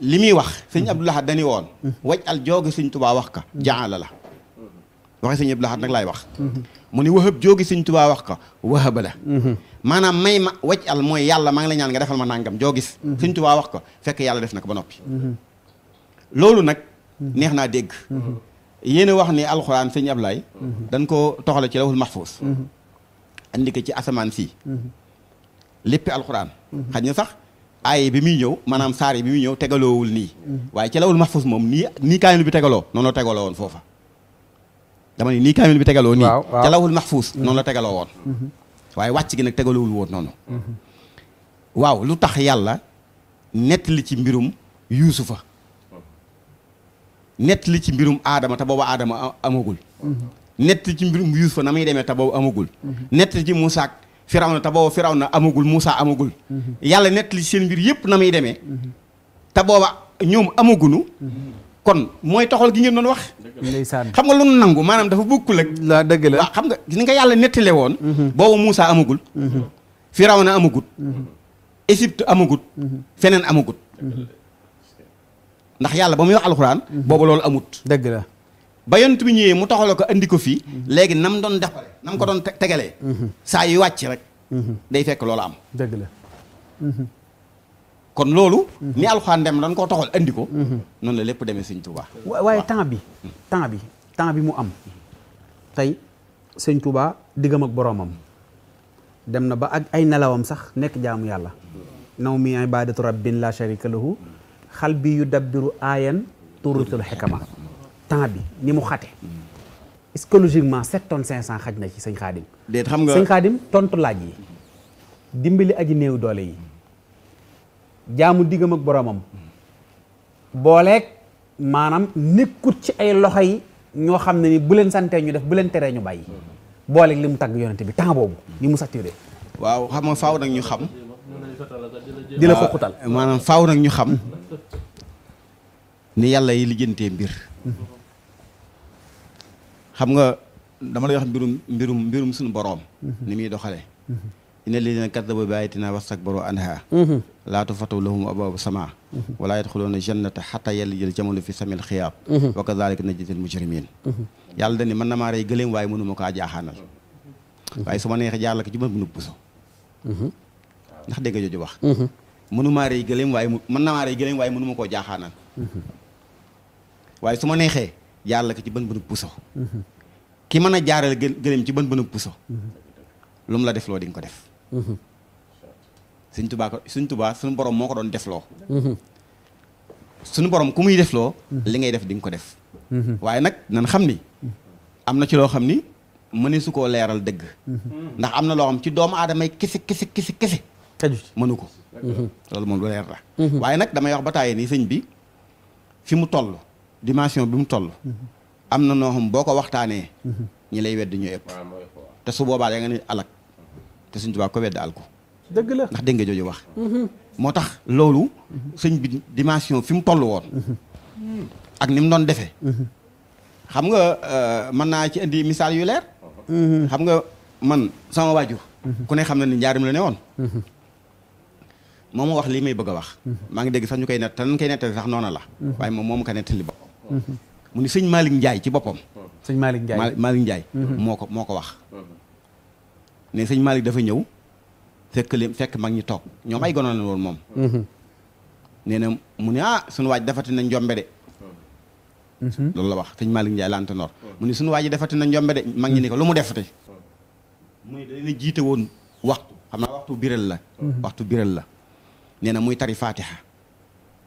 li muy wax sëñ Abdou Lahad dañu woon waj al joogi suñ tubaa wax ka jaala la waxe sëñ Abdou Lahad nag laay wax mu ni wahab joogi suñ tubaa wax ko wahaba la maanaam may ma waj al mooy yàlla maa ngi la ñaan nga defal ma nangam joogis sëñ tubaa wax ko fekk yàlla def na ba noppi loolu nag neex naa dégg yéen a wax ni alxuraan sëñ Ablaay dañ koo toxale ci lawul mahfuus andi ko ci asamaan si léppi alxuraan xaj na sax ay bi muy ñëw maanaam saar yi bi muy ñëw tegaloowul nii waaye ci lawul moom nii nii kaamil bi tegaloo noonu la tegaloo woon foofa dama ne nii kaamil bi tegaloo nii ca lawul mahfuz mm-hmm. noonu la tegaloo woon mm-hmm. waaye wàcc gi nag tegaloowul woon noonu mm-hmm. waaw lu tax yàlla nettali ci mbirum yuusufa nettali ci mbirum aadama te boobu aadama amagul nettali ci mbirum yuusufa na muy boobu amagul nettali firawna te booba na amagul Moussa amagul mhm. yàlla nettali seen mbir yëpp na muy demee mhm. te booba ñoom amagunu mhm. kon mooy toxal gi ngeen doon wax ndeysaan xam nga lu nangu maanaam dafa bokkul ak la dëgg la xam nga gis nga yàlla nettale woon booba Moussa amagul firawna amagul Égypte amagul feneen amagul ndax yàlla ba muy wax alxuraan booba loolu amut dëgg la ba yonent bi ñëwee mu taxale ko indi ko fii léegi nam doon defale nam ko doon tegalee saa yu wàcc rek day fekk loolu am dëgg la kon loolu ni alxuraan dem ko koo taxal andi ko noonu la lépp demee sëñ Touba waaye temps bi temps bi temps bi mu am tey sëñ Touba diggam ak boroomam dem na ba ak ay nelawam sax nekk jaamu yàlla naw mi ibadatu rabbin la sharika lahu xal bi yu dabbiru aayan turutul xikama temps bi ni mu xate est-ce que logiquement sept tonnes cinq xaj na ci sëñ xaadim déet xam nga sëñ xaadim tontu laaj yi dimbali aji néew doole yi jaamu diggam ak boroomam booleeg maanaam nekkut ci ay loxo yi ñoo xam ne ni bu leen santee ñu def bu leen teree ñu bàyyi booleeg li mu tagg yonente bi temps boobu ni mu saturé waaw xam nga faaw nag ñu xam di la maanaam faaw nag ñu xam ni yàlla yi lijjantee mbir hmm. xam nga dama lay wax mbirum mbirum mbirum suñu boroom ni muy doxale inna alladina kaddabu bi ayatina wastakbaru anha laa tufatahu lahum abwaabu sama wala yadxuluuna jannata xata yalijal jamalu fi samil xiyaab wa kadalika najzil mujrimin yàlla dani man na maa rey gëléem waaye mënuma kaa jaaxaanal waaye su ma jaar la ci mën bu nub ndax dégg nga jooju wax mënumaa rey gëléem waaye mën na maa rey gëléem waaye mënuma koo jaaxaanal waaye su neexee jaarale ko ci bën bënu puso mhm. ki mën a jaarale gëléem ci bën bënu puso mhm. lu mu la defloo di nga ko def mhm. suñ tubaa ko suñ tubaa suñu borom moo ko doon defloo suñu boroom ku muy def loo li ngay def di ko def waaye nag nan xam ni am na ci loo xam ni mëne su koo leeral dëgg ndax am na loo xam ci doomu aadama yi kese kese kese kese mënu ko loolu moom lu leer la waaye nag damay wax ba tàyyi nii sëñ bi fi mu toll dimension bi mu toll. Mm-hmm. am na noo xam boo ko waxtaanee. Mm-hmm. ñi lay wedd ñu ëpp. te su boobaa da nga ni alak te suñ tubaab ko wedd al ko. dëgg la ndax dégg nga jooju wax. Mm-hmm. moo tax loolu. sëñ bi dimension fi mu toll woon. ak ni mu doon defee. xam nga euh, mën naa ci indi misaal yu leer. xam nga man sama waajur. ku ne xam na ni njaarim la ne woon. moom wax lii may bëgg a wax. maa ngi dégg sax ñu koy nett te nañ koy nettali sax noona la. waaye moom moom ko nettali ba. mu ni sëñ Malick njaay ci boppam. sëñ Malick Ndiaye Malick Ndiaye. Mhm. moo ko moo ko wax. ne sëñ Malick dafa ñëw fekk leen fekk mag ñi toog ñoom ay gonoon la woon moom. Mhm. nee na mu ne ah sunu waaj defati na njombe de. Mhm. loolu la wax sëñ Malick Ndiaye laante noor. mu ni sunu waaj yi defati na njombe de mag ñi ni ko lu mu defati. muy dañu jiite woon waxtu xam naa waxtu biral la. waxtu biral la nee na muy tari Fatiha.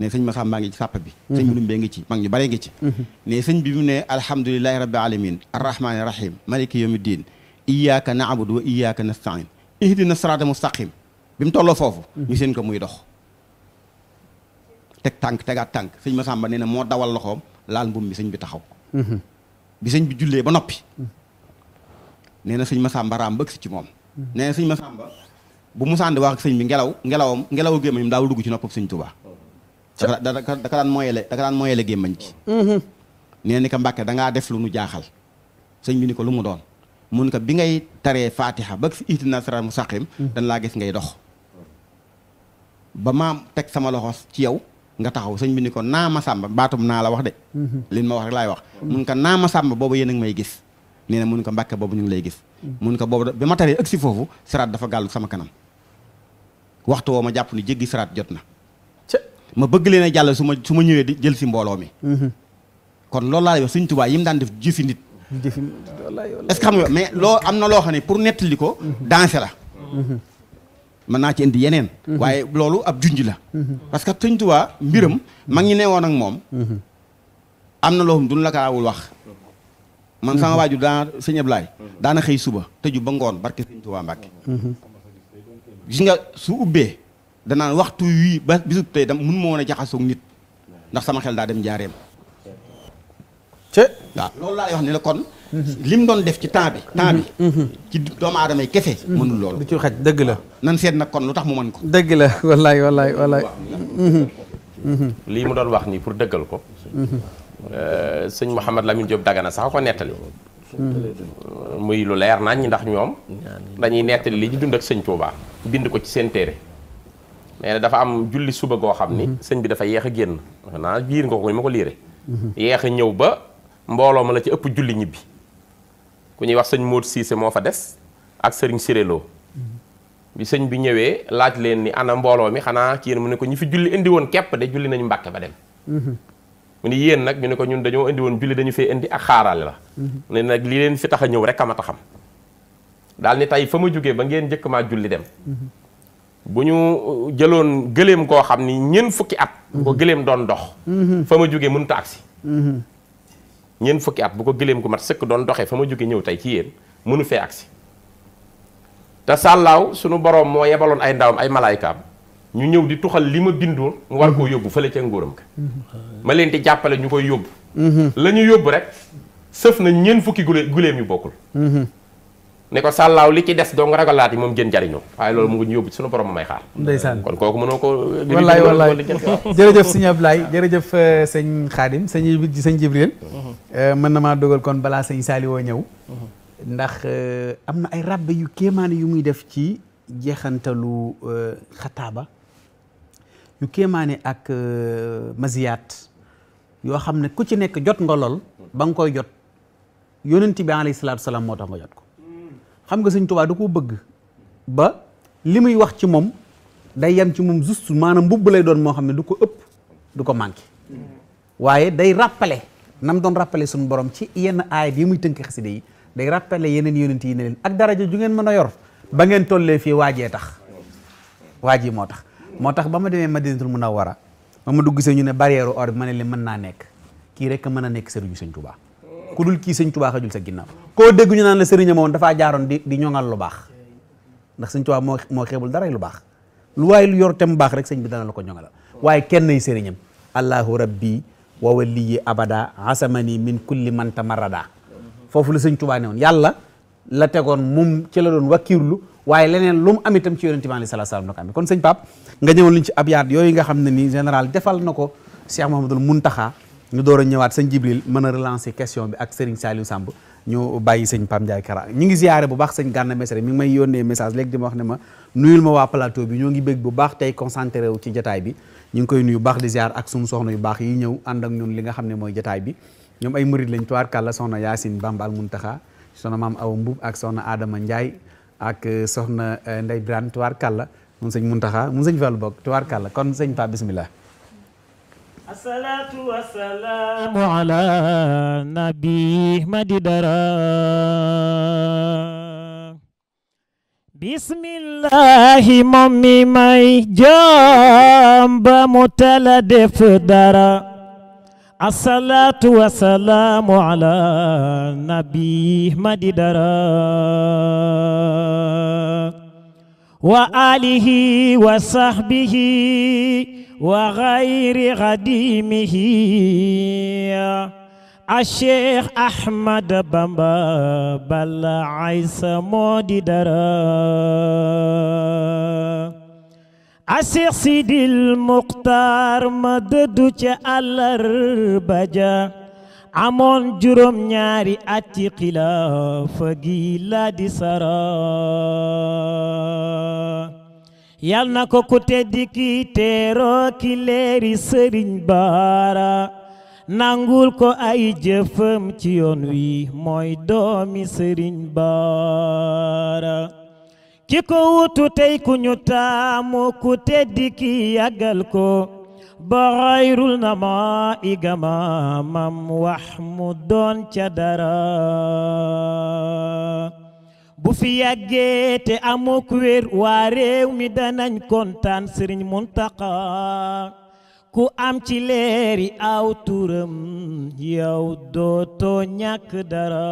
ne sëñ ma sàmbaa ngi ci sàpp bi mhm. sëñ mu dumbee ngi ci mag ñu bare ngi ci mhm. ne sëñ bi mu ne alhamdulilahi rabbil alamin arrahmani rahim maliki yawmi din iyyaka na'budu wa iyyaka nasta'in ihdina sirata mustaqim bi mu tolloo foofu mhm. ñu seen ko muy dox teg tànk tegaat tànk sëñ ma sàmba nee na moo dawal loxoom laal mbum bi sëñ bi taxaw bi sëñ bi jullee ba noppi nee na sëñ ma sàmba raam bëgg si ci moom nee na sëñ ma sàmba bu mu sànd wax ak sëñ bi ngelaw ngelawam ngelawu gémmañam daawul dugg ci noppam sëñ Tuubaa da ka daan mooyale da ka daan mooyale gémmañ ci mm-hmm. nee ni ko Mbàkke da ngaa def lu nu jaaxal sëñ bi ni ko lu mu doon mun ko bi ngay taree fatiha ba si ihdina siraatal mustaqiim mm-hmm. dañ laa gis ngay dox ba maam sama loxo ci yow nga taxaw sëñ bi ni ko naa ma sàmba baatum la wax de mm-hmm. lin ma wax rek laay wax mun ko naa ma sàmba boobu yéen may gis nee mun ko Mbàkke boobu ñu lay gis mun dafa sama kanam waxtu woo ma jàpp ni ma bëgg leen a jàll su ma su ma ñëwee di jël si mbooloo mi mhm. kon loolu laa lay wax Sëñ Tuubaa yi mu daan def jëfi nit est-ce xam nga mais loo am na loo xam ne pour nettali ko mhm. danse la mhm. mën naa ci indi yeneen waaye loolu ab junj la parce que Sëñ mbiram mag ñi newoon ak moom am na loo xam duñ la kaawul wax man sama waajur daan sëñ daana xëy suba tëju ba ngoon barke Sëñ Tuubaa Mbàkke gis nga su ubbee danaa waxtu wii ba bisub tey dam mun ma woon a jaxasoog nit ndax sama xel daa dem jaareem ce waaw loolu laa wax ni la kon li mu doon def ci temps bi temps bi mhm. Mhm. ci doomu aadama yi kese mhm. mënul loolu lu ci xaj dëgg la nan seet nag kon lu tax mu mën ko dëgg la wallaay wallaay wallaay lii mu doon wax nii pour dëggal ko euh, sëñ Mouhamad Lamine Diop Dagana sax ko nettali muy lu leer nañ ñi ndax ñoom dañuy nettali li ñu dund ak sëñ Touba bind ko ci seen téere nee dafa am julli suba go xamni ni mhm. bi dafa yeex a génn biir nga ko ni ma ko liire yeex a ba mbolo ma la ci ëpp julli ñibi ku ñi wax señ Modou Cissé mo fa des ak señ sirélo mhm. bi señ bi ñëwee laaj leen ni ana mbolo mi xana kii mu ne ko ñi fi julli indi won képp de julli nañu mbacké ba dem mhm. mu ni yeen nag ñu ne ko ñun dañoo indi won julli dañu fee indi ak xaaral la ne nag li leen fi taxa ñew rek a taxam dal ni tay fa ma juggé ba ngeen jëk ma julli dem bu ñu jëloon gëléem koo xam ni ñeent fukki at. bu ko gëléem doon dox. Mhm. fa ma jógee mënut a agsi. Mhm. ñeent fukki at bu ko gëléem ku mat sëkk doon doxee fa ma jógee ñëw tey ci yéen mënu fee agsi te sàllaaw sunu boroom moo yebaloon ay ndawam ay malaaykaam ñu ñëw di tuxal li ma bindoo mu war koo mhm. yóbbu fële ca nguuram ka ma leen di jàppale ñu koy yóbbu. la yóbbu rek sëf na ñeent fukki gule guleem yu bokkul. ne ko sàllaaw li ci des dong ragalaat yi moom jën jariñu waaye loolu mu ngi ñu yóbbu ci sunu borom may xaar ndeysaan kon kooku mënoo ko wallaay wallaay [LAUGHS] jërëjëf sëñ jërëjëf euh, sëñ Xaadim sëñ sëñ Jibril euh, na maa dogal kon balaa sëñ Saaliwoo ñëw ndax euh, am na ay rabbe yu kéemaane yu muy ci jeexantalu xataaba ak maziyaat yoo xam ne ku ci nekk jot nga lool ba nga koy jot yonent bi alayhi salaatu salaam moo tax nga jot ko xam nga sëñ Tuubaa da koo bëgg ba li muy wax ci moom day yem ci moom juste maanaam mbubb lay doon moo xam ne du ko ëpp du ko manqué waaye day rappelé nam doon rappelé suñu borom ci yenn aayat yi muy tënk xasida yi day rappelé yeneen yonent yi ne leen ak daraja ju ngeen mën a yor ba ngeen tollee fii waajee tax waaj yi moo tax moo tax ba ma demee ma Madinatul Munawwara ba ma dugg see ñu ne barrière or bi ma ne leen mën naa nekk kii rek mën a nekk sëriñu sëñ Tuubaa ku dul kii sëñ tubaa xajul sa ginnaaw koo dégg ñu naan la sëriñam woon dafaa jaaroon di di ñoŋal lu baax ndax sëñ tubaa moo moo xeebul dara lu baax lu waaye lu yor te mu baax rek sëñ bi dana la ko ñoŋal waaye kenn ay sëriñam allahu rabbi wa waliyi abada asamani min kulli man tamarada foofu la sëñ tubaa ne woon yàlla la tegoon moom ci la doon lu waaye leneen lu mu am itam ci yonente bi aleyhi salaatu kon sëñ Pape nga ñëwoon liñ ci ab yaat yooyu nga xam ne nii général defal na ko Cheikh Mouhamadoul Mountakha ñu door a ñëwaat sañ Jibril mën a relancer question bi ak Serigne Saliou Samb ñu bàyyi sëñ Pam Ndiaye Kara ñu ngi ziyaare bu baax sëñ Gana Messere mi may yónnee message léegi di ma wax ne ma nuyul ma waa plateau bi ñoo ngi bëgg bu baax tey concentré wu ci jataay bi ñu ngi koy nuyu baax di ziar ak sum soxna yu baax yi ñëw ànd ak ñun li nga xam ne mooy jataay bi ñoom ay murid lañ tuwaar kàlla soxna Yacine Bamba al Muntaxa soxna maam Awa Mbub ak soxna Adama Ndiaye ak euh, soxna euh, Ndey Birane tuwaar kàlla mun sëñ Muntaxa mun sëñ Fallu bokk tuwaar kàlla kon sëñ Pam bismillah الصلاة والسلام على نبي مددرا بسم الله مامي ماي جنب دف درا الصلاة والسلام على نبي مددرا وآله وصحبه وغير قديمه الشيخ أحمد بامبا بل عيسى مودي درا الشيخ سيدي المختار مددو الأربجة الربجا عمون ñaari ati اتي gi la دي سرا yal na ko ku tedd ki teeroo ki leeri sëriñ baara nangul ko ay jëfam ci yoon wi mooy doomi sëriñ baara ki ko wutu tey ku taamu ku tedd ki yàggal ko bagayrul nama igama mam wax mu doon ca dara bu fi yàggee te amoo ku wér waa réew mi danañ kontaan sëriñ Muntaqa ku am ci leeri aw turam yow dootoo ñàkk dara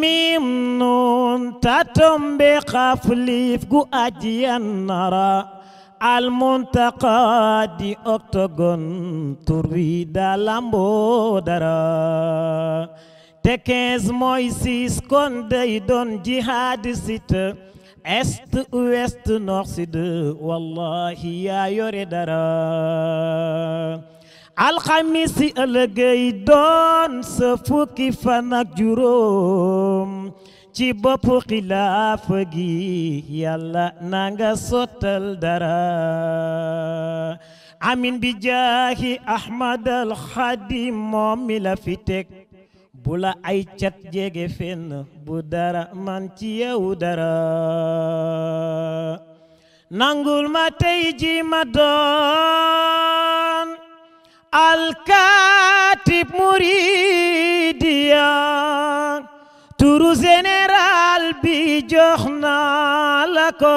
miim nun tatombe xaaf liif gu ajiyan nara al Muntaqa di octogone tur wi da lamboo dara te quinze mooy six kon day doon jihaad sit est ouest nord wallahi yaa yore dara alxamis yi ëllëgëy doon sa fukki fan ak juróom ci bopp xilaafa gi yàlla nanga sottal dara amin bi jaahi ahmad alxadim moom mi la fi bu ay cat jege fenn bu dara man ci yow dara nangul ma tey ji ma doon alkaatib muridiya turu général bi jox la ko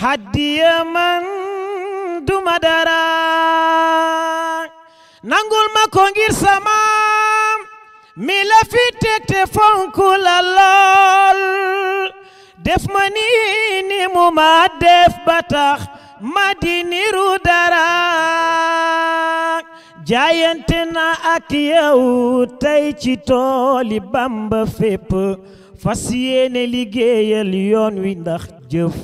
hadiya man duma dara nangul ma ko ngir sama mi la fi teg te fonk la lool def ma nii ni mu ma def ba tax ma di niru dara jaayante na ak yow tey ci tooli Bamba fépp fas yéene liggéeyal yoon wi ndax jëf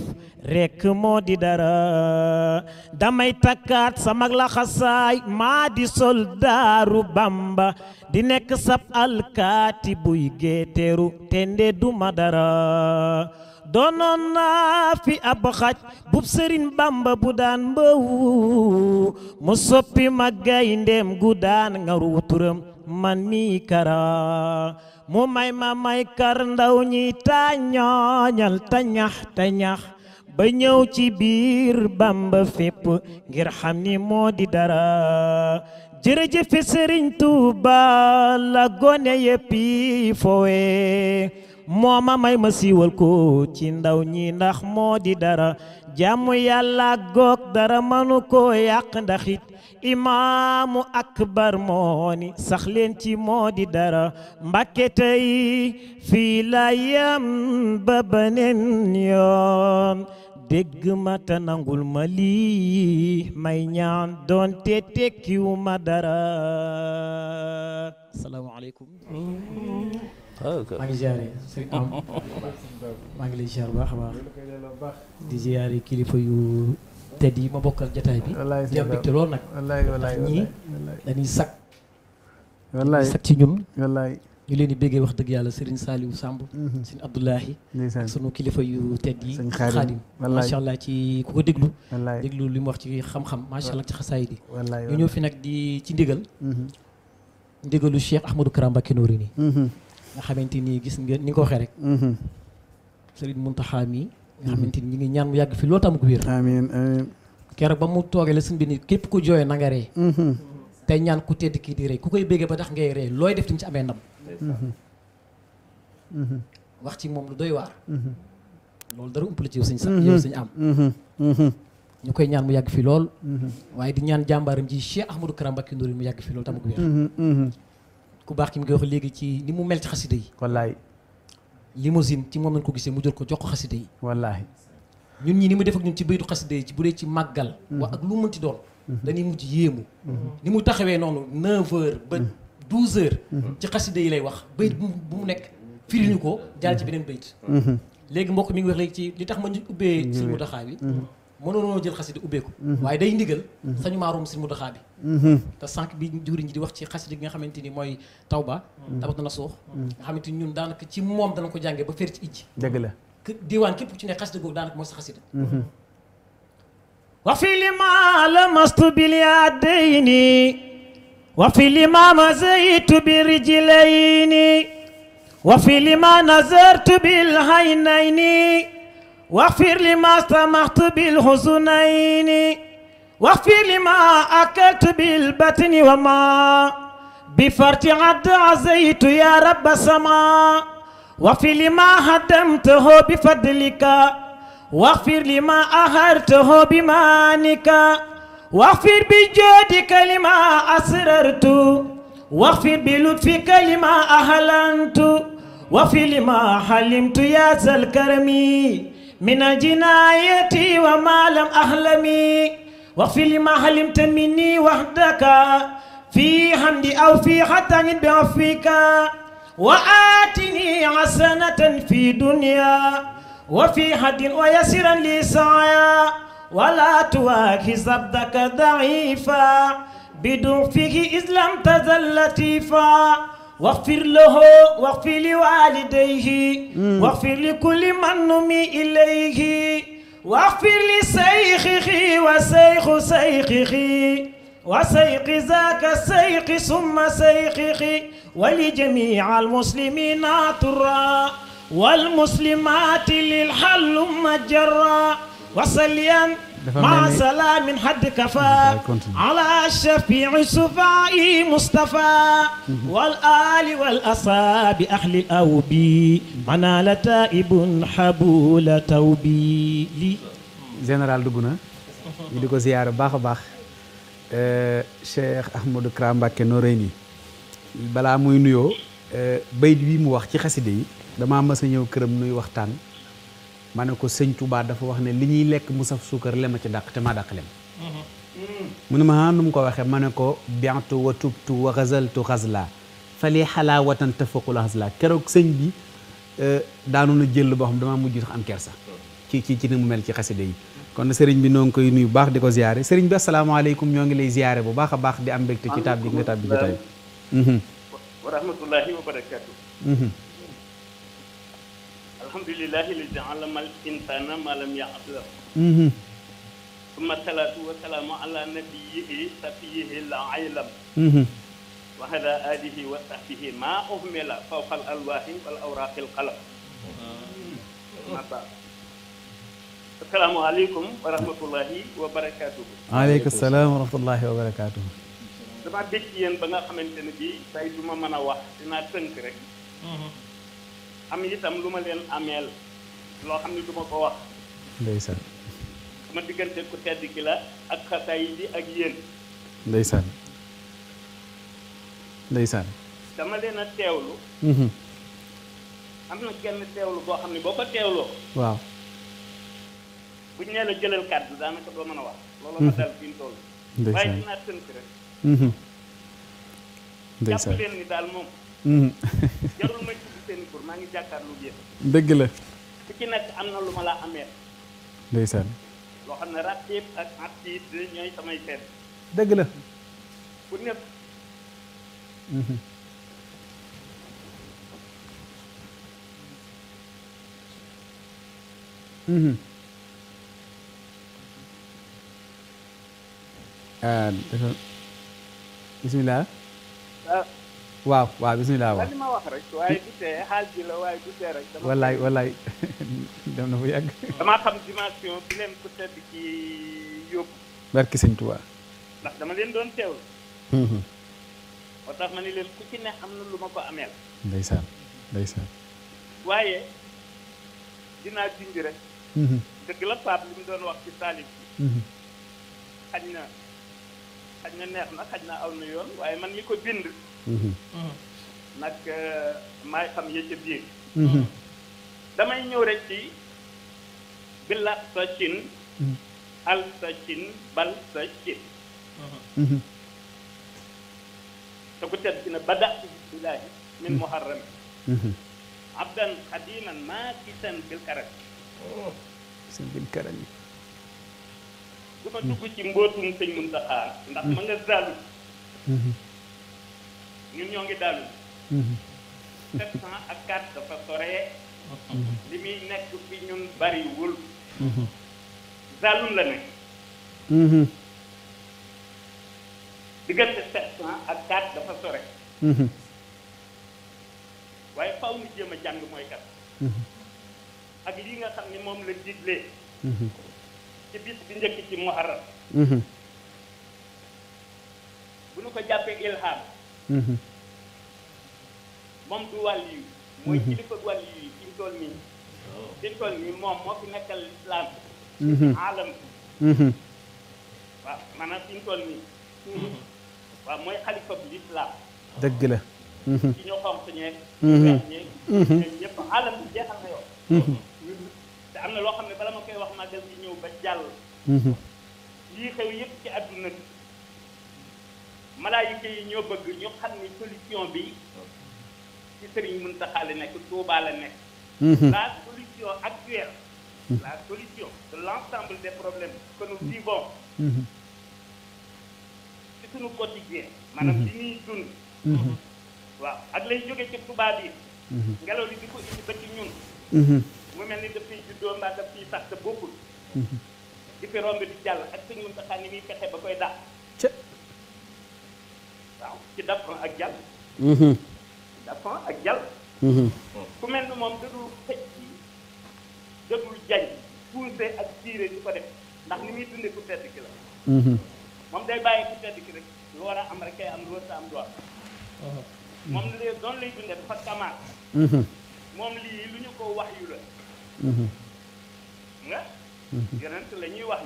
rekk moo di dara damay takkaat sama laxasaay maa di soldaaru bamba di nekk sab alkaati buy géeteeru te nde duma dara doonoon naa fi ab xaj bub sëriñ bamba bu daan mbëwu mu soppi ma gayndeem gu daan nga ruuturam man mi kara mu may ma may kar ndaw ñi ta ñooñal ta ñax ba ñëw ci biir Bamba fépp ngir xam ni moo di dara jërëjëf Sëriñ Tuuba la gone yi fowe moo ma may ma siiwal ko ci ndaw ñi ndax moo di dara jàmm yàlla goog dara manu ko yàq ndaxit it imaamu akbar moo ni sax leen ci moo di dara mbàkke tey fii la yam ba beneen yoon dégg ma te nangul ma lii may ñaan doonte tekkiwu ma dara asalaamaaleykum maa maa ngi lay baax baax di ziare kilifa yu tedd yi ma bokkal jataay bi di lool nag ndax ñii dañuy sag dañuy sag ci ñun ñu leen di béggee wax dëgg yàlla Serigne Saliou Samb. Mhm. Serigne Abdoulahi. ak sunu kilifa yu tedd yi. Serigne Khadim macha allah ci ku ko déglu. déglu li mu wax ci xam-xam macha allah ci xasaayid yi. wallaay ñu ñëw fi nag di ci ndigal. Mhm. ndigalu Cheikh Ahmadou Kara Mbacké Noreyni. Mhm. nga xamante ni gis nga ni nga ko waxee rek. Serigne Mountakha mi. nga xamante ni ñu ngi ñaan mu yàgg fi loolu tam ko wér. amiin amiin. keroog ba mu toogee la suñu bi ni képp ku jooyee na nga ree. tey ñaan ku tedd kii di rey ku koy béggee ba tax ngay ree looy def Mhm. Mhm. wax ci moom lu doy waar mhm. loolu dara umpale ci yow sëñ sax yow sëñ am ñu koy ñaan mu yàgg fi lool waaye di ñaan jàmbaaram ji Cheikh Ahmadou Kara Mbacké Ndour mu yàgg fi lool tam ak wér ku baax ki mu ngi wax léegi ci ni mu mel ci xasida yi wallaay limousine ci moom nañ ko gisee mu jël ko jox ko xasida yi wallaay ñun ñi ni mu def ak ñun ci baytu xasida yi ci bu dee ci màggal wax ak lu mënti doon dañuy mujj yéemu ni mu taxawee noonu 9 heures douze ci xasida yi lay wax bayit bu mu nekk firiñu ko jàll ci beneen bayit léegi mbokk mi ngi wax léegi ci li tax ma ñu ubbee sëñ Muntaxaa bi mhm. mënoonoo jël xasida ubbee ko mhm. waaye day ndigal mhm. sañu maarum sëñ Muntaxaa bi te sànq bi juriñ ji di wax ci xasida gi nga xamante ni mooy tawba tabat na suux nga xamante ni ñun daanaka ci moom dana ko jàngee ba féer ci ijji dëgg la diiwaan képp ku ci ne xasida googu daanaka mooy sa xasida wa fi lima lamastu bil yadayni وفي لما مزيت برجلين وفي لما نزرت بالعينين واغفر لما سمحت بالحزنين واغفر لما أكلت بالبطن وما بفرج عد عزيت يا رب السماء وفي لما هدمته بفضلك واغفر لما أهرته بمانك واغفر بجودك لما أسررت واغفر بلطفك لما أهلنت وفي لما حلمت يا ذا الكرم من جنايتي وما لم أحلمي وفي لما حلمت مني وحدك في حمد أو في حتى بعفوك وآتني حسنة في دنيا وفي حد ويسرا لي سعيا ولا تواكي عبدك ضعيفا بدعفه إذ لم تزل لطيفا واغفر له واغفر لوالديه واغفر لكل من نمي إليه واغفر لسيخه وسيخ سيخه وسيق ذاك السيق ثم سيقه ولجميع المسلمين ترى والمسلمات للحل مجرى وسليم مع يعني من حد كفى على الشفيع الشفائي مصطفى والآل والأصاب أهل الأوبي أنا لتائب حبول توبي لي جنرال دوغنا يدكو زيارة باخ باخ شيخ أحمد كرام باك نوريني بلا موي نيو بيد بي مو واخ سي خاسيدي دا نيو كرم ma ne ko sëñ Touba dafa wax ne li ñuy lekk mu saf suukar lema ci dàq te maa dàq lem mm-hmm. mu ne ma ah, nu mu ko waxee ma ne ko bientu wa tubtu wa xazaltu fa fali xalaa watan tafaqul xazla keroog sëñ bi euh, daanu na jël boo xam damaa mujj tax am kersa ci ci ci ni mu mel ci xaside yi kon sëriñ bi noo ngi koy nuyu baax di ko ziare sëriñ bi asalaamaaleykum ñoo ngi lay ziare bu baax a baax di am mbégte ci tab bi nga tab bi jotaay mhm. wa الحمد لله الذي علم الإنسان ما لم يعلم ثم الصلاة والسلام على نبيه سفيه العالم وعلى آله وصحبه ما أهمل فوق الألواح والأوراق القلم السلام عليكم ورحمة الله وبركاته عليك السلام ورحمة الله وبركاته dama dégg yéen ba nga xamante ne bii tey du ma mën a am itam lu ma leen ameel loo xam ne du ma ko wax ndeysaan sama diggante ku tedd ki la ak xasaay bi ak yéen ndeysaan ndeysaan dama leen a teewlu mhm. am na kenn teewlu boo xam ne boo ko teewloo waaw bu ñu nee la jëlal kàddu daanaka doo mën a wax loolu ma mhm. dal fii toll waaye dinaa tënk rek mhm. jàpp leen maa ngi jàkkaarloo yéen. dëgg la. ku ci nekk am na lu ma la amee. ndeysaan. loo xam ne ratib ak atid ñooy samay seet. dëgg la. ku waaw waaw bisimilah waaw li ma waaye du tee xaal ji la waaye du tee rek. wallaay wallaay [LAUGHS] dem na bu yàgg. damaa xam dimension bi leen ko tedd ci yóbbu. barki sëñ Tuubaa. ndax dama leen doon teewlu. Mhm. moo tax ma ni leen ku ci ne am na lu ma ko ameel. ndeysaan ndeysaan. waaye dinaa dindi rek. Mhm. dëgg la Pape li doon wax ci taalib bi. Mhm. na. xaj na neex na xaj na aw na yoon waaye man mi ko bind mhm. Mhm. nag euh, maay xam ya ca mhm. damay ñëw rek ci bila sa cin al sa cin bal sa cin te ku tedd ci ne billaahi min muharram abdan xadiman maakisan bil karam bil karam dafa dugg ci mbootum sëñ Muntaxa ndax ma nga dalu ñun ñoo ngi dalu sept cent ak quatre dafa soree li muy nekk fi ñun bariwul zalun la nekk diggante sept cent ak quatre dafa sore waaye faw ñu jéem a jàng mooy kat ak li nga xam ne moom la diglee ci bis bi njëkk ci muharram mhm. bu ñu ko jàppee ilham mhm. moom du wàll yi mooy mhm. kilifa wàll yi ci tool mi ci mi moom moo fi nekkal lislaam aalam waaw mooy xalifa bi lislaam dëgg la ci ñu xonq am na loo xam ne bala ma koy wax màggal gi ñëw ba jàll mhm. lii xew yëpp ci àdduna bi malaayika yi ñoo bëgg ñu xam ni solution bi ci sëriñ Muntaxa la nekk Tuubaa la nekk mhm. la solution actuelle mhm. la solution de l'ensemble des problèmes que nous ci suñu quotidien maanaam li ñuy dund waaw ak lay jóge ci Tuubaa bi ngelaw li di ko indi ba ci ñun mu mel ni daf fiy juddoo mbaa daf fiy sax te bokkul [LAUGHS] di fi romb di jàll ak sëñ Muntaxa ni muy fexe ba koy dàq waaw ci dapon ak jàll ci mm-hmm. dapon ak jàll mm-hmm. ku mel ni moom dadul xëj yi dadul jañ puuse ak tiire di ko def ndax ni muy dunde ku tedd ki la mm-hmm. moom day bàyyi ku tedd ki rek lu war a am rek kay am lu war a am door oh. moom lee doon lay dunde dafa kamaat moom lii lu ñu ko wax yu la nga mhm. ya yonent la ñuy wax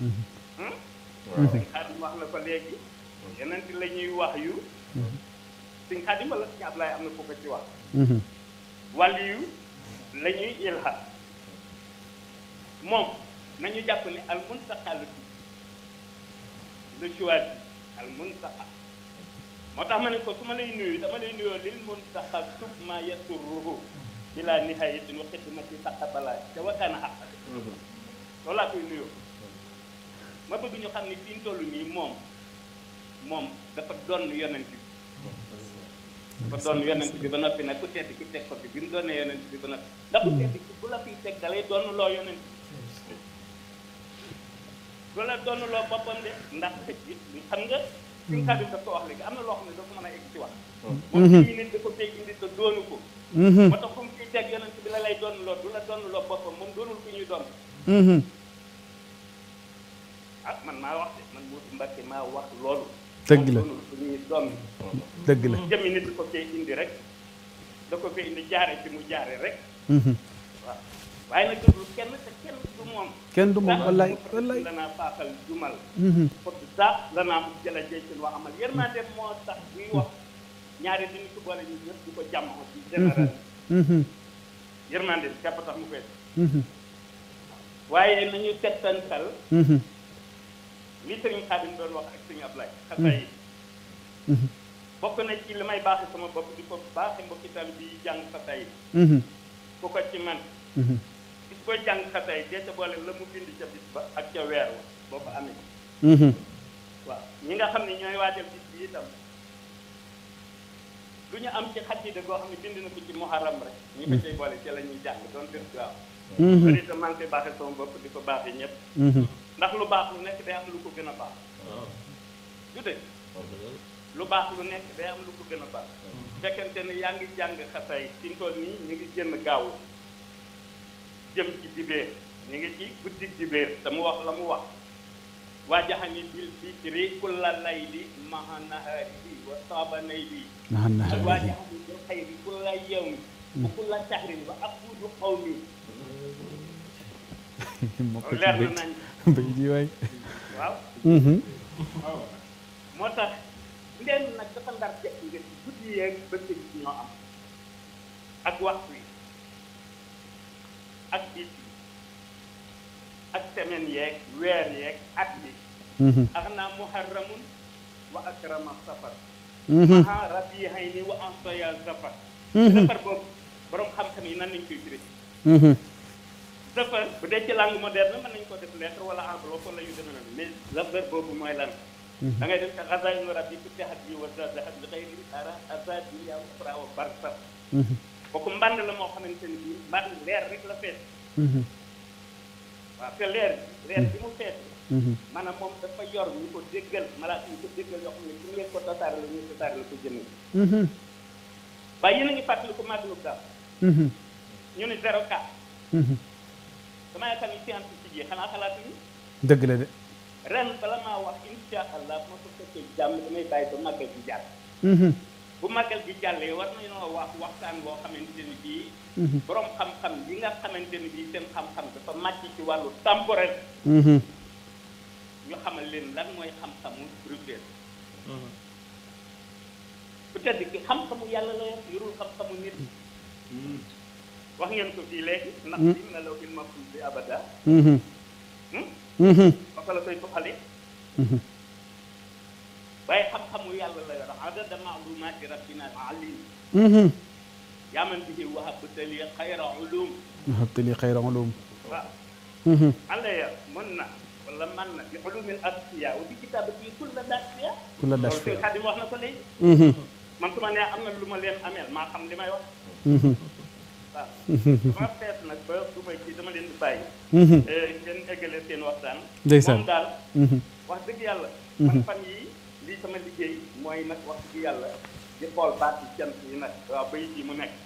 mhm. hmm? yu sëñ xaadim wax hmm. ya na ko léegi yonent la ñuy wax yu hmm. sëñ xaadim mhm. wala sëñ ablaay am na ko ko ci wax wàll yu la ñuy ilha moom nañu jàpp ne al muntaqa la le choisi al muntaqa moo tax ma ne ko su ma lay nuyu dama lay nuyoo lil muntaqa sub ma yasurruhu ilaa nihayatin wa xidmati saqabala te wakkaana xaq mhm. loolu laa koy nuyoo ma ñu xam ne fi ñu toll nii moom moom dafa doon yonent bi dafa doon yonent bi ba noppi nag ku tedd ki teg ko bi bi mu doonee noppi ndax ku tedd ki bu loo yonent bi du la doon loo boppam de xam nga mhm. suñu wax léegi am na loo xam ne dafa man a egg ci wax mhm. moom ñu nit da ko tey indi te doonu ko Mm-hmm. moo tax comme kuy teg yonent bi la lay doon loo du la doon loo boppam mm-hmm. ah, man maa wax de man Moodu Mbacke maa wax mu jaare rek mm-hmm. waaw du moom jumal fottu sax lanaa mu jëla jeytin waa amal yërmande moo tax ñuy wax ñaari nit ko bolé ñu ñëpp di ko jàmm aussi général yërmande bi képp tax mu fees waaye nañu hmm li sëriñ xaadim doon wax ak sëriñ ablaay xasaay bokk na ci limay may sama bopp di ko baaxe mbokki tal bi jang jàng xasaay hmm ko ko ci man bis boo jàng xasaay dee ca bolé la mu bind ci bis ba ak ci weer wa boo ko amee waaw ñi nga xamni ñoy ñooy waajal bis bi tam lu ñu am ci xasida goo xam ne bind na ko ci muharram rek ñu ko cay boole ci la ñuy jàng doon gën gaaw mhm. bëri te man koy baaxee sama bopp di ko baaxee ñëpp mhm. ndax lu baax lu nekk day lu ko gën a baax lu baax lu nekk day am lu ko gën a baax mhm. fekkente ne yaa ngi jàng xasay ci tool nii ñu ngi jëm gaaw jëm ci dibéer ñu ngi ci guddi dibéer te mu wax la mu wax واجحني في الفكر كل ليل مع نهاره وصاب نيلي مع نهاره واجحني في الخير كل يوم وكل شهر وأقود قومي leer na nañ mbay ji waay mhm. waaw moo tax ndeen nag dafa ndar jekk nga ci guddi yeeg bëccëg ñoo am ak waxtu yi ak biit yi ak semaine yeeg weer yeeg at bi mhm. ak naa muharramun wa akrama safar maa rabbi hay ni wa antoya safar safar boobu borom xam-xam yi nan nañ koy firi safar mhm. bu dee ci langue moderne mën nañ ko def lettre wala enveloppe wala yu demee noonu mais safar boobu mooy lan mhm. da ngay dem sa xasaayinu rabbi ku texat bi wa zazahat li xëy ara asa bi yaw frawa bar saf kooku la moo xamante ni bii mbànd leer rek la waaw te leer bi leer bi mu fees mhm. maanaam moom dafa yor ñu ko déggal malaaka ñu ko déggal yoo xam ne su ngeen ko tasaare la ñuy tasaare la ko jëmee waaye yéen a ngi fàttaliku màggalu gaaw ñu ne zéro quatre mhm. dama yaakaar ni scientifique yi xanaa xalaatuñu dëgg la de ren bala maa wax insha allah moo ko fekkee jàmm damay bàyyi ba màggal gi jàll mhm. bu màggal gi jàllee war nañoo wax waxtaan boo xamante ne bii Mm-hmm. borom xam-xam yi nga xamante ni bii seen xam-xam dafa màcc ci wàllu temporel. Mm-hmm. ñu xamal leen lan mooy xam-xamu rupture. Mm-hmm. peut-être que xam-xamu yàlla la yor yorul xam-xamu nit. wax ngeen ko fii léegi. ndax lim na la ilma bi abada. parce hmm? que la koy doxalee. waaye xam-xamu yàlla la yor adada maalumaati rabbina alim jaman bihi wahabta li khayra ulum wahabta li khayra ulum alla mhm. ya munna wala man na bi ulumil asfiya wa bi kitabati kulla wax na ko léegi mhm. man su ma nee am na lu ma leen ameel maa xam li may wax mhm. waaw dama fees nag ba du may ci dama leen di bàyyi eh, ngeen eggale seen waxtaan ndeysaan moom daal wax dëgg yàlla man fan yi lii sama liggéey mooy nag wax dëgg yàlla di xool baat yi cant yi nag waaw bay yi mu nekk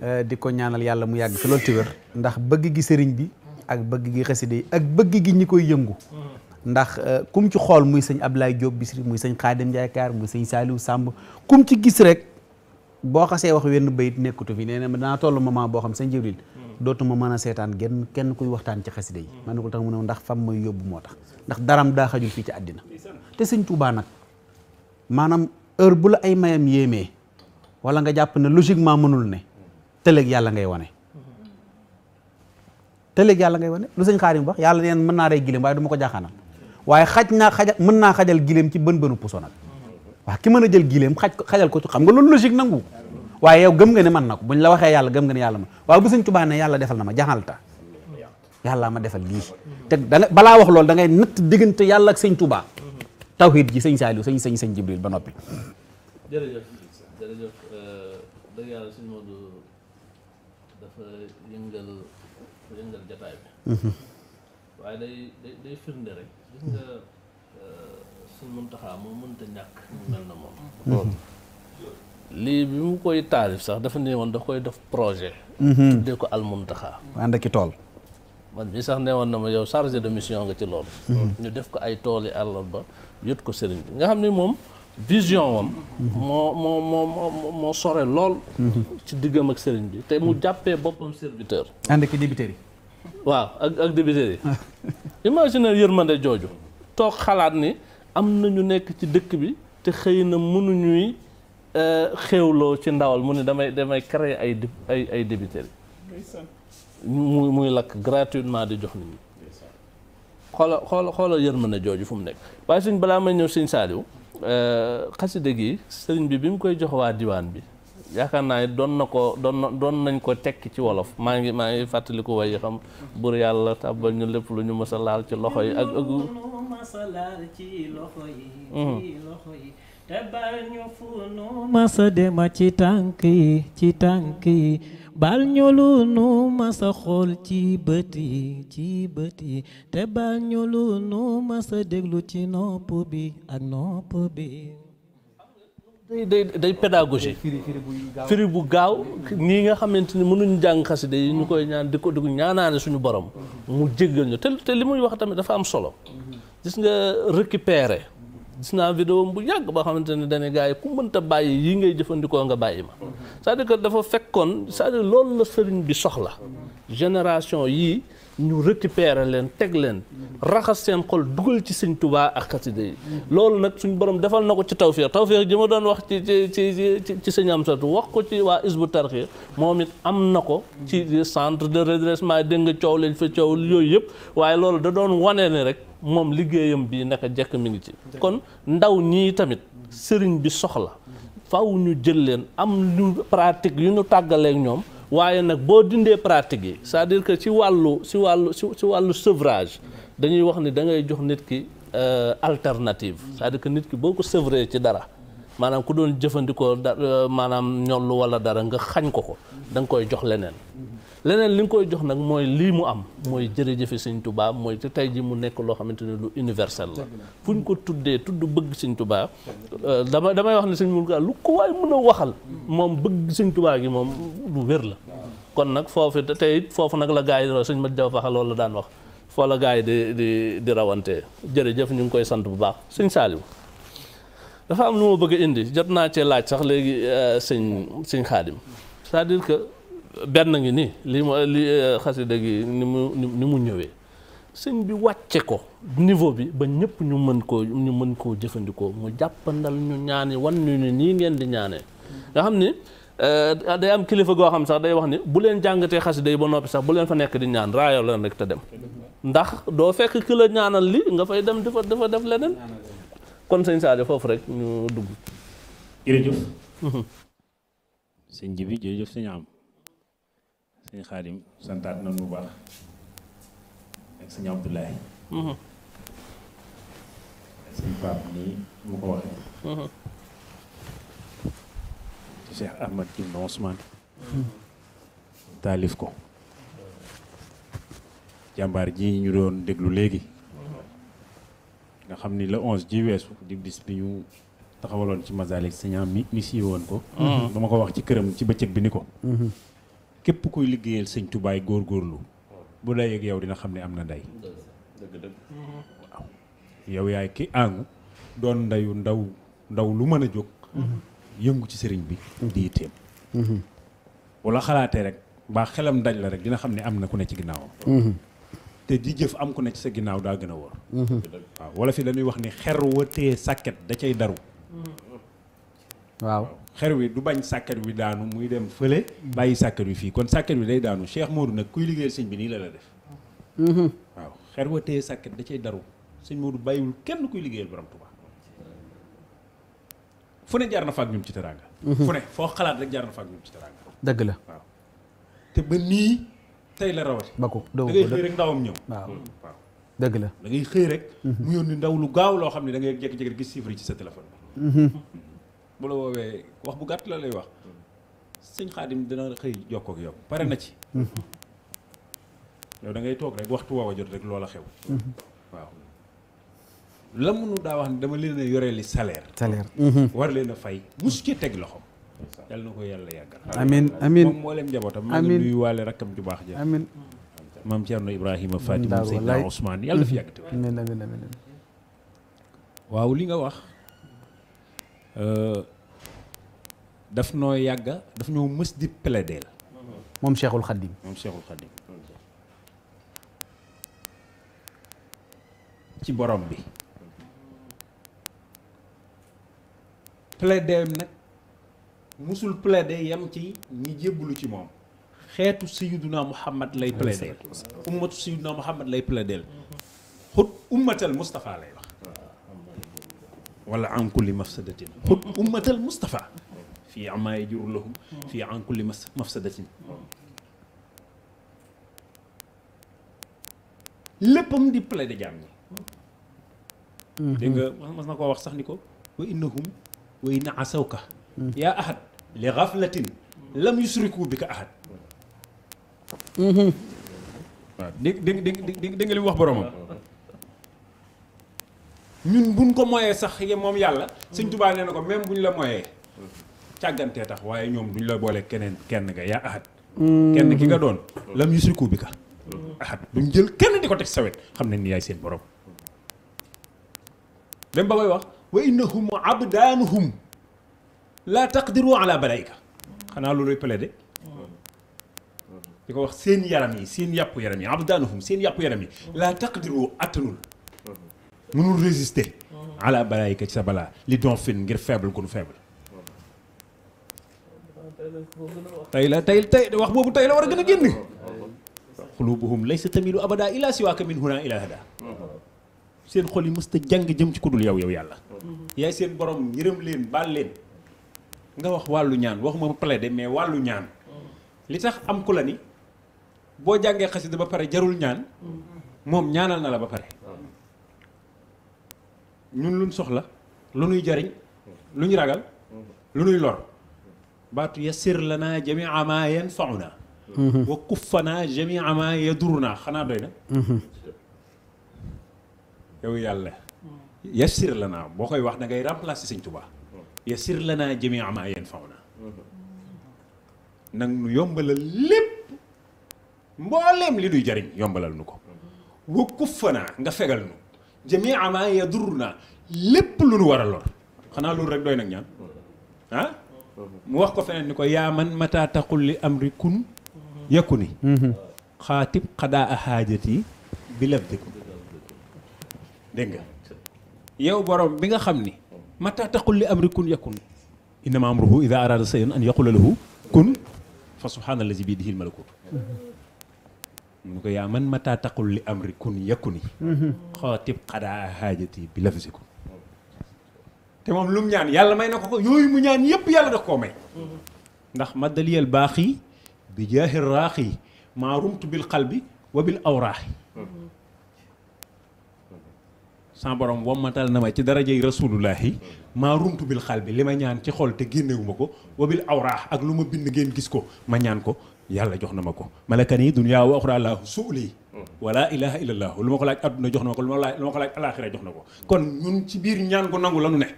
Eh, di ko ñaanal yalla mu yàgg fi loolu ti wër ndax bëgg gi sëriñ bi ak bëgg gi xaside ak bëgg gi ñi koy yëngu ndax eh, kum ci xol muy sëñ Ablaye Diop Bichri muy sëñ khadim Ndiaye Kaar muy sëñ salihu Samb kum ci gis rek bo xasse wax wenn bayit nekkutu fi da na tollu toll moment boo xam sëñ Jibril dootuma ma mëna sétane genn kenn kuy waxtaan ci xaside yi man ko tax mu ne ndax fam may yobbu motax ndax daram da xajul fi ci adina te sëñ Touba nak manam heure bu la ay mayam yéemee wala nga japp ne logiquement mënul ne tëleeg yàlla ngay wane tëleeg yàlla ngay wane lu sëñ xaarim wax yàlla neen mën naa rey gileem waaye du ma ko jaaxaanal waaye xaj naa xaja mën naa xajal gileem ci bën bënu puso nag waaw ki mën a jël gileem xaj xajal ko ci xam nga loolu logique nangu waaye gëm nga ne man na ko buñ la waxee yàlla gëm nga ne yàlla man waaye bu sëñ Tuubaa ne yàlla defal na ma jaxalta yàlla ma defal lii te danga balaa wax loolu da ngay natt diggante yàlla ak sëñ Tuubaa tawhid ji sëñ Saaliw sëñ sëñ Jibril ba noppi jërëjëf jërëjëf dëgg yàlla waaye day day day firnde rek gis nga suñ muntaxaa moom mënta ñàkk mu mel na moom lii bi mu koy taarif sax dafa ne woon da koy def projet tuddee ko al muntaxaa ànd ak i tool man bi sax ne woon na ma yow chargé de mission nga ci loolu ñu def ko ay tool yi àllal ba yët ko sëriñ bi nga xam ne moom vision am moo moo moo moo sore lool ci diggam ak sëriñ bi te mu jàppee boppam serviteur ànd ak i débiteur yi waaw ak ak député yi [LAUGHS] imaginer yërmande jooju toog xalaat ni am na ñu nekk ci dëkk bi te xëy na mënuñuy euh, xéewloo ci ndawal mu ne damay damay créer ay ay ay débiteur muy muy lakk gratuitement di jox nit ñi xoola xoola xoola yërmande jooju fu mu nekk waaye suñ balaa may ñëw suñ saaliw euh, xaside gi sëriñ bi bi mu koy jox waa diwaan bi yaakaar naa ne doon na ko doon na nañ ko tekki ci wolof maa ngi maa ngi fàttaliku way xam buur yàlla tàbbal ñu lépp lu ñu mës laal ci loxo yi ak ëggu mhm. tebal ñu fu nu masa dema ci tànk yi ci tànk yi bal ñu lu nu masa xool ci bët yi ci bët yi tebal ñu lu nu masa déglu ci nopp bi ak nopp bi day day day pédagogie firi bu gaaw nii nga xamante ni mënuñu jàng xasida day ñu koy ñaan di ko dugg ñaanaane suñu borom mu jéggal ñu te te li muy wax tamit dafa am solo gis nga récupérer gis naa vidéo bu yàgg boo xamante ne dañuy gars yi ku mënta bàyyi yi ngay jëfandikoo nga bàyyi ma cest à dafa fekkoon sa à loolu la sëriñ bi soxla génération yii ñu récupérer leen teg leen raxas seen xol dugal ci sëñ tubaa ak xasida yi loolu nag suñ borom defal na ko ci tawféex tawféex ji ma doon wax ci ci ci ci sëñ wax ko ci waa isbu tarxi moom it am na ko ci centre de redressement dégg nga coow lañ fa coow yooyu yëpp waaye loolu da doon wane ne rek moom liggéeyam bi naka jekk mi ngi ci kon ndaw ñii tamit sëriñ bi soxla faw ñu jël leen am lu pratique yu ñu tàggaleek ñoom waaye nag boo dindee pratique yi cest dire que ci wàllu ci wàllu ci wàllu sevrage dañuy wax ni dangay jox nit ki euh, alternative c'est-à-dire que nit ki boo ko sevre ci dara maanaam ku doon jëfandikoo da euh, maanaam ñollu walla dara nga xañ ko ko da nga koy jox leneen leneen li nga koy jox nag mooy lii mu am mooy jërëjëfe sëñ tubaab mooy te tey ji mu nekk loo xamante ne lu universel la fu ñu ko tuddee tudd bëgg sëñ Touba euh, dama damay wax ne sëñ Mourtada lu ko waay waxal moom bëgg sëñ gi moom lu wér la kon nag foofu te it foofu nag la gars yi sëñ Mat Jaw Faxa loolu la daan wax foo la gars yi di di di rawante jërëjëf ñu ngi koy sant bu baax sëñ Saaliw dafa am lu ma bëgg indi jot naa cee laaj sax léegi euh, sëñ sëñ Xaadim cest dire que benn ngi ni li ma li eh, xasida gi ni mu ni mu ñëwee sëñ bi wàcce ko niveau bi ba ñëpp ñu mën koo ñu mën koo jëfandikoo mu jàppandal ñu ñaani wan ñu ni nii ngeen di ñaanee nga xam ni eh, day am kilifa goo xam sax day wax ni bu leen jàngatee xasida yi ba noppi sax bu leen fa nekk di ñaan raayoo leen rek te dem ndax doo fekk ki la ñaanal li nga fay dem dafa dafa def leneen kon sëñ Sadio foofu rek ñu dugg mhm. ji bi sëñ Xaadim santaat na bu baax ak sëñ Abdoulaye mm-hmm. ak sëñ Pape mu ko waxee mm-hmm. ci Cheikh Ahmad Ibn Ousmane taalif ko jàmbaar ji ñu doon déglu léegi nga xam ni la onze ji weesu di bis bi ñu taxawaloon ci Masalik sëñ mi mi siiwoon ko dama mm-hmm. ko wax ci këram ci bëccëg bi ni ko képp koy liggéeyal sëñ tubaay góorgóorlu bu day ak yow dina xam ne am na ndey waaw yow yaay ki àngu doon ndeyu ndaw ndaw lu mën a jóg yëngu ci sëriñ bi di yitteem wala xalaatee rek baa xelam daj la rek dina xam ne am na ku ne ci ginnaawam te di jëf am ku ne ci sa ginnaaw daa gën a wóor waaw wala dañuy wax ni xer wa téye sàkket da cay daru waaw xer wi du bañ sàkket wi daanu muy dem fële bàyyi sàkket wi fii kon sàkket wi day daanu Cheikh Modou nag kuy liggéeyal sëñ bi nii la la def mm-hmm. waaw xer wa téye sàkket da cay daru sëñ Modou bàyyiwul kenn kuy liggéeyal borom Tuubaa fu ne jaar na fa ak ñun ci teraanga mm-hmm. fu ne foo xalaat rek jaar na fa ak ñun ci teraanga dëgg la te ba nii tey la rawati ba ko mm-hmm. da ngay xëy rek ndawam ñëw waaw waaw dëgg la da rek mu yónni ndaw lu gaaw loo xam ne da ngay jékki gis chiffre ci sa téléphone bu la woowee wax bu gàtt la lay wax sëñ xaadim dina xëy jokkoo ak yow pare na ci yow da ngay toog rek waxtu woowa jot rek loola xew la mënu daa wax ne dama leen a yoree li salaire salaire mhm. war leen a fay musu ci teg loxo yàlla na ko yàlla yàggal amiin amiin moom moo leen njabootam maa ju baax ja amiin maam Thierno Ibrahima Fatima yàlla fi yàgg te waaw li nga wax euh, daf noo yàgga daf ñoo mës di plaider la moom Cheikhul Khadim moom Cheikhul Khadim ci borom bi plaider nag musul plaider yam ci ñi jébbalu ci moom xeetu sayyiduna Muhammad lay plaider ummatu sayyiduna Muhammad lay plaider xut ummatal Moustapha lay wax wala an kulli mafsadatin xut ummatal Moustapha fii amaa yajur lahum fii an kulli mafsadatin léppam di plaidé jaam ñi mm-hmm. dégg nga na koo wax sax ni ko wa innahum wa inna asawka mm-hmm. yaa ahad li ghaflatin lam yusriku bi ka ahad mm-hmm. waaw dégg dégg dégg li mu wax boromam ñun buñ ko moyee sax moom yàlla sëñ Tuubaa nee na ko même buñ la moyee càggantee tax waaye ñoom duñ la boole keneen kenn nga yaa ahad mm-hmm. kenn ki nga doon lam yusiku bi ka ahad duñ jël kenn di ko teg sawet xam ne ni yaay seen borom dem ba koy wax wa innahum abdaanuhum laa taqdiru ala balaika xanaa looluy di wax seen yaram yi seen yàpp yaram yi abdaanuhum seen yàpp yaram yi laa taqdiru attanul mm-hmm. mënul résister ala balaika ci sa balaa li don ngir faible gu nu tey la tey tey wax boobu orang la war a gën laysa tamilu abada ila min huna ila hada seen xol yi mësta jàng jëm ci kudul yow yow yàlla ya, ya, ya, ya seen borom yërëm leen bal leen nga wax wàllu ñaan waxuma plaidé mais wàllu ñaan li tax am kula ni bo ba pare jarul ñaan moom ñaanal na pare ñun luñ soxla lu jariñ ragal lu lor baatu yassir lana jamia ma yanfauna wa kuffana jamia ma yaduruna xanaa doy na yow yàlla yassir lana boo koy wax da ngay remplacer sëñ Tuubaa yassir lana jamia ma yanfauna nag nu yombalal lépp mbooleem li duy jariñ yombalal nu ko wa kuffana nga fegal nu jamia ma yaduruna lépp lu nu war a lor xanaa loolu rek doy nag ñaan ah? mu wax ko feneen ni ko yaa man mata taqul li amri kun yakuni xaatib xadaa a xaajati bi lafdiku dégg nga yow borom bi nga xam ni mata taqul li amri kun yakun innama amruhu ida arada sayan an yaqula lahu kun fa subhaanallazi bi yadihi almalakut mu ne ko yaa man mata taqul li amri kun yakuni xaatib xadaa a xaajati bi lafdiku te moom lu mu ñaan yàlla may na ko ko yooyu mu ñaan yëpp yàlla daf koo may ndax maddaliyal baax yi bi jaaxir raax yi maa rumtu bil xalbi wa bil ci darajey rasulullahi maa rumtu bil xal bi li ma ñaan ci xol te génnewuma ko wabil awraax ak lu ma bind ngeen gis ko ma ñaan ko yàlla jox na ma ko malakani dunya wa axra laahu suuli wala ilaha illa allah lu jox na ko lu ma ko laaj alaxira jox na ko kon ñun ci biir ñaan ko nangu la ne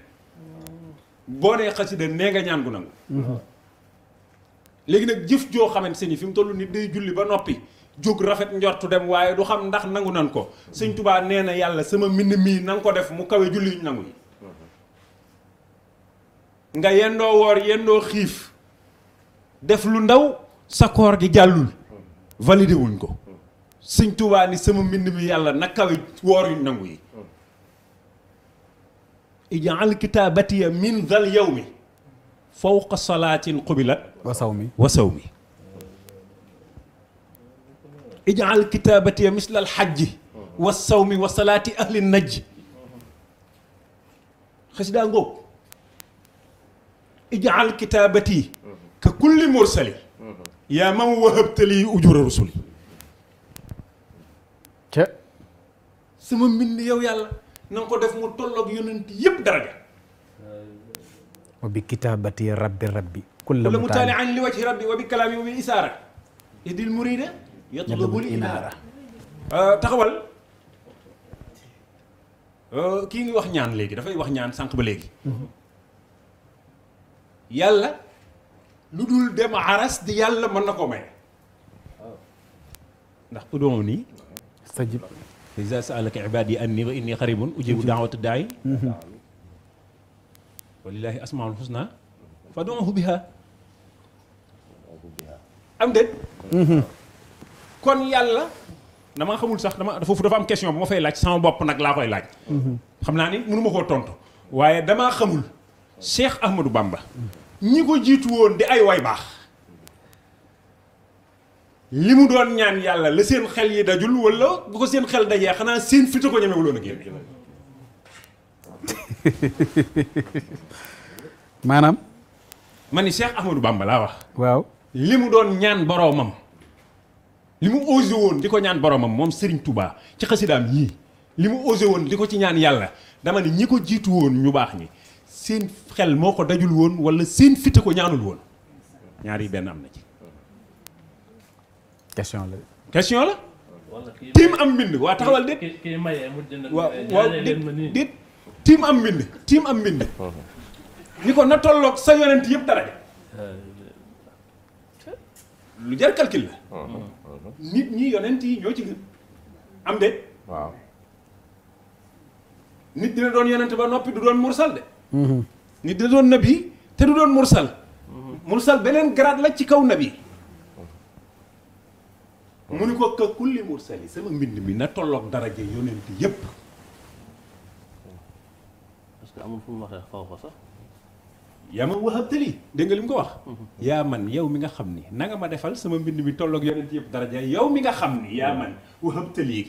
boo dee xasida nee nga ñaan gu nangu. léegi nag jëf joo xamante ni fi mu toll nit day julli ba noppi jóg rafet njortu dem waaye du xam ndax nangu nan ko sëñ Tubaa nee na yàlla sama mbind mii na ko def mu kawe julli ñu nangu yi nga yendoo woor yendoo xiif def lu ndaw sa koor gi jàllul validé wuñ ko sëñ Tubaa ni sama mbind mi yàlla na kawe woor yu nangu yi اجعل كتابتي من ذا اليوم فوق صلاة قبلت وصومي وصومي اجعل كتابتي مثل الحج والصوم وصلاة أهل النج خسدا نغوك اجعل كتابتي ككل مرسل يا من وهبت لي أجور رسلي سمم مني يا الله na nga ko def mu tolloog yonent yëpp daraja wa bi kitaabati rabbi rabbi kulla mu taali añ li wajhi rabbi wa bi kalaami wa bi isaara idil murida yatlubul inaara euh, taxawal euh, kii ngi wax ñaan léegi dafay wax ñaan sànq ba léegi mhm. yàlla lu dul dem aras di yàlla mën na ko may ndax ku doomu nii iza sa'alaka ibaadi anni wa inni xaribun ujibu dama xamul sax dama foofu dafa am question laaj sama bopp nag laa koy laaj xam naa ni mënuma koo tontu waaye damaa xamul Cheikh Ahmadou Bamba ñi ko jiitu woon di ay way baax li mu doon ñaan yàlla la seen xel yi dajul wala bu ko seen xel dajee xanaa seen fita ko ñemewuloon a génn [LAUGHS] maanaam ma ni Cheikh Ahmadou Bamba laa wax waaw li mu doon ñaan boroomam li mu osé woon di ko ñaan boroomam moom sëriñ Touba ci xasidaam yii li mu osé woon di ko ci ñaan yàlla dama ne ñi ko jiitu woon ñu baax ñi seen xel moo ko dajul woon wala seen fita ko ñaanul woon ñaar yi benn am na ci question la question la. tiim am mbind waa taxawal déet. kii waaw déet tiim am mbind tiim am mbind. [LAUGHS] ni ko na tolloog sa yonent yëpp dara de. [LAUGHS] lu jar calcul la. Uh-huh. Hmm. nit ñi yonent yi ñoo ci gën am de. nit dina doon yonent ba noppi du doon mursal de. Hmm. nit dina doon nabi te du doon mursal. Hmm. mursal beneen grade la ci kaw nabi. mu ni ko ka kulli mursali sama mbind mi na tolloog daraje yonent yépp parce que amul fu mu waxee xaw ko sax yaa man waxabtali dégg nga li mu ko wax yaa man yow mi nga xam ni nanga ma defal sama mbind mi tollook yonent yépp daraja yow mi nga xam ni yaa man waxabtali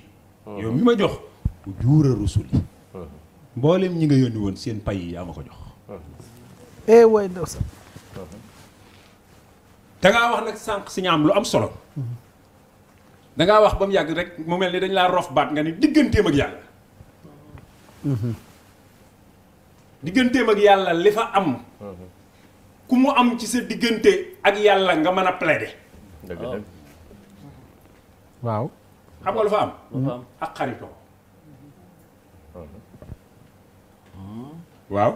hmm. yow mi ma jox juura rusul yi hmm. mboolem ñi nga yónni woon seen pay yi yaa ma ko jox hmm. eh waay ndaw sax te wax nag sànq si ñaam lu am solo da wax ba mu yàgg rek mu mel ni dañ laa rof baat nga ni digganteem ak yàlla. digganteem ak yàlla li fa am. ku mu am ci sa diggante ak yàlla nga mën a plaider. waaw. xam nga lu fa am. ak xaritoo. waaw.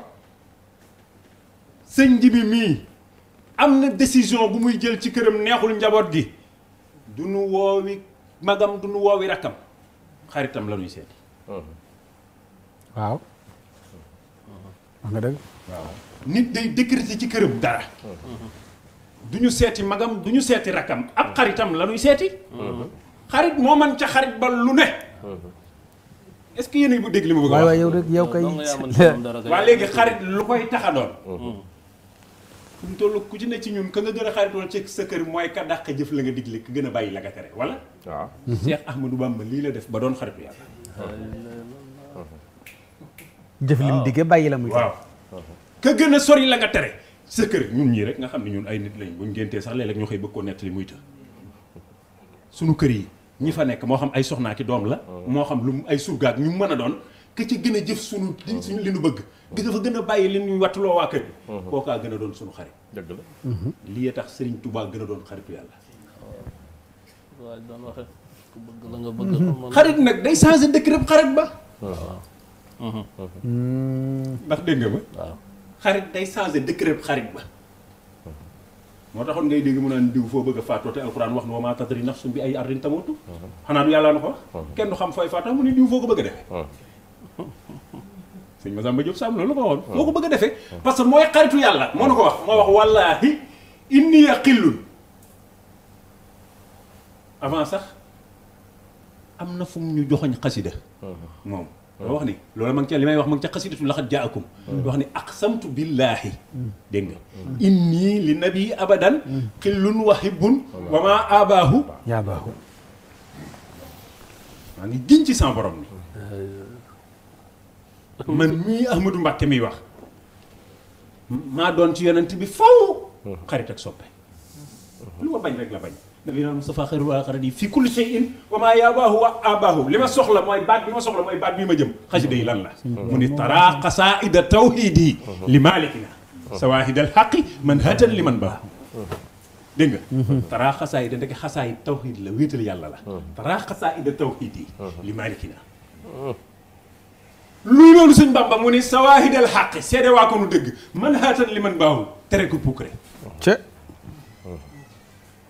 sëñ ji mii am na décision bu muy jël ci këram neexul njaboot gi. du nu woowi magam du nu woowi rakkam xaritam la ñuy seeti. waaw. waaw nit day décréter ci këram dara. du ñu magam du ñu seeti rakkam ab xaritam la ñuy seeti. xarit moo man ca xarit ba lu ne. est-ce que yéen a bu dégg li ma bëgg a wax. waaw yow rek yow kay. [LAUGHS] waaw léegi xarit lu koy tax a doon. Mm-hmm. Mm-hmm. ku ci ne ci ñun ka nga gën a xarit woon ci sa kër mooy ka dàq jëf la nga digle ka gën a bàyyi la nga tere wala. waaw mhm. Cheikh Ahmadou Bamba lii la def ba doon xaritu yàlla. jëf lim digge bàyyi la muy. waaw ka gën a sori la nga tere. sa kër ñun ñii rek nga xam ne ñun ay nit lañ buñ géntee sax léeg-léeg ñu xëy bëgg koo nettali muy të. sunu kër yi ñi fa nekk moo xam ay soxnaa doom la. moo xam lu ay surgaag ñu mën a doon. ka ci gën a jëf sunu suñu li nu bëgg. ki fa gën a bàyyi li ñuy wattuloo waa kër bi. kookaa gën a doon sunu xarit. dëgg la. Mhm. lii tax Serigne tubaa gën a doon xar yàlla. waaye doon waxee ku bëgg la nga bëgg mhm. xarit nag day changé dëkk rëbb xarit ba waaw mhm. Mhm. ndax dégg nga ba waaw xarit day changé dëkk moo taxoon ngay dégg mu naan diw foo bëgg a faatoo te alxuraan wax na wa maa tadri nafsun bi ay ardin tamutu xanaa du yàlla na ko kenn du xam fooy faatoo mu ne diw foo ko bëgg a defee sëñ Masamba Diop Samb loolu la ko waxoon foo ko bëgg a defee parce que mooy xaritu yàlla moo ko wax moo wax wallaahi inni yaqillun avant sax amna fum ñu joxoñ qasida uh-huh. mom loolu wax ni loolu ma ngi ca li wax ma ngi ca xasidatu laxat jaakum uh-huh. wax ni aqsamtu billahi uh-huh. dégg inni li nabi abadan xillun wa wama abahu. Ya abahu. yaabaahu maa ngi giñ ci sama borom ni man mi ahmadou mbàkke mi wax ma don ci yonent bi faw xarit ak soppe lu ma bañ rek la bañ nabiyina Mustafa xayrul a xarani fi kulli shay'in wa ma yabaahu wa abaahu li ma soxla mooy baat bi ma soxla mooy baat lan la mm-hmm. mu ni tara qasaida tawhidi mm-hmm. li malikina mm-hmm. sawaahid man hatan li baahu dégg nga tara xasaida la wéetal yàlla la tara xasaida tawhidi li malikina lu loolu suñ bàmba mu ni sawaahid al xaqi seede waa man hatan li baahu tere ko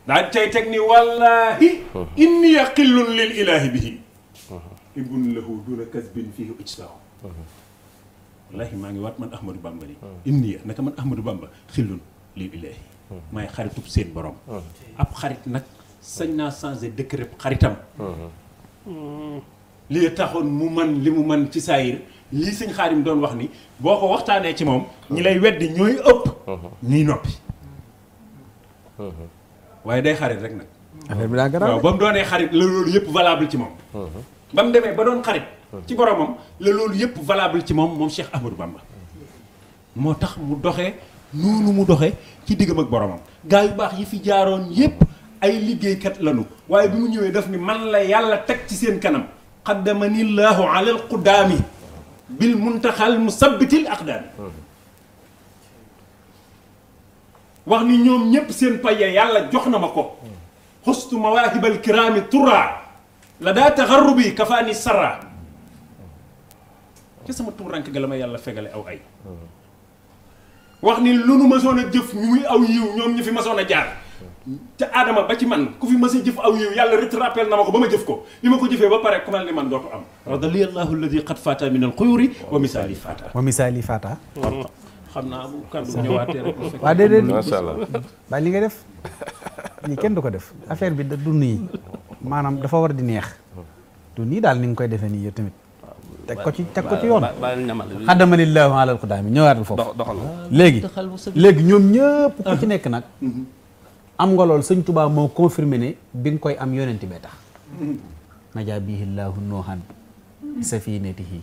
daal cay teg ni wallaahi inni yaqillun lil ilaahi bihi ibun lahu duna kasbin fihi ujsahu wallaahi maa ngi waat man ahmadou bamba ni inni naka man ahmadou bamba xillun lil ilaahi maay xaritub seen borom ab xarit nag sañ naa changé décret xaritam li taxoon mu man li mu man ci saayir lii sëñ xaarim doon wax ni boo ko waxtaanee ci moom ñi lay weddi ñooy ëpp ñuy noppi waaye day xarit rek nag. affaire bi daa garaaw waaw ba mu doonee xarit la loolu yëpp valable ci moom. ba mu demee ba doon xarit. ci boromam la loolu yëpp valable ci moom moom Cheikh Ahmadou Bamba. moo tax mu doxee noonu mu doxee ci diggam ak boromam gaa yu baax yi fi jaaroon yëpp ay liggéeykat lañu waaye bi mu ñëwee daf ni man la yàlla teg ci seen kanam. qaddamani llahu ala alqudaami bil muntaxal musabbitil aqdaami wax ni ñoom ñépp seen paye yàlla jox na ma ko xustu mawaahibal kiraami turaa la daa taxarrubi kafaani sarra ci sama tuurank ga la ma yàlla fegale aw ay wax ni lu nu mësoon a jëf ñuy aw yiw ñoom ñu fi mësoon a jaar ca aadama ba ci man ku fi mës a jëf aw yiw yàlla ret rappel na ma ko ba ma jëf ko li ma ko jëfee ba pare ku mel ni man dootu am radaliya allahu alladi qad fata min al xuyuri wa misaali fata wa misaali fata xam naa bu kàddu ñëwaatee rek. waaw déedéet macha li nga def nii kenn du ko def affaire bi da du nii maanaam dafa war di neex du yi daal ni nga koy defee nii yow tamit. teg ko ci teg ko ci yoon xadamalillahu ala alqudaami ñëwaatal foofu doxal léegi léegi ñoom ñëpp ku ci nekk nag am nga lool sëñ tubaa moo confirmé ne bi nga koy am yonent bee tax najaa bihi llahu nuuhan safinatihi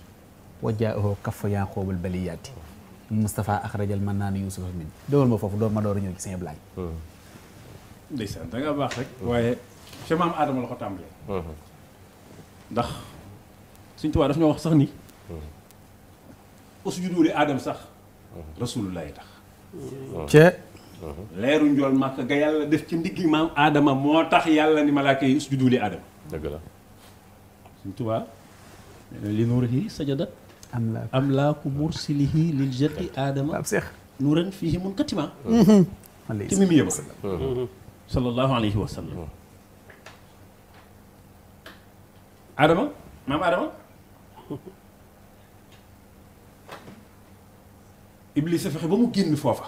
wa jaahu kaffa yaaqoobal baliyaati Mustafa akhrajal man naa ni min dogal ma fofu do ma door a ñëw ci seen blaay. ndeysaan da nga bax rek. waye fi mam adam la ko hmm ndax suñ tubaab daf ñoo wax sax ni. Hmm. usjudu li Adam sax. Hmm. rasulullah tax. Hmm. cee. leeru njool makka ga yalla def ci ndigi mam adam mo tax yalla ni malaika yi adam deug la. suñ tubaab li nurhi sajadat أملاك أملاك مرسله للجد آدم بابسيخ طيب، نورن فيه منقتما تميمية وسلم صلى الله عليه وسلم آدم مام آدم إبليس فخي بمو جين مفوفا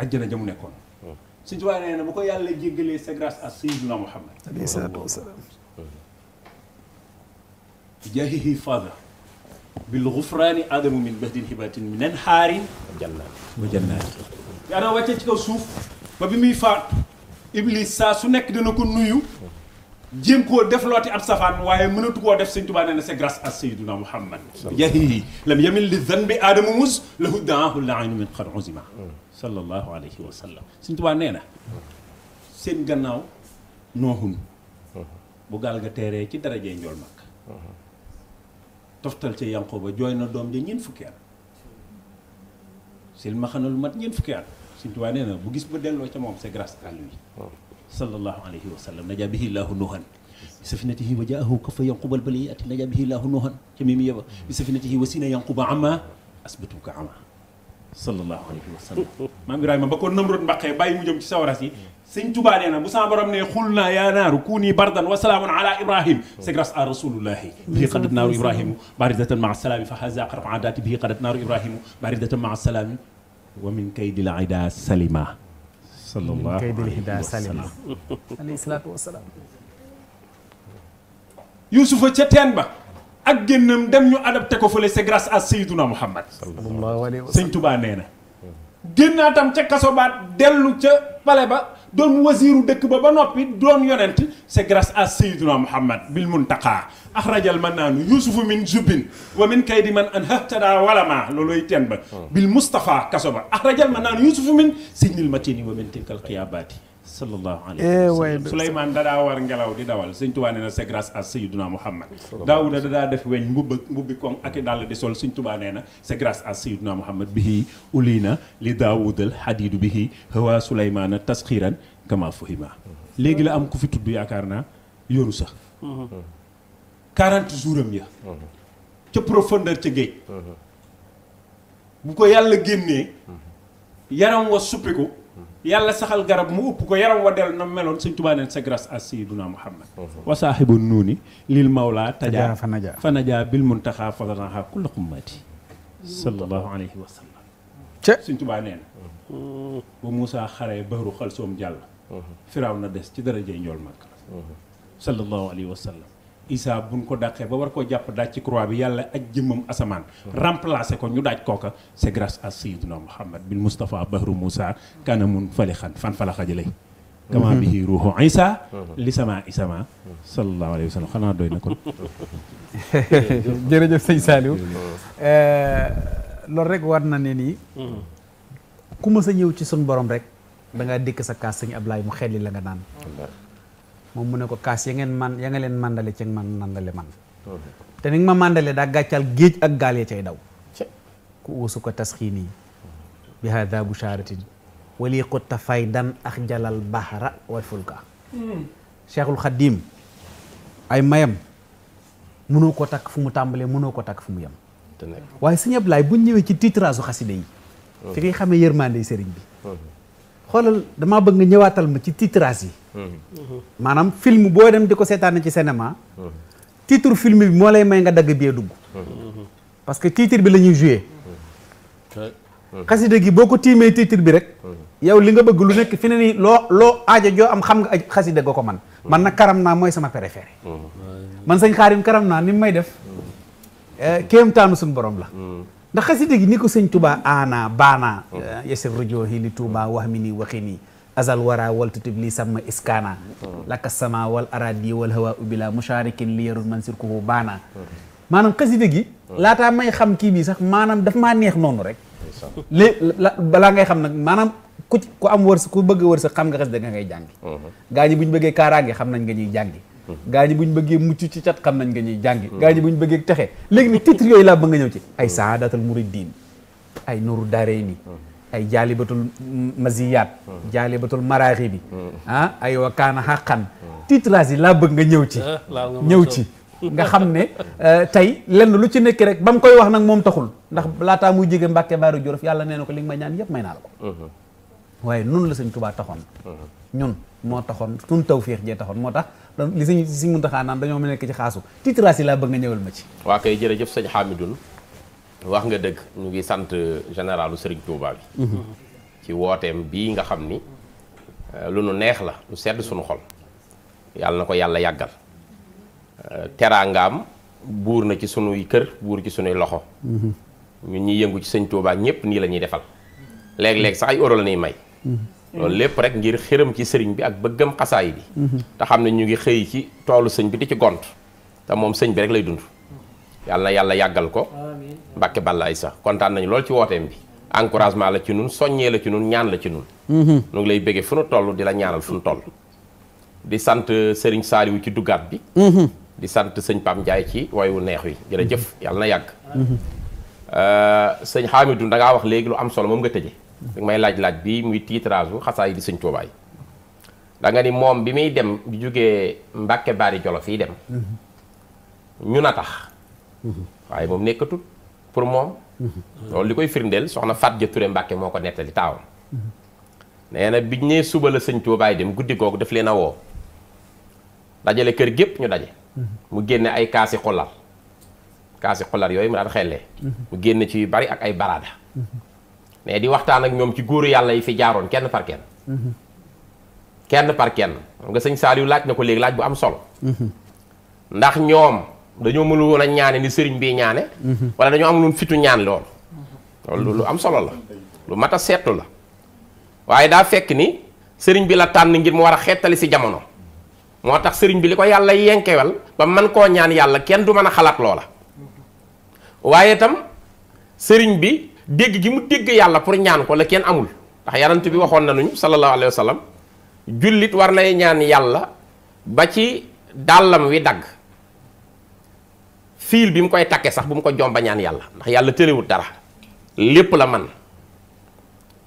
عجنا جمو نكون سيدوانا أنا بكو يالي جيجلي سيغراس أسيدنا محمد عليه الصلاة والسلام جاهي فاضل بالغفران آدم من بهد هبات من انهار وجنات انا واتي تي كو سوف ما بيمي فات ابليس سا سو نيك دا نكو نويو جيم كو ديفلوتي اب سفان واي منوت كو ديف سنتو بان سي غراس ا محمد يهي لم يمل للذنب ادم موس له داه اللعين من قد عزما صلى الله عليه وسلم سنتو بان نينا سين غناو نوهم بو غال غا تيري سي درجه نجول مكه toftal ca Yanqooba jooy na doom ja ñeent fukki at silma xana lu mat ñeent fukki at Sëñ Tuubaa nee na bu gis ba delloo ca moom c'est grâce à lui sallallahu alayhi wa sallam najaa bihi llaahu nuuhan bi safinatihi wa jaahu kafa yanqubal baliyati najaa bihi llaahu nuuhan ca mi mu yeba bi safinatihi wa sina yanquba ama asbatu ka ama sallallahu alayhi wa sallam [LAUGHS] maam Ibrahima ba ko Namrud mbaqee bàyyi mu jëm ci sawaras yi سين توبا لينا موسى برام ني خولنا يا نار كوني بردا وسلام على ابراهيم سيغراس رسول الله به قدت نار ابراهيم باردة مع السلام فهذا اقرب عادات به قدت نار ابراهيم باردة مع السلام ومن كيد العدا سلمى صلى الله عليه وسلم كيد العدا سلمى عليه الصلاه والسلام يوسف تشتين با اك جنم دم ني ادابتي كو فلي سيغراس سيدنا محمد صلى الله عليه وسلم سين توبا نينا جناتام تي كاسو با دلو تي بالي با doon wasiiru dëkk ba ba noppi doon yonent c'est grâce à sayyiduna muhammad bil muntaqa axrajal mannaanu yusufu min zubin wa min kaydi man an hahtada walama looloy teen ba bil mustafa kaso ba axrajal mannaanu yusufu min sijnil matini wa min tilkal xiyabaati sallallahu alayhi wa sallam Souleymane dadaa war ngelaw di dawal sëñ Touba nee na c'est grâce à Seydouna Mouhamad Daouda dadaa def weñ mbubba mbubbi koŋ ak i dàll di sol sëñ Touba nee na c'est grâce à Seydouna Mouhamad bihi ulina li Daawud al hadidu bihi hawa Souleymane tasxiran kama fuhima léegi la am ku fi tudd yaakaar naa yoru sax 40 jours am ya ca profondeur ca géej bu ko yàlla génnee yaram wa suppiku يلا سخال غرب مو بوكو يرام ودل نملون سن توبان سغراس اسيدنا محمد وصاحب النوني للمولى تجا فنجا فنجا بالمنتخى فضلها كل قمتي صلى الله عليه وسلم سن توبان وموسى خري بهرو خلصوم جال فراونا دس تي درجه نيول مك صلى الله عليه وسلم Isa buñ ko dàqee ba war koo jàpp daaj ci croix bi yàlla ak jëmmam asamaan. remplacé ko ñu daaj kooka c' est grâce à Sayyidina Muhammad bin Moustapha Bahru Moussa. kanamun falixan fan fala falaxa jëlay. kama mhm. bihi ruuxu Isa. Mhm. li sama isama. sallallahu alayhi wa sallam doy na kon. [LAUGHS] jërëjëf sëñ Saliou. Eh, rek war na ne nii. Mhm. ku mës a ñëw ci suñu borom rek. da ngaa dikk sa kaas sëñ Ablaye mu xelli la nga naan. mom mu ne ko kas ya ngeen man ya nga mandale ci man mandale man te ni ma mandale da gatchal geej ak ya daw ku uusu ko taskhini bi hadha busharatin wali qutta faydan ax jalal bahra wal fulka cheikhul hmm. khadim ay mayam muno ko tak fumu mu muno mënoo ko takk fu mu seringbi. waaye sëñ Ablaay buñ ñëwee ci titrage khasside yi fi ngay xamé serigne bi xolal dama bëgg ñëwaatal ma ci titrage maanaam film boo dem di ko seetaan ci cinéma. titre film bi moo lay may nga dagg bee dugg. parce que titre bi lañuy ñuy joué. xasida gi boo ko tiimee titre bi rek. yow li nga bëgg lu nekk fi ne nii loo loo aajo joo am xam nga xasida ga ko man man nag karam naa mooy sama préféré. man sëñ xaarim karam naa ni may def. Eh, kéem taanu suñu borom la. ndax xasida gi ni ko sëñ Touba Aana Baana. Eh, yasir rujoohi li Touba wax mi nii waxi nii. azal wara wal tutib lii sama iskaana lakka sama wal aradi wal hawa ubila musharikin li yarul man sirkuhu baana maanaam xasida gi laataa may xam kii bii sax maanaam dafa maa neex noonu rek lé balaa ngay xam nag maanaam ku ci ku am wërs ku bëgg wërs xam nga xasida nga ngay jàngi mhm. gaa ñi bu ñu bëggee kaaraange xam nañ nga ñuy jàngi mhm. gaa ñi bu ñu bëggee mucc ci cat xam nañ nga ñuy jàngi mhm. gaa bu ñu bëggee texe léegi ni titre yooyu laa ba nga ñëw ci ay saadatul muridin ay nuru daaree ni ay jaalibatul maziyaat hmm. jaalibatul maraaxi bi hmm. ah ay wa kaana xaqan titrage yi laa bëgg nga ñëw ci eh, ñëw ci nga xam ne eh, tey lenn lu ci nekk rek ba mu koy wax nag moom taxul ndax laataa muy jege Mbàkke Baaru Jolof yàlla nee na ko li nga ma ñaan yëpp may naa la ko hmm. waaye nun la sëñ Tuubaa taxoon ñun moo taxoon nun tawféex jee taxoon moo tax li sëñ si Muntaxaa naan dañoo ma nekk ci xaasu titrage yi laa bëgg nga ñëwal ma ci waa wax nga dëgg ñu ngi sant généralu sëriñ Touba bi. Mhm. ci wooteem bii nga xam ni euh, lu nu neex la lu sedd suñu xol yàlla na ko yàlla yàggal euh, teraangaam buur na ci sunuy kër buur ci sunuy loxo. ñu mhm. ñuy yëngu ci sëñ Touba ñëpp nii lañuy defal léeg-léeg sax ay euro la ñuy may. Mhm. loolu lépp rek ngir xërëm ci sëriñ bi ak bëggam xasaay bi. te xam ne ñu ngi xëy ci toolu sëñ bi di ci gont te moom sëñ bi rek lay dund. yàlla yàggal ko. Mbacke Balla sax kontaan nañu lool ci wooteem bi encouragement la ci nun soññee la ci nun ñaan la ci nun nu mhm. ngi lay bëggee fu nu toll di la ñaanal fu nu toll di sant euh, Serigne saariwu ci duggaat bi mhm. di sant sëñ Pam Ndiaye ci wooywu neex wi jëf mhm. yàlla na yàgg euh, sëñ Hamidou da ngaa wax léegi lu am solo moom nga tëje danga laaj-laaj bi muy tiitrage bu xasaa sëñ Tuubaay da nga ni moom bi muy dem bi jógee Mbacke Bari Jolof yi dem ñun a tax waaye moom nekkatul pour moom. Mhm. loolu li koy firndeel soxna Faat Ja mbakke moo ko nettali taawam. Mhm. nee na biñ nee suba la sëñ Tuubaa dem guddi googu daf leen a dajale kër gépp ñu daje. Mhm. mu génne ay kaasi xolar kaasi xolar yooyu mu daan xellee. mu génne ci yu bari ak ay baraada. mais di waxtaan ak ñoom ci góoru yàlla yi fi jaaroon kenn par kenn. kenn par kenn xam nga sëñ Saliou laaj na ko léegi laaj bu am solo. ndax ñoom. dañoo mënul woon a ñaane ni sëriñ bii ñaane mhm. wala dañoo am loon fitu ñaan loolu loolu lu am solo la lu mat a seetu la waaye daa fekk ni sëriñ bi la tànn ngir mu war a xeetali si jamono moo tax sëriñ bi li ko yàlla yenkewal ba man koo ñaan yàlla kenn du mën a xalaat loola waaye itam sëriñ bi dégg gi mu dégg yàlla pour ñaan ko la kenn amul ndax yarant bi waxoon nañu sallallahu alayhi wa sallam jullit war nay ñaan yàlla ba ci dàllam wi dagg fil bi mu koy takke sax bu mu ko jomba ñaan yalla ndax yàlla lip dara lepp la man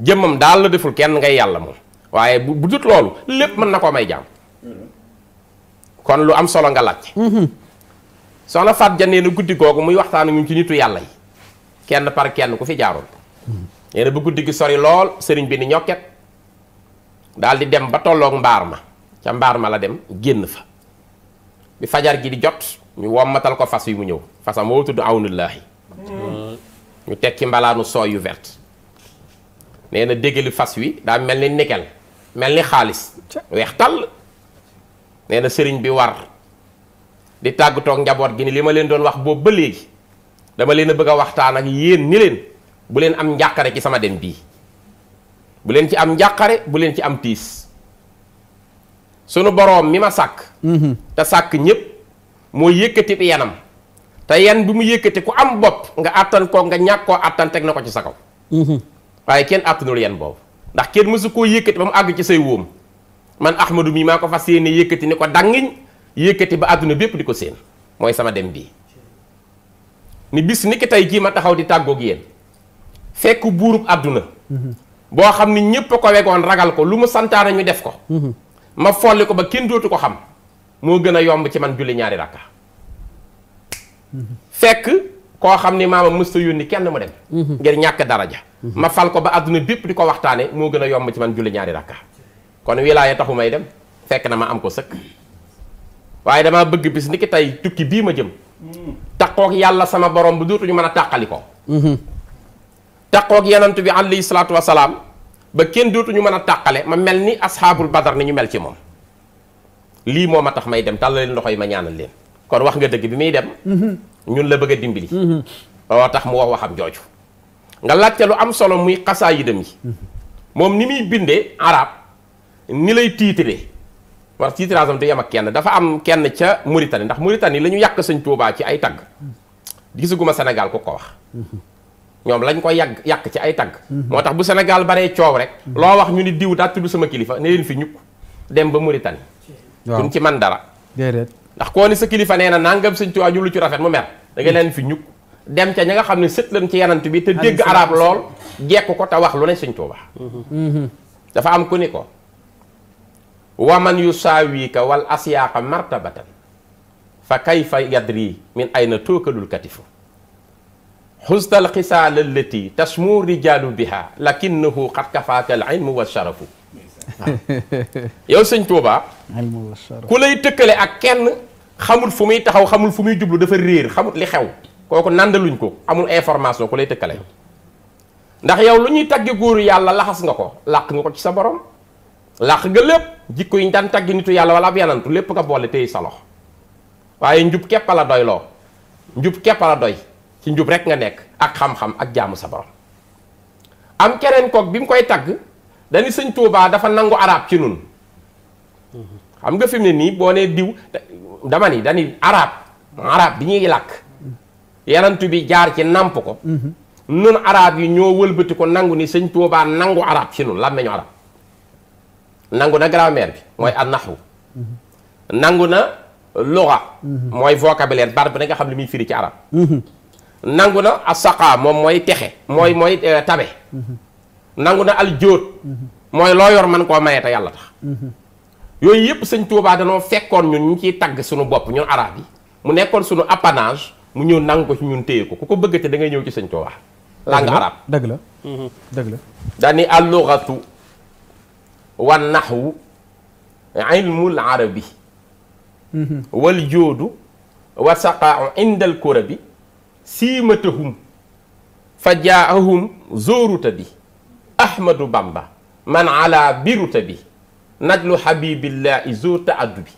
jëmam dal la deful kenn ngay yalla mo waaye bu dut loolu lepp man nako may jam kon lu am solo nga lacc mhm. soxna fat Ja na guddi googu muy waxtaan ñu ci nitu yalla yi kenn par kenn ku fi jaarul mhm. nee bu guddi gi sori lol sëriñ bi ni ñokket dal di dem ba tolloog mbaar ma ca mbaar ma la dem genn fa bi fajar gi di jot ñu wommatal ko fas yi mu ñëw fasam moo tudd awnullaahi ñu teg ci mbalaanu sooy yu vert nee na déggali fas wi daa mel ni nikel mel ni xaalis weex tàll nee na sëriñ bi war di tàggatoog njaboot gi ni li ma leen doon wax boobu ba léegi dama leen a bëgg a waxtaan ak yéen ni leen bu leen am njàqare ci sama dem bii bu leen ci am njàqare bu leen ci am tiis sunu boroom mi ma sàkk mhm. te sàkk ñépp moo yëkkati bi yanam te yan bi mu yëkkati ku am bopp nga àttan ko nga ñàkk koo àttan teg na ko ci sa mhm. waaye kenn àttanul yan boobu ndax kenn mësu koo yëkkati ba mu àgg ci say woom man ahmadu mii maa ko fas yéene yëkkati ni ko dangiñ yëkkati ba àdduna bépp di ko séen mooy sama dem bii ni bis ni ki tey jii ma taxaw di tàggook yéen fekk buurub àdduna mhm. boo xam ni ñépp a ko wegoon ragal ko lu mu santaane ñu def ko mhm. ma folli ko ba kenn dootu ko xam mo gëna yomb ci man julli ñaari rakka fekk ko xamni ni musta yoni kenn mu dem ngir ñàkk daraja ma fal ko ba aduna bépp di ko mo gëna yomb ci man julli ñaari rakka kon wilaya taxu may dem fekk na ma am ko sekk waye dama bëgg bis niki tay tukki bi ma jëm ak yalla sama borom bu dootuñu mën a tàqali ko taqoog yenantu bi alayhi salaatu wasalaam ba kenn dootu ñu mëna takale ma melni ni badar ni ñu mel ci mom li moo ma tax may dem talal len loxoy ma ñaanal len kon wax nga deug bi muy dem mhm. ñun la bëgg dimbali mhm. tax mu wax waxam joju nga laccé lu am solo muy xasaa yi mom mhm. ni mi bindé arab ni lay titré war titré azam du yem ak kenn dafa am kenn ca Mauritanie ndax Mauritanie lañu yak yàq touba ci ay tag gisaguma Sénégal ku ko wax ñom lañ ko yag yak ci ay tag motax bu senegal bare ciow rek lo wax ñu ni diw daa tuddu sama kilifa ne len fi ñuk dem ba Mauritanie duñ ci man dara déedéet ndax koo ni sa kilifa nee na nangam sëñ ju lu ci rafet mu mer da hmm. leen fi ñukk dem ca ña nga xam ne sët lañ ci yenant bi te dégg araab lool gekk ko te wax lu ne sëñ Tuubaa hmm. dafa am ku ni ko waman yusaawika wal asiyaaqa martabatan fa kayfa yadri min ayna tookalul katifu xustal xisaal allati tasmu rijaalu biha lakinnahu qad kafaaka al ilmu wa sharafu [LAUGHS] yow seigne Touba. ku lay tëkkale ak kenn xamul fumuy taxaw xamul fumuy djublu dafa reer xamul li xew kooku nandaluñ ko amul information ku lay tëkkale ndax yow luñuy ñuy tagge yalla yàlla laxas nga ko làq nga ko ci sa borom làq ga lepp jikko yi ñu daan nitu yalla wala ab yanantu lépp nga tey sa loxo njub képp la doy lo njub képp la doy ci njub rek nga nek ak xam-xam ak jaamu sa borom am keneen kok bim koy tagg dañu sëñ Touba dafa nangu araab ci nun xam nga fi ne nii boo nee diw dama ni dañuy arab arab bi ñuy làkk yanantu bi jaar ci namp ko nun arab yi ñoo wëlbati ko nangu ni sëñ Touba nangu arab ci nun làmmeñu arab nangu na grammaire bi mooy annahu nangu na luga mooy vocabulaire baat bi nga xam ne muy firi ci arab mhm. nangu na assaqa moom mooy texe mooy mooy euh, tabe nangu na al jóot mooy loo yor man koo maye yàlla tax yooyu yëpp sëñ Tuubaa danoo fekkoon ñun ñu ciy tagg suñu bopp ñun arab yi mu nekkoon suñu appanage mu ñëw nangu ko ci ñun téye ko ku ko bëgg te dangay ñëw ci sañ Tuubaa langue arab dëgg la dëgg la mhm. daani allugatu wan nahwu ilmul arabi mhm. wal joodu wa saqaau indal siimatahum fa jaahum zóoruta bi أحمد بامبا من على بيروتبي نجل حبيب الله ازور أدبي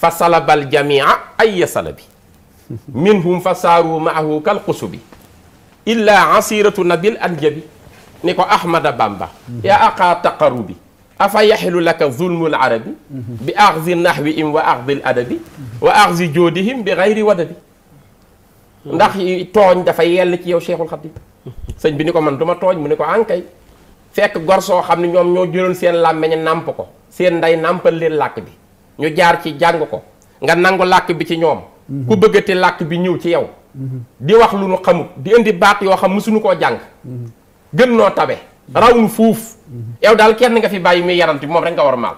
فصلب الجميع أي صلبي منهم فصاروا معه كالقصبي إلا عصيرة نبيل أنجبي نيكو أحمد بامبا يا أقا تقربي أفيحل لك ظلم العربي بأخذ النحو إن وأخذ الأدب وأخذ جودهم بغير ودبي ndax togn da fay yell ci yow cheikhul khatib señ bi ni ko man duma togn mu fekk gor soo xam ne ñoom ñoo jëloon seen làmmeñ nàmp ko seen ndey nàmpal leen làkk bi ñu jaar ci jàng ko nga nangu làkk bi ci ñoom mhm. ku bëggati làkk bi ñëw ci yow mhm. di wax lu nu xamut di indi baat yoo xam mësuñu koo jàng mhm. gën noo tabe raw nu fuuf yaw daal kenn nga fi bàyyi muy yaranti moom rek nga war a maal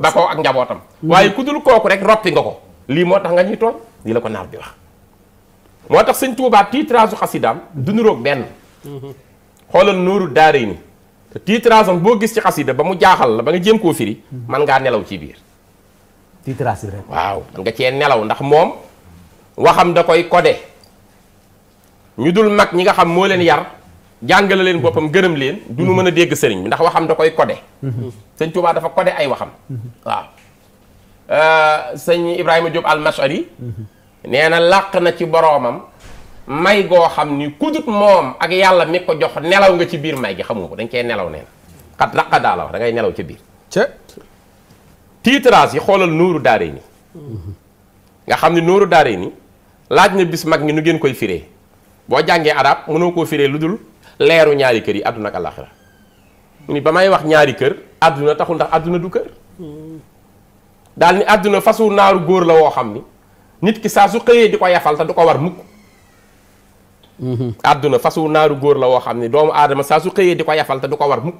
ba ko ak njabootam waaye ku dul kooku rek roppi nga ko lii moo tax nga ñuy tooñ di la ko naar bi wax moo tax sëñ Tuubaa tiitraasu xasidaam du nuroog benn xoolal nuuru daarayni te am bo gis ci xasida ba mu jaaxal la ba nga jëm ko firi man nga nelaw ci bir tiitaraas rek waw man nga ci nelaw ndax mom waxam da koy codé ñu dul mag ñi nga xam mo leen yar jangal leen bopam gëreem leen du ñu mën dégg sëriñ ndax waxam da koy codé sëñ tuba dafa codé ay waxam euh sëñ Ibrahima Diop al Mashari nee laq na ci boromam may go xamni ku kudut mom, ak yalla mi ko jox nelaw nga ci bir may gi xamoo ko dañ cey nelaw neen xat raqa la wax da ngay nelaw ci ci titras yi xolal nuru daare ni nga xamni nuru daare ni laaj na bis mag ni nu ngeen koy firé bo jangé arab mëno ko firé lu dul leeru ñaari kër yi aduna ak alakhirah ni bamay wax ñaari kër aduna taxul ndax aduna du kër dal ni aduna fasu naaru góor la wo xamni nit ki sa su xëyee diko yafal ta war mukk aduna mm-hmm. fasu naaru góor la wo xamni doomu adama sa su xëyee di yafal te du war mukk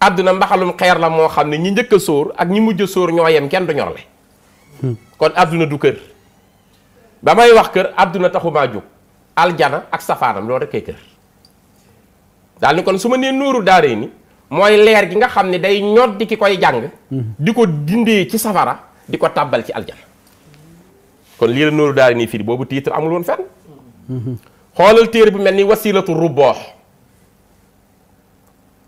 aduna mbaxalum xeer la mo xamni ñi soor ak ñi mujjë soor kenn du ñorlé hmm. kon aduna du kër ba may wax kër juk aljana ak safaram lo rek kër dal ni kon suma ne nee daare ni moy leer gi nga xamni day ñot hmm. di ki jang diko di ci safara diko tabal ci aljana kon li la nuuru daare ni firi bobu titre amul won fenn xolal téere bu melni wasilatu rubuh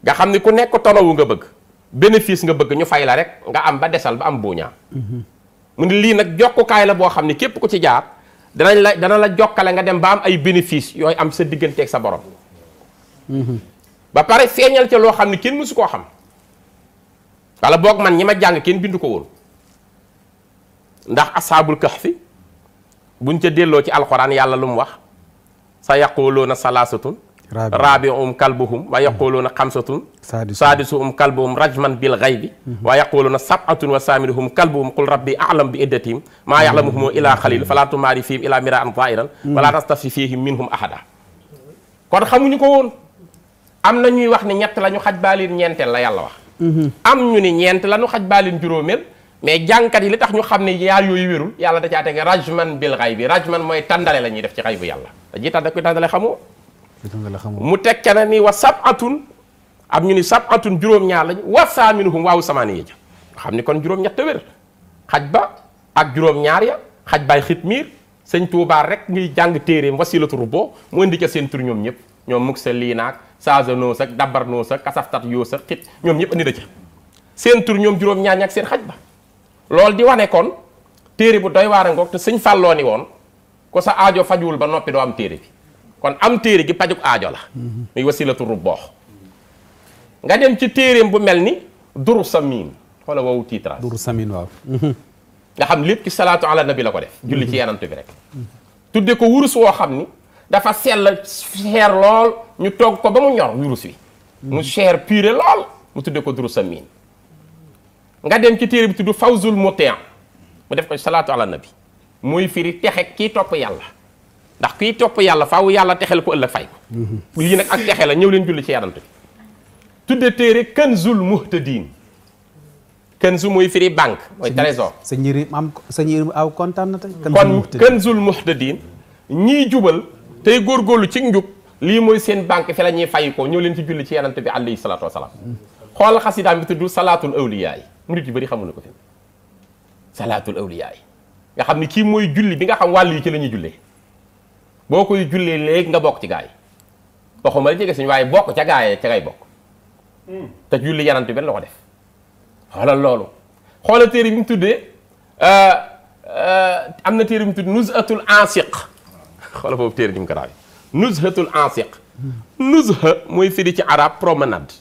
nga xamni ni ku nek tonowu nga bëgg bénéfice nga bëgg ñu fay la rek nga am ba déssal ba am boña mu li nak jokku kay la bo xamni képp ku ci jaar la dana la jokkale nga dem ba am ay bénéfice yoy am sa ak sa borom ba paré feeñal ci lo xamni kenn musu ko xam wala bok man ñima jang kenn bindu ko wul ndax ashabul kahfi buñ ca delloo ci alcorane yalla lu mu wax sa yaquluuna salaasatun raabiuhum kalbuhum mm. wa yaquluuna xamsatun saadisuhum kalbuhum rajman bil xaybi mm-hmm. wa yaquluuna sabatun wa saaminuhum kalbuhum qul rabbi alam bi iddatihim maa yalamuhum ilaa xalil mm-hmm. falaa tumaari fiihim ilaa miraan zaahiran walaa mm-hmm. tastafti fiihim minhum ahada kon xamuñu ko woon am na ñuy wax ne ñett la ñu xaj baalin ñeenteel la yàlla wax am ñu ni ñeent la ñu xaj baalin juróomeel mais jankat yi li tax ñu xam ya yoy wërul yalla da caa rajman bil ghaibi rajman moy tandalé lañuy def ci xay bu yàlla dañuy tànda koy tandalé xamu mu teg ca ni wa sabatun am ñu ni sabatun juroom ñaar lañ wa saminuhum wa samaani ja xamni kon juroom ñatt wër xajba ak juroom ñaar ya xajbay khitmir seigne touba rek ngi jang téré wasilatu rubbo mo indi ca seen tur ñom ñep ñom mukseli nak sazano sak dabarno sak kasaftat yo sak xit ñom ñep indi da ca seen tur ñom juroom ñaar ñak seen xajba Lol di wane kon téré bu doy waar ngok te señ fallo ni won ko sa aajo fajuul ba nopi do am téré bi kon am téré gi pajuk aajo la mi wasilatu rubbah nga dem ci téré bu melni ni duru samin xola woowu titra duru samin waaw nga xam lepp ci salatu ala nabi la ko def julli ci yenantu bi rek tudde ko wurus wo xamni ni dafa sel cher lol ñu tok ko ba mu ñor wurus wi mu cher puré lol mu tudde ko duru samin nga dem ci téere bi tudd fawzul mutin mu def ko salaatu ala nabi muy firi texe kii topp yàlla ndax kii topp yàlla faaw yàlla texel ko ëllëg fay ko mhm. lii nag ak texe la ñëw leen julli ci yarante bi tudde téere kanzul muhtadin kanzu mooy firi banque mooy trésor sa ñiri am sa ñiri aw kontaan na tey kon kanzul muhtadin ñii jubal tey góorgóorlu ci njub lii mooy seen banque fi la ñuy fay ko ñëw leen ci julli ci yarante bi alayhi salaatu wasalaam mhm. xool xasidaam bi tudd salaatul awliyaa yi murit yu bëri xamuñu ko fi salaatul awliyaa yi nga xam ni kii mooy julli bi nga xam wàllu yi ci la ñuy jullee boo koy jullee léegi nga bokk ci gaa yi waxuma la jege suñu waaye bokk ca gaa yi ca ngay bokk te julli yanant benn la ko def xoolal loolu xoolal téere bi mu tuddee am na téere bi mu tuddee nuzhatul ansiq xoolal boobu téere bi mu ko raawee nuzhatul ansiq nuzha mooy firi ci arab promenade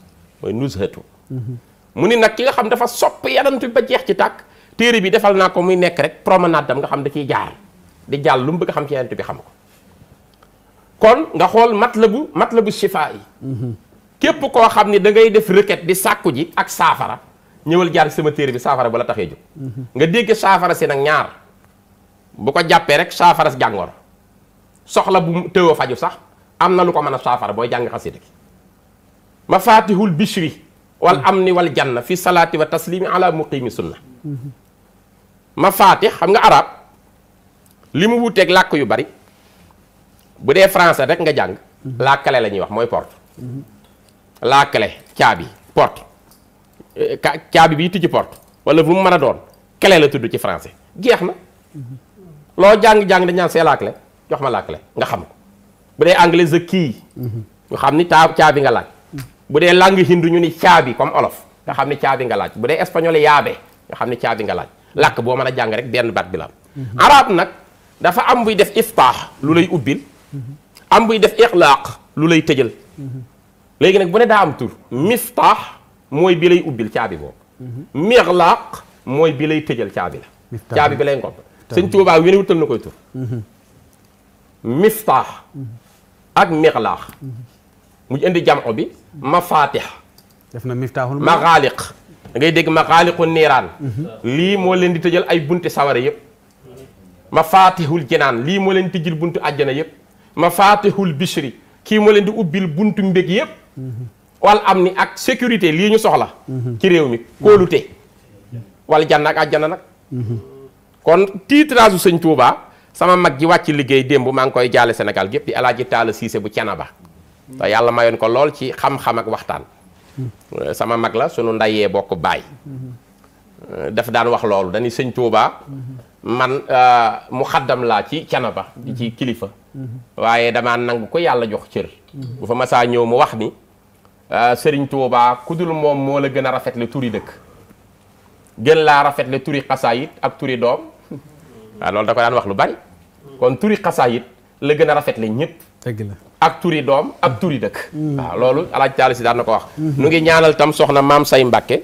mooy nuzhatu muni nak ki nga xam dafa sopp yanantu ba jeex ci tak téré bi defal nako muy nek rek promenade dam nga xam da ci jaar di jàll lu mu bëgg xam ci bi xam ko kon nga xol matlabu matlabu shifaa yi képp koo ni da ngay def requête di sakku ji ak safara ñewal jaar sama téré bi safara bala taxé taxee nga dégg safara si nak ñaar bu ko jappé rek saafara jangor soxla bu teewo faju sax amna lu ko mëna safara boy jang xasi mafatihul bishri wal amni wal janna fi salaati wa taslimi ala muqimi sunna ma faati xam nga arab li mu wuuteeg làkk yu bari bu dee français rek nga jàng la clé la ñuy wax mooy port la clé caabi porte eh, caabi bi ci port wala bu mu mën a doon clé la tudd ci français geex na loo jàng-jàng dañ naan c'est la clé jox ma la clé nga xam ko bu dee anglais the key ñu xam ni taa caabi nga laaj bu dee langue hindu ñu ni caabi comme olof nga xam ne caabi nga laaj bu dee espagnol yaabe nga xam ne caabi nga laaj làkk boo mën a jàng rek benn baat bi la am mhm. nag dafa am buy def iftaax lu lay ubbil mhm. am buy def iqlaaq lu lay tëjël mhm. léegi nag bu ne daa am tur miftaax mooy bi lay ubbil caabi boobu miqlaaq mooy bi lay tëjal caabi la caabi bi lay ngomb sëñ Tuubaa wi ne wutal na koy tur miftaax ak miqlaaq mu indi jamoo bi mafaatix def na miftaaxul maxaaliq da ngay dégg maxaaliqu niiraan mhm. lii moo leen di tëjal ay bunti sawara yëpp mafaatixul jinaan lii moo leen tijjil buntu àjjana yëpp mafaatixul bishri kii moo leen di ubbil buntu mbég yëpp mhm. wal am ni ak sécurité lii ñu soxla mhm. ci réew mi kóolute wal janna ak àjjana nag kon tiitraasu sëñ Tuubaa sama mag ji wàcc liggéey démb maa ngi koy jaale senegal gépp di alaaji Taala Siise bu Cenaba te yàlla mayoon ko lool ci xam-xam ak waxtaan hmm. sama mag la sunu ndayee bokk baay hmm. daf daan wax loolu dañuy sëñ Tuubaa hmm. man euh, mu xaddam laa ci canaba di ci kilifa waaye damaa nangu ko yàlla jox cër bu fa masaa ñëw mu wax ni euh, sëriñ Tuubaa ku dul moom moo la gën a rafet le turi dëkk gën laa rafet le turi xasaayit ak turi doom waaw loolu da ko daan wax lu bari kon turi xasaa yit la gën a rafet le ñëpp dëgg la ak turi doom ak turi dëkk loolu alaaj taali si daan na ko wax nu ngi ñaanal tam soxna maam say mbàkke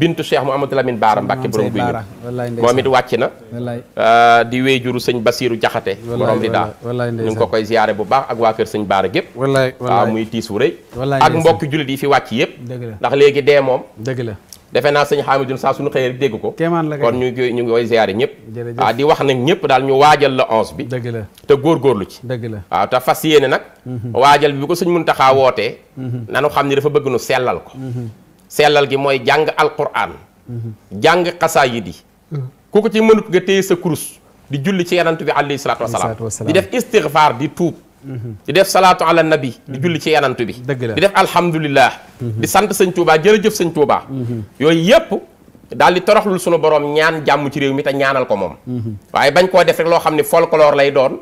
bintu cheikh mouhamadou lamine baara mbàkke borom guy ñë moom it wàcc na euh, di wéyjuru sëñ basiiru jaxate borom ridaa ñu ngi ko koy ziyaare bu baax ak waa kër sëñ baara gépp waaw muy tiis wu rëy ak mbokki jullit yi fi wàcc yëpp ndax léegi dee moom dëgg la defe naa sëñ Hamidou saa suñu xëyee dégg ko kon ñu ngi ñu ngi koy ziare ñëpp waaw ah, di wax nag ñëpp daal ñu waajal la onze bi dëgg la te góorgóorlu ci dëgg la waaw ah, te fas yéene nag mhm. waajal bi bu ko sëñ Muntaxa wootee mhm. nanu xam ni dafa bëgg nu sellal ko mhm. sellal gi mooy jàng alquran jàng xasaayid yi ku ko ci mënut nga téye sa kurus di julli ci yonent bi alayhi salaatu wasalaam di def istighfar di tuub Mhm. di def salatu ala nabi di julli ci yanantu bi di def alhamdulillah di mhm. sante seigne Touba jërëjëf seigne Touba mhm. yoy yep dal di toroxlul sunu borom ñaan jamm ci rew mi ta ñaanal ko mom waye bañ ko def rek lo xamni folklore lay doon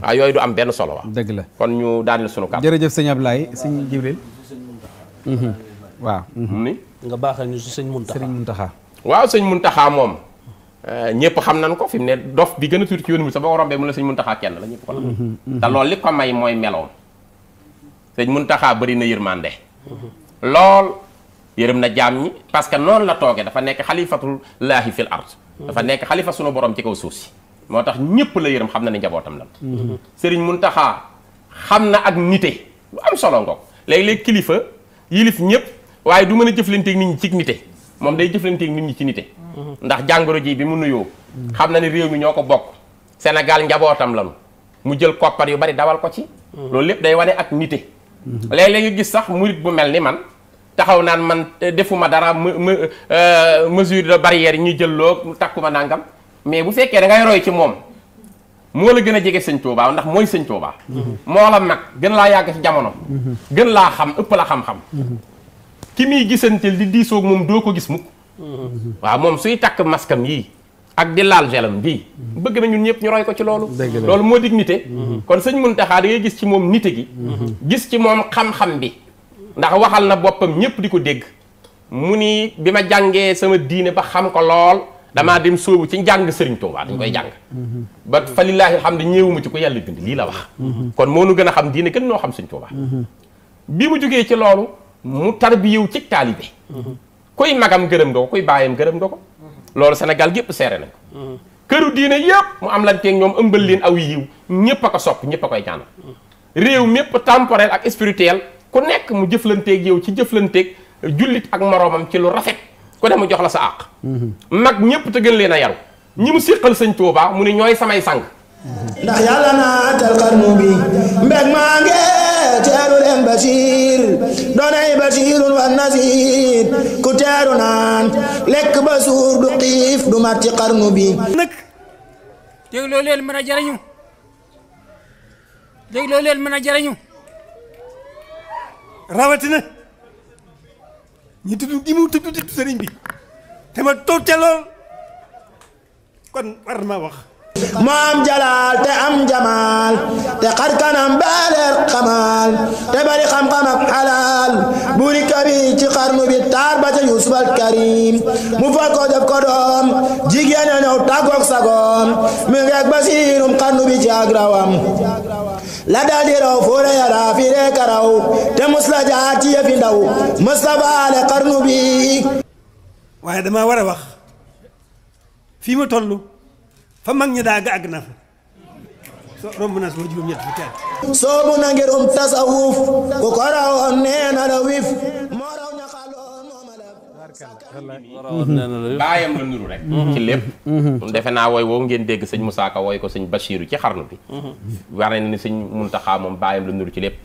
wa yoy du am ben solo wa deug la kon ñu daaneel sunu kàddu jërëjëf seigne Ablaye seigne Jibril wa ni nga baxal ñu seigne muntaha seigne muntaha wa seigne muntaha mom Euh, ñëpp xam nañ ko fi mu ne dof bi gën a tuuti ci yoonu bi sax boo ko rombee mu ne sëñ Muntaxa kenn la ñëpp ko xam mhm. te loolu li ko may mooy meloom sëñ Muntaxa bëri na yërmande lool yërëm na jaam ñi parce que noonu la tooge dafa nekk xalifatul laahi fil ard dafa nekk xalifa sunu boroom ci kaw suuf si moo tax ñëpp la yërëm xam na ne njabootam la mhm. sëriñ mun Muntaxa xam na ak nite lu am solo ngoog léeg-léeg kilifa yilif ñëpp waaye du mën a jëflanteeg nit ñi ci day jëflanteeg nit ñi ndax jàngoro jii bi mu nuyoo. xam na ne réew mi ñoo ko bokk. Sénégal njabootam lañu mu jël koppar yu bari dawal ko ci. loolu lépp day wane ak nite. léeg-léeg nga gis sax murit bu mel ni man. taxaw naan man eh, defuma dara eh, mesure de barrière yi ñuy jël loo takkuma nangam mais bu fekkee da ngay roy ci moom moo la gën a jege sëñ Tuubaa ndax mooy sëñ Tuubaa moo la mag gën laa yàgg ci jamono gën laa xam ëpp la xam-xam ki muy gisantel di diisoog moom doo ko gis waaw moom suy takk maskam yii ak di laal gelam bii bëgg na ñun ñëpp ñu roy ko ci loolu loolu moo dignité mhm. kon sëñ Muntaxa taxaa ngay gis ci moom nite gi mhm. gis ci moom xam-xam bi ndax waxal na boppam ñëpp di ko dégg mu nii bi ma jàngee sama diine ba xam ko lool damaa dem sóobu ci njàng sëriñ Tuubaa dañ koy jàng mhm. ba fa lillaahi alhamdu ñëwuma ci ko yàlla bind lii la wax kon moo nu gën a xam diine gën noo xam sëriñ Tuubaa bii mu jógee ci loolu mu tarbiyewu ci taalibe kuy magam gërëm nga ko kuy bàyyam gërëm nga ko loolu Sénégal gépp seere nañ ko këru diine yëpp mu am lanteeg ñoom ëmbal leen aw yiw ñëpp a ko sopp ñëpp a koy ñaanal réew mépp temporel ak spirituel ku nekk mu jëflanteeg yow ci jëflanteeg jullit ak moroomam ci lu rafet ku ne mu jox la sa àq mm-hmm. mag ñëpp te gën leen a yaru ñi mu siqal sëñ Tuubaa mu ne ñooy samay sang ndax yàlla naa atal xarnu bi mbeg maa nge teeru leen basiir doonay basiirun wa nasiir ku teeru naan lekk ba suur du xiif du mat ci xarnu bi nag dégloo leen mën a jariñu dégloo leen mën a rawatina ñi tudd di mu tudd tudd bi te ma toog kon war ma wax moo am te am jamaal te xar kanam baaleer xamaal te bari xam ak xalaal buuri kabi ci taar ba ca Yuusuf al Karim mu fal ko def ko doom jigéen a ñëw tàggoog sagoom mi ci ak la daal raw fóore yara fi te mus ci yëfi ndaw mus waaye dama war a wax fii ma fa mag ñi daa àgg na fa romb na sama juróom ñett na ngirum tasawuf ku na la baayam la nuru rek mhm. ci lépp mhm. defe naa wooy woo ngeen dégg sëñ Moussa Ka wooy ko sëñ Bachiru ci xarnu bi mhm. war na ni sëñ Muntaxa moom baayam la nuru ci lépp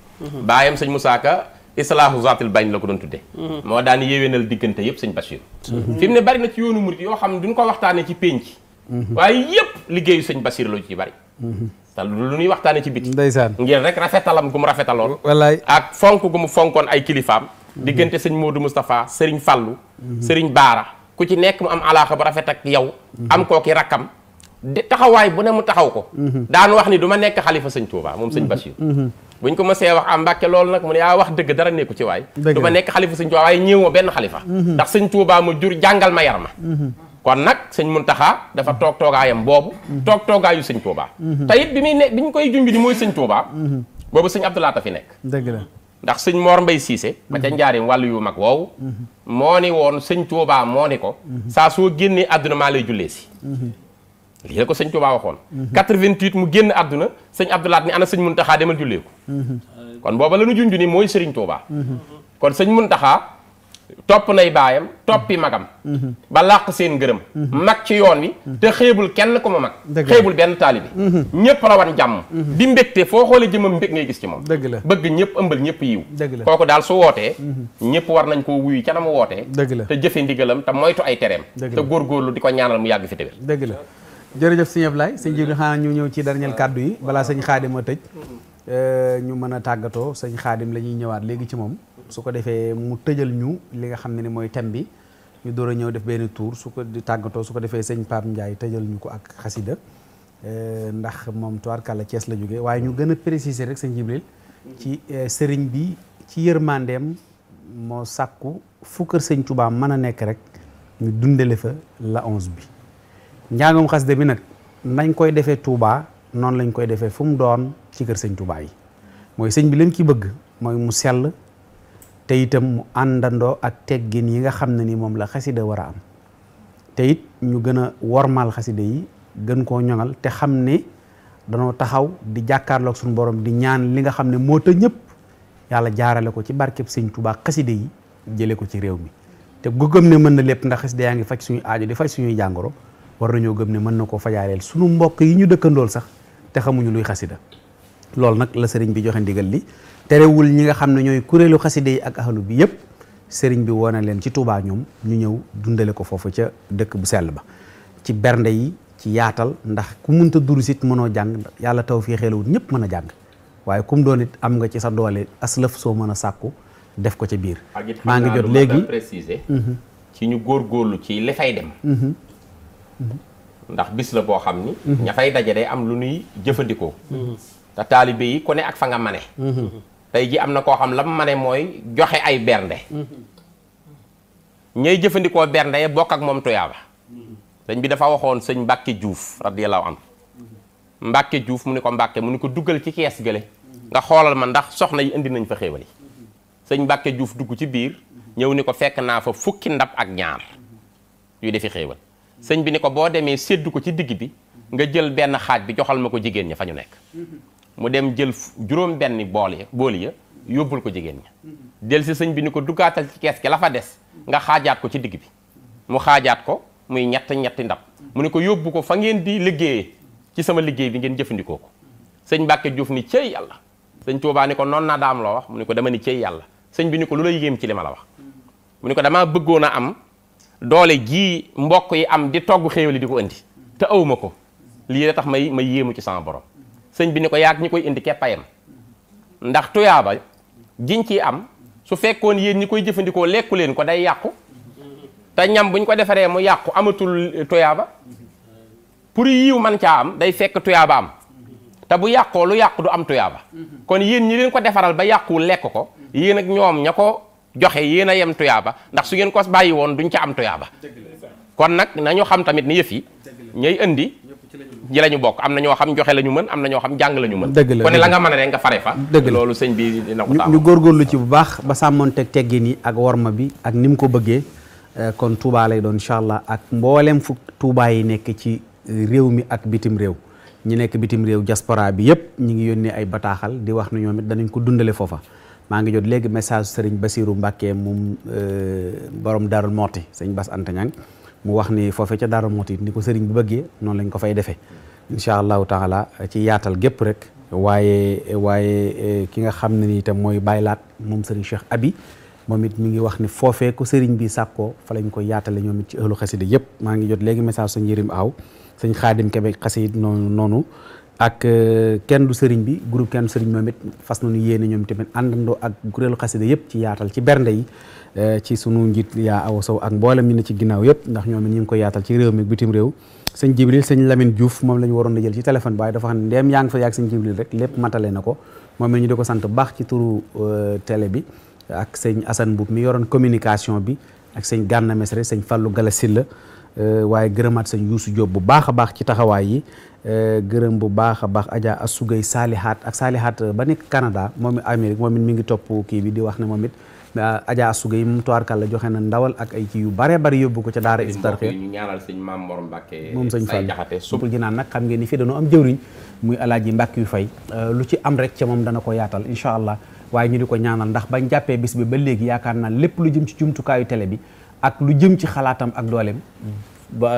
baayam sëñ Moussa Ka islaahu zaatil bayn la ko doon tudde moo daan yéwénal diggante yëpp sëñ Bachir fi mu ne bari na ci yoonu murit yoo xam ne duñ ko waxtaane ci pénc Mhm. waaye yëpp liggéeyu sëñ Basir la ci bari mhm. te lu ñuy waxtaane ci biti ndeysaan ngir rek rafetalam gu mu rafetaloon wallaay ak fonk gu mu fonkoon ay kilifaam mhm. diggante sëñ Modou Moustapha sëriñ Fallou sëriñ Baara ku ci nekk mu am alaaxa bu rafet ak yow am kooki rakkam di taxawaay bu ne mu taxaw ko daan wax ni du ma nekk xalifa sëñ Touba moom sëñ Bachir buñ ko mësee wax am ah, Mbàkke loolu nag mu ne yaa ah, wax dëgg dara nekku ci waay du ma nekk xalifa sëñ Touba waaye ñëwoo benn xalifa ndax sëñ Touba ma jur jàngal ma yar ma kon nag sëñ mun Muntaxa dafa toog toogaayam boobu toog toogaayu sëñ Touba. te it bi muy ne bi ñu koy junj ni mooy sëñ Touba. boobu sëñ Abdou Lahat a fi nekk dëgg la ndax sëñ Mor Mbay Siise ba ca mhm. njaarim wàllu yu mag woowu mhm. moo ni woon sëñ Touba moo ni ko mhm. saa soo génnee àdduna maa lay jullee si lii la ko sëñ Touba waxoon 88 mu génn àdduna sëñ Abdou Lahat ni ana sëñ mun Muntaxa demal jullee ko kon booba la ñu junj ni mooy sëriñ Touba kon sëñ Muntaxa topp nay baayam toppi magam ba làq seen ngërëm mag ci yoon wi te xeebul kenn ku ma mag xeebul benn taalibi mhm. ñëpp la jàmm mhm. di mbégte foo xoolee jëmam mbég ngay gis ci moom dëgg la bëgg ñëpp ëmbal ñëpp yiw kooku daal su wootee mhm. ñëpp war nañ koo wuyu ca na mu wootee dëgg la te jëfe ndigalam te moytu ay tereem te góorgóorlu di ko ñaanal mu yàgg fi tëbél dëgg la jërëjëf sëñ Ablaye sëñ Jibi xanaa ñu ñëw ci dernier kàddu yi balaa sëñ Xaadim a tëj mm-hmm. euh, ñu mën a tàggatoo sëñ Xaadim la ñuy ñëwaat léegi ci moom su ko defee mu tëjal ñu li nga xam ne ni mooy thème bi ñu door a ñëw def benn tour su di tàggatoo su ko defee sëñ Pape Ndiaye tëjal ko ak xasida eh, ndax moom tubaarkàlla Cees la jóge waaye ñu gën a préciser rek sëñ Jibril ci eh, sëriñ bi ci yërmandeem moo sàkku fu sëñ Touba mën a nekk rek ñu dundale fa la onze bi njàngum xasida bi nag nañ koy defee Touba noonu lañ koy defee fu doon ci kër sëñ Touba yi mooy sëñ bi leen ki bëgg mooy mu sell te itam mu andando ak teggin yi nga xam ni mom la khasside war am te it ñu gëna wormal khasside yi gën ko ñongal te xam ne taxaw di jàkkaarloog suñu borom di ñaan li nga xam mo moo ta ñëpp yàlla jaarale ko ci barkeb sëñ Touba khasside yi jële ko ci réew mi te gu gëm ne mën na lepp ndax xasida yaa ngi faj suñu aaju di faj suñu jangoro war nañu gëm ne mën nako fajaarel suñu mbokk yi ñu dëkkandool sax te xamuñu luy khasside loolu nak la sëriñ bi joxe ndigal li terewul ñi nga xam ne ñooy kuréelu xaside yi ak ahlu bi yëpp sëriñ bi woon na leen ci Touba ñoom ñu ñëw dundale ko foofu ca dëkk bu sell ba ci bernde yi ci yaatal ndax ku munta durusit mënoo jàng yàlla taw fi xeelawut ñëpp mën a jàng waaye kum doon it am nga ci sa doole aslaf soo mën a sàkku def ko ca biir maa ngi jot léegi préciser mhm. ci ñu góorgóorlu ci li fay dem mhm. ndax bis la boo xam ni mhm. ña fay daje day am lu nuy jëfandikoo te taalibe yi ku ne ak fa nga mane tey ji am na koo xam lam ma ne mooy joxe ay bernde ñay jëfandikoo bernde bokk ak moom tuyaaba sëñ bi dafa waxoon sëñ Mbàkke Juuf radiyallahu anhu Mbàkke Juuf mu ni ko Mbàkke mu ni ko dugal ci kees gële nga xoolal ma ndax soxna yi indi nañ fa xéewal yi sëñ Mbàkke Juuf dugg ci biir ñëw ni ko fekk naa fa fukki ndab ak ñaar yu defi xéewal sëñ bi ni ko boo demee séddu ko ci digg bi nga jël benn xaaj bi joxal ma ko jigéen ña fa ñu nekk mu dem jël juroom benn bool ya bool ya yóbbul ko jigéen ña del si sëñ bi ni ko duggaatal ci kees gi la fa des nga xaajaat ko ci digg bi mu xaajaat ko muy ñett ñetti ndab mu ni ko yóbbu ko fa ngeen di liggéeyee ci sama liggéey bi ngeen jëfandikoo ko sëñ Mbacke Juuf ni cey yàlla sëñ Tuubaa ni ko noonu naa daam loo wax mu ni ko dama ni cey yàlla sëñ bi ni ko lu la yéem ci li ma la wax mu ni ko dama bëggoon am doole gi mbokk yi am di togg xéewal di ko andi te awuma ko lii la tax may may yéemu ci sama borom sëñ bi ni ko yaag ñi koy indi keppayam ndax tuyaaba giñ ciy am su fekkoon yéen ñi koy jëfandikoo lekku leen ko day yàqu te ñam buñ ko defaree mu yàqu amatul tuyaaba pour yiw man caa am day fekk tuyaaba am te bu yàqoo lu yàqu du am tuyaaba kon yéen ñi leen ko defaral ba yàquwul lekk ko yéen ak ñoom ña ko joxe yéen a yem tuyaaba ndax su ngeen ko bàyyi duñ ca am tuyaaba kon nag nañu xam tamit ni yëf ñay indi ji la bokk am na ñoo xam joxe la ñu mën am na ñoo xam jàng la ñu mën dëgg la kon la nga mën a rek nga fare fa loolu sëñ bi na ko taal góorgóorlu ci bu baax ba sàmmoonteeg teggin yi ak warma bi ak ni mu ko bëggee eh, kon Touba lay doon incha allah ak mboolem fu Touba yi nekk ci eh, réew mi ak bitim réew ñi nekk bitim réew diaspora bi yëpp ñi ngi yónnee ay bataaxal di wax ne ñoom it danañ ko dundale foofa maa ngi jot léegi message sëriñ Basiru Mbàkke moom eh, borom Darou Moti sëñ Bas Anta mu wax ni foofe ca Darou Moti ni ko sëriñ bi bëggee noonu lañ ko fay defee incha allahu taala ci yaatal gépp rek waaye waaye eh, ki nga xam ne ni itam mooy baylaat moom sëriñ Cheikh Abi moom it mi ngi wax ni foofee ko sëriñ bi sàkkoo fa lañ koy yaatale ñoom it ci ëllu xasida yëpp maa ngi jot léegi message sañ yërim aw sañ xaadim kebe xasid noonu noonu ak eh, kenn du sëriñ bi groupe kenn du sëriñ moom it fas nañu yéene ñoom tamit àndandoo ak kuréelu xasida yëpp ci yaatal ci bernde yi eh, ci sunu njiit yaa aw sow ak mboolem ñi ne ci ginnaaw yëpp ndax ñoom ñu ngi ko yaatal ci réew mi bitim réew sëñ Jibril sëñ Lamine Diouf moom lañu ñu waroon a jël ci téléphone waaye dafa xam ne ndeem yaa ngi fa yàgg sëñ Jibril rek lépp matale na ko moom la ñu di ko sant baax ci turu euh, télé bi ak sëñ Assane Mbuub mi yoroon communication bi ak sëñ Gànna Mesre sëñ Fallou Gala Silla euh, waaye gërëmaat sëñ Youssou Diop bu baax a baax ci taxawaay yi euh, gërëm bu baax a baax Adja Asugay Saalihaat ak Saalihaat ba nekk Canada moom it Amérique moom it mi ngi topp kii bi di wax ne moom it Adja Sougay mu tuwaarkal la joxe na ndawal ak ay ci yu bare bari yóbbu ko ca daara istarxee ñu ñaanal sëñ Maam moom sëñ Fall jaxate supul nag xam ngeen ni fii dañoo am jëwriñ muy alaaji mbàkk yu fay euh, lu ci am rek ca moom dana ko yaatal incha allah waaye ñu di ko ñaanal ndax bañ jàppee bis bi ba léegi yaakaar naa lépp lu jëm ci jumtukaayu tele bi ak lu jëm ci xalaatam ak dooleem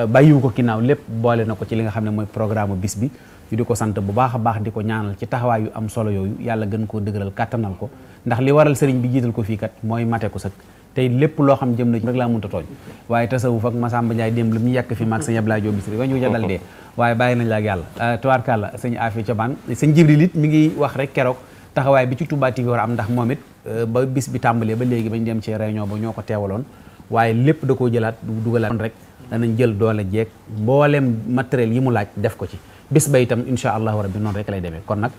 bàyyiwu ko ginnaaw lépp boole na ko ci li nga xam ne mooy programme bis bi ñu di ko sant bu baax a baax di ko ñaanal ci taxawaay yu am solo yooyu yàlla gën koo dëgëral kàttanal ko ndax li waral sëriñ bi jiital ko fii kat mooy mate ko sëkk tey lépp loo xam jëm na rek laa mënta tooñ waaye tasawuf ak Masamba Ndiaye démb lu mu yàkk fi maag sëñ Abdoulaye Diop Bichri wañu ja dal dee waaye bàyyi nañ la ak yàlla euh, tubaarkàlla sëñ Afi Thiobane sëñ Jibril it mi ngi wax rek keroog taxawaay bi ci Touba TV war a am ndax moom it euh, ba bis bi tàmbalee ba léegi bañ dem ci réunion ba ñoo ko teewaloon waaye lépp da koo jëlaat dugalaat rek danañ jël doole jeeg mboolem matériel yi mu laaj def ko ci bis ba itam incha allahu rabbi noonu rek lay demee kon nag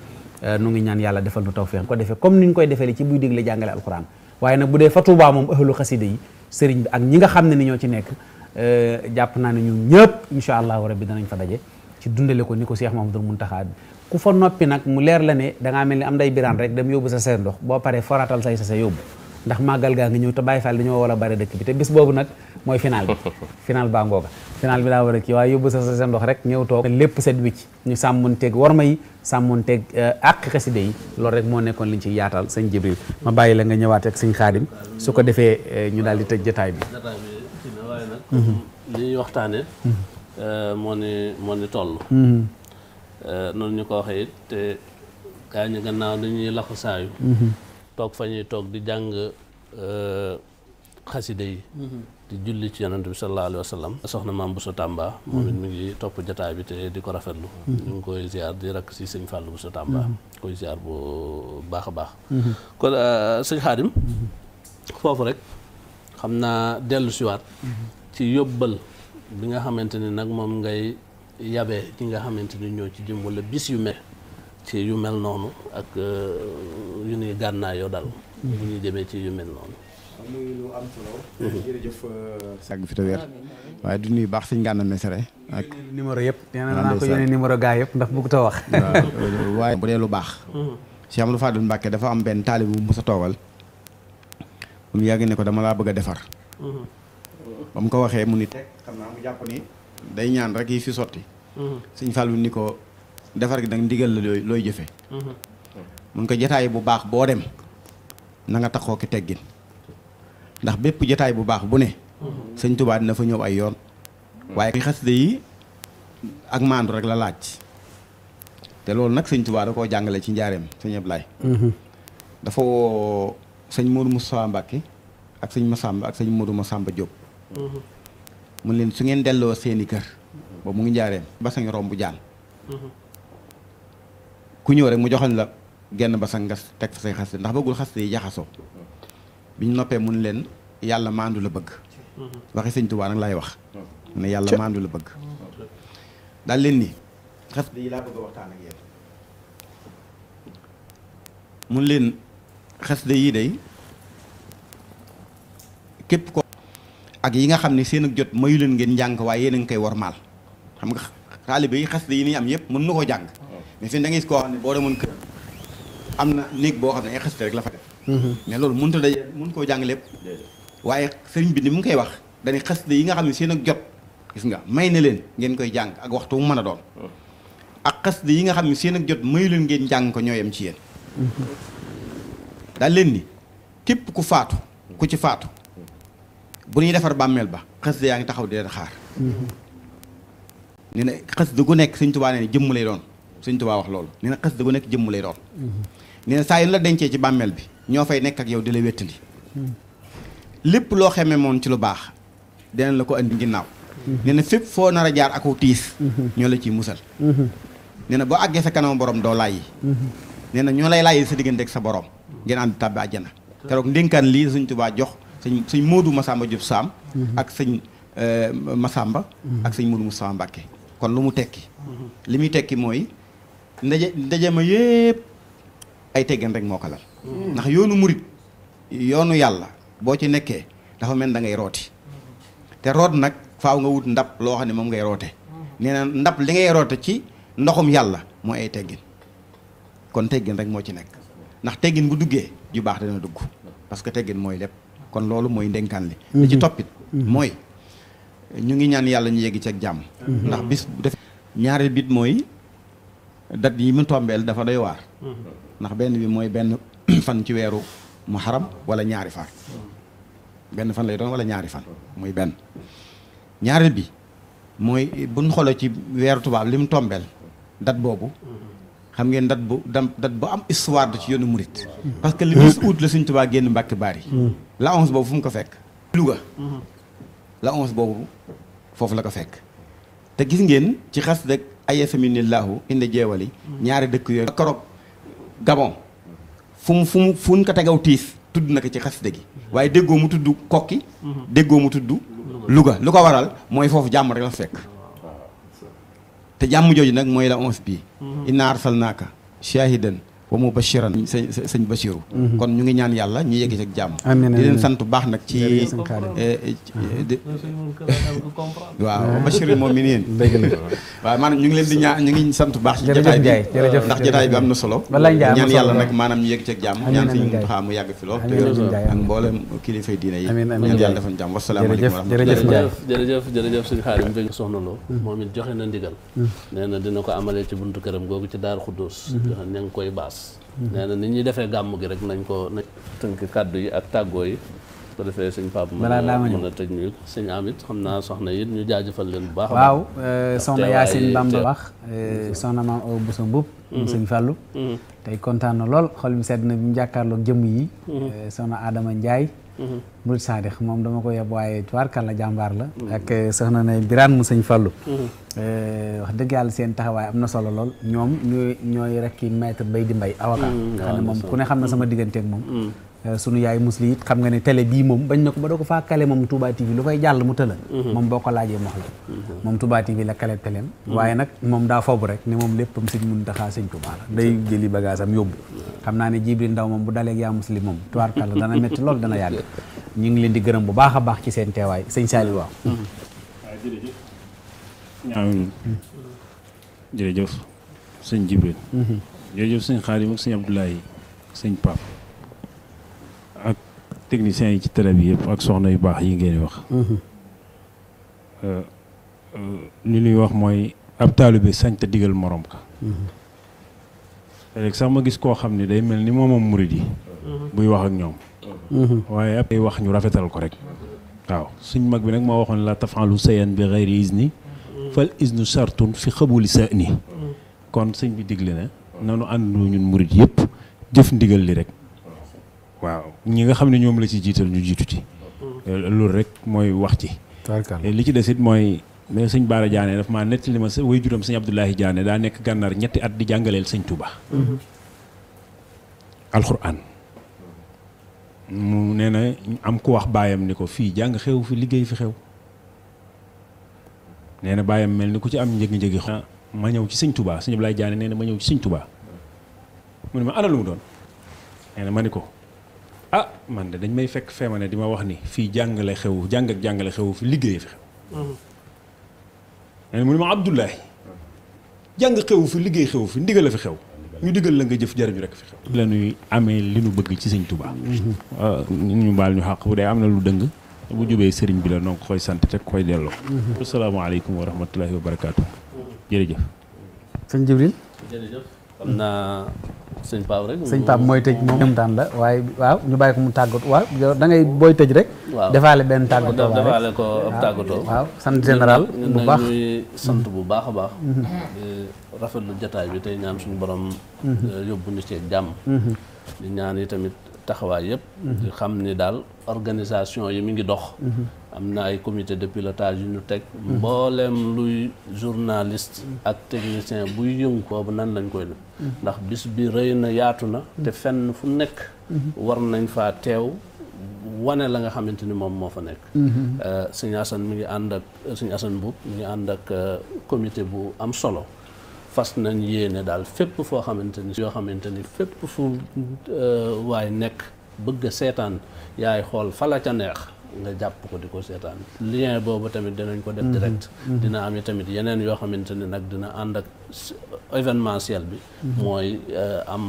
Euh, nu ngi ñaan yàlla defal nu tawfeex ko defee comme ni ñu koy defee ci buy dégle jàngale alxuraan waaye nag bu dee fa Tuubaa moom ahlu xasida yi sëriñ bi ak ñi nga xam ne ni ñoo ci nekk euh, jàpp naa ne ñu ñëpp incha allahu rabbi danañ fa daje ci dundale ko ni ko moom Cheikh Mamadou Muntaxa ku fa noppi nag mu leer la ne dangaa mel ni am day biraan rek dem yóbbu sa seen ndox boo paree foratal say sa sa yóbbu ndax màggal gaa nga ñëw te Baay Faal dañoo war a bare dëkk bi te bis boobu nag mooy final bi [LAUGHS] final baa ngooga final bi daa war a kii waaye yóbbu sa sa seen ndox rek ñëw toog lépp set wicc ñu sàmmonteeg warma yi sàmmonteeg eh, àq xaside yi loolu rek moo nekkoon liñ ci yaatal sëñ Jibril ma bàyyi la nga ñëwaat ak sëñ Xaadim su ko defee eh, ñu daal di tëj jotaay bi li waxtaane eh, moo ni moo ni toll mm-hmm. noonu ñu ko waxee it te gaa ñu gannaaw dañuy laxu mm-hmm. toog fa ñuy toog di jàng xaside yi mm-hmm. di julli ci yonent bi sallallahu alayhi wa sallam soxna maam Bousso Tamba moom it mi ngi topp jataay bi te di ko rafetlu hmm. ñu ngi koy ziar di rakk si sëñ Fallou Bousso Tamba hmm. koy ziar bu baax a baax hmm. kon euh, sëñ Xaadim foofu rek xam naa dellu siwaat ci yóbbal bi nga xamante ni nag moom ngay yabee ñi nga xamante ni ci jëm bis yu mel ci yu mel noonu ak euh, yu nuy gànnaayoo dal bu ñuy demee ci yu mel noonu muy lu am solo. jërëjëf euh, sàgg fi te wér waaye du nuyu baax suñu gànnaaw mesere ak numéro yëpp nee na naa ko yónnee numéro gaa yëpp ndax bëgg ta wax [LAUGHS] waaye bu dee lu baax Cheikh Amadou Fadil Mbacke dafa am benn taalib bu mu sa toogal ba mu ko dama laa bëgg a defar ba mu ko waxee mu ni teg xam naa mu jàpp ni day ñaan rek yi fi sotti suñ fàll bi ni ko defar gi nag ndigal loy looy jëfe mun ko jataay bu baax boo dem na nga taxoo ki teggin ndax bépp jotaay bu baax bu ne mhm. sëñ Tuubaa dina fa ñëw ay yoon waaye xasida yi ak maandu rek la laaj te loolu nag sëñ Tuubaa da koo jàngale ci njaareem sëñ Ablaay mhm. dafa woo sëñ Moodu Mustafaa Mbàkke ak sëñ Masamba ak sëñ Moodu Masamba mhm. leen su ngeen delloo seeni kër ba mu ngi njaareem basang romb jaan ku ñëw rek mu joxoñ la genn basang nga teg fa say xasida ndax bëggul xasida yi jaxasoo bi ñu noppee mun leen yàlla maandu la bëgg mhm. waxi sëñ Tuubaa nag laay wax mu ne yàlla maandu la bëgg daal leen ni xas yi laa bëgg waxtaan ak leen xasida yii day képp ko yi nga xam ne seen ak jot mayu leen ngeen njàng waaye yéen a ngi koy wormaal xam nga taalibe yi xasida yi ni am yëpp mën na koo jàng oh. mais fi da ngay gis koo xam ne boo demoon kër am na néeg boo xam ne ay xasida rek la fa Mm-hmm. mais loolu mënut a daje mën koo jàng lépp waaye sëriñ bi ni mu ngi koy wax dañuy xasida yi nga xam ne seen ak jot gis nga may ne leen ngeen koy jàng ak waxtu mu mën a doon mm-hmm. ak xasida yi nga xam ne seen ak jot mayu leen ngeen jàng ko ñooyam ci yéen mm-hmm. dal leen ni képp ku faatu ku ci faatu bu ñuy defar bàmmeel ba xasida yaa ngi taxaw di leen xaar nee na xasida gu nekk sëñ tubaa nee na jëmm lay doon sëñ tubaa wax loolu nee na xasida gu nekk jëmm lay doon ne na saa la dencee ci bàmmeel bi ñoo fay nek ak yow dila la lepp lo loo mon ci lu bax dinañ la ko andi ginnaw mhm. na fo nara jaar ak tiis mhm. ñoo la ci musal mhm. nee na boo sa kanam borom do lay yi na ñoo lay lay sa diggante ak sa borom ngeen and tàbbi aljana keroog ndinkan li sëñ Tuubaa jox sëñ sëñ modou massamba sam ak euh Masamba ak sëñ eh, modou moussa Mbàkke kon lu mu tekki limi tekki moy ndaje ndaje ma yépp ay teggen rek moko lal ndax yoonu murit yoonu yàlla boo ci nekkee dafa mel dangay ngay rooti te root nag faaw nga wut ndab loo xam ne moom ngay roote nee ndab li ngay roote ci ndoxum yàlla moo ay teggin kon teggin rek moo ci nekk ndax teggin bu duggee ju baax dana dugg parce que teggin mooy lépp kon loolu mooy ndenkaan li li ci mhm. toppit mhm. mooy ñu ngi ñaan yàlla ñu yegg ci ak jàmm mhm. ndax bis def ñaari bit mooy dat yi mu tombeel dafa doy waar ndax benn bi mooy benn [CLEARS THROAT] fan ci weeru muharam wala ñaari fan benn fan lay doon wala ñaari fan muy benn ñaareel bi mooy buñ xoolee ci weeru tubaab li mu tombeel date boobu xam ngeen date bu dam date bu am histoire da ci yoonu murit parce que li bis août la suñ tubaab génn mbàkki baar yi la onze boobu fu mu ko fekk Louga la onze boobu foofu la ko fekk te gis ngeen ci xas rek ayesaminnilaahu inde jeewali ñaari dëkk yooyu keroog Gabon fu mu fu mu fu ñu ko tegaw tiis tudd na ko ci xasida gi waaye déggoo mu tudd kokki déggoo mu tudd Louga lu ko waral mooy foofu jàmm rek la fekk te jàmm jooju nag mooy la onze bii mhm. inna arsalnaaka shahidan wa mubashiran seigne sëñ mhm. kon ñu ngi ñaan yalla ñu yegg ci ak jàmm di len sant baax nak ci eh, eh, eh, waaw Bashiril mu'minin wa man ñu ngi len di ñaan ñu ngi sant baax ci jotaay bi ndax jotaay bi amna solo ñaan yalla nak manam ñu yegg ci ak jàmm ñaan seigne Muntaxa mu yàgg fi lo te ak mboolem kilifay diine yi ñaan yalla defal jàmm wasalaamaaleykum wa rahmatulah jërëjëf jërëjëf seigne khadim Mbeng soxna lo mm-hmm. momit joxe na ndigal mm-hmm. neena dina ko amale ci buntu kërëm gogu ci dar khudus mm-hmm. ña ngi koy bass nee ni ñuy defee gàmm gi rek nañ ko nañ tënk kàddu yi ak tàggoo yi su defee suñ papa mën a mën a tëj ñu suñ amit xam naa soxna yi ñu jaajëfal leen bu baax waaw euh, soxna Yaasin Bamba wax euh, mm-hmm. soxna maam aw Bousso Mboup mu suñ Fallou mm-hmm. tey kontaan lool xol mi sedd na bi mu jàkkaarloog jëmm yi mm-hmm. euh, soxna Adama Ndiaye murid saadix moom dama ko yeb waaye tubaarkàlla jàmbaar la ak eh, soxna na biraan mu sëñ fàllu wax dëgg yàlla seen taxawaay am na solo lool ñoom ñooy ñooy rekki maître bay di mbay avocat mm-hmm. nga xam ne moom ku ne xam na sama digganteeg moom mm-hmm. Euh, sunu yaay musli it xam nga ni télé bii moom bañ na ko ba doo ko faa kale moom Touba TV lu koy jàll mu tëla mhm. moom boo ko laajee mox la mhm. moom Touba TV la kale téléem mhm. waaye nag moom daa foobu rek ne moom léppam sëñ Muntaxa sëñ Touba la day jëli bagage am yóbbu xam naa ne Jibril Ndaw moom bu daleeg yaa musli moom tubaarkàlla dana métti lool dana yàgg ñu ngi leen di gërëm bu baax baax ci seen teewaay sëñ Saliou waaw amiin jërëjëf sëñ Jibril jërëjëf sëñ Xaadim ak sëñ Abdoulaye techniciens yi ci télé bi yëpp ak soxna yu baax yi ngeen wax. li ñuy wax mooy ab taalibe sañ te digal morom ka. léegi sax ma gis koo xam ne day mel ni moomam murid yi. buy wax ak ñoom. waaye ab ay wax ñu rafetal ko rek. waaw suñ mag bi nag moo waxoon la tafalu sayan bi xayri isni fal isnu sartun fi xabuli sa ni kon sëñ bi digle na nanu àndoo ñun murid yëpp jëf ndigal li rek waaw ñi nga xam ne ñoom la ci jiital ñu jiitu ci. Mm-hmm. loolu rek mooy wax ci. li ci des it mooy sëñ Baara Diané daf maa ma sa way juróom sëñ Abdoulahi Diané daa nekk gànnaar ñetti at di jàngaleel sëñ Touba. Mm-hmm. alxuraan mu nee na am ku wax baayam ni ko fii jàng xew fi liggéey fi xew nee na baayam mel ni ku ci am njëgi-njëgi ma ñëw ci sëñ Touba sëñ Abdoulahi Diané nee na ma ñëw ci sëñ Touba mu ne ma ana lu mu doon nee ma ni ko ah man de dañ may fekk fee ma ne di wax ni fii jàngale xewu jàng ak jàngale xewu fi liggéey fi xew. nee ma Abdoulaye jàng xewu fi liggéey xewu fi ndigal fi xew. ñu digal la nga jëf jariñu rek fi xew. la ñuy amee li ñu bëgg ci sëñ Touba. ñu baal ñu xàq bu dee am lu dëng. bu jubee sëriñ bi la donc koy sant te koy delloo. asalaamaaleykum wa rahmatulahi wa barakaatu. jërëjëf. sëñ Jibril jërëjëf. xam naa sëñ Pape rek. sëñ Pape mooy tëj moom daan la waaye waaw ñu bàyyi ko mu tàggat waaw yow booy tëj rek. waaw defaale benn tàggatoo ba defaale ko ab tàggatoo. waaw sant général bu baax ñuy sant bu baax a baax. Mm-hmm. rafetlu jataay bi tey ñaan suñu borom. Mm-hmm. Euh, yóbbu ñu ci jàmm. Mm-hmm. di ñaan yi tamit taxawaay yëpp. di xam ni daal organisation yi mu ngi dox. am na ay comité de pilotage yu ñu teg. mbooleem luy journaliste. ak technicien buy yëngu foofu nan lañ koy def. ndax bis bi rëy na yaatu na. te fenn fu nekk. war nañ fa teew. wane la nga xamante ni moom moo fa nekk. Mhm. Euh, sëñ Assane mi ngi ànd ak sëñ Assane Mboup mi ngi ànd ak euh, comité bu am solo fas nañ yéene daal fépp foo xamante ni yoo xamante ni fépp fu euh, waaye nekk bëgg seetaan yaay xool fa la ca neex. nga jàpp ko di ko seetaan lien boobu tamit dinañ ko def direct mm-hmm. dina am tamit yeneen yoo xamante ne nag dina ànd ak événementiel bi mm-hmm. mooy euh, am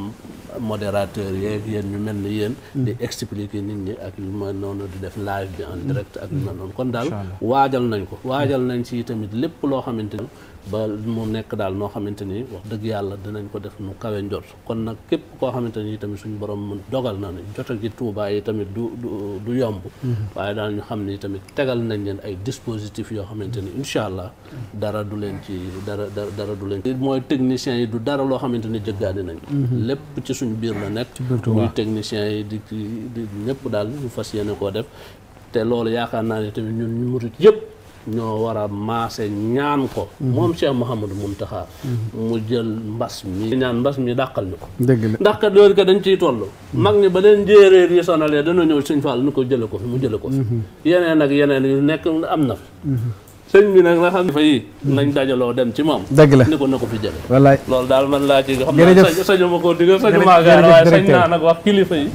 modérateur yeeg yéen ñu mel ni yéen mm-hmm. di expliquer nit ñi ak yu ma noonu di def live bi en direct ak yu ma noonu kon daal waajal nañ ko waajal nañ ci tamit lépp loo xamante ne ba mu nekk daal noo xamante ni wax dëgg yàlla dinañ ko def mu kawe njot kon nag képp koo xamante ni tamit suñu borom dogal na ne jote gi Touba yi tamit du du du yomb. Mm-hmm. waaye daal ñu xam ni tamit tegal nañ leen ay dispositifs yoo xamante ni incha allah dara du leen ci dara dara du leen ci. mooy techniciens yi du dara loo xamante ni jëggaani nañ mm-hmm. lépp ci suñu biir la nekk. muy techniciens yi di di ñëpp daal ñu fas yéene koo def te loolu yaakaar naa ne tamit ñu murit yëpp. ñoo war a maase ñaan ko moom mhm. Cheikh Mouhamadou Mountakha mhm. mu jël mbas mi ñaan mbas mi dàqal ñu ko ndax kat loolu dañ ciy toll mhm. mag ñi ba leen njéeréer yi sonalee dana ñëw suñ faal nu ko jële ko fi mu jële ko fi yeneen ak yeneen yu nekk am na fi sëñ bi nag nga xam ne fa yi nañ dajaloo dem ci moom dëgg la ni daal man laa ci xam naa sañu koo digal sañu maa gaar waaye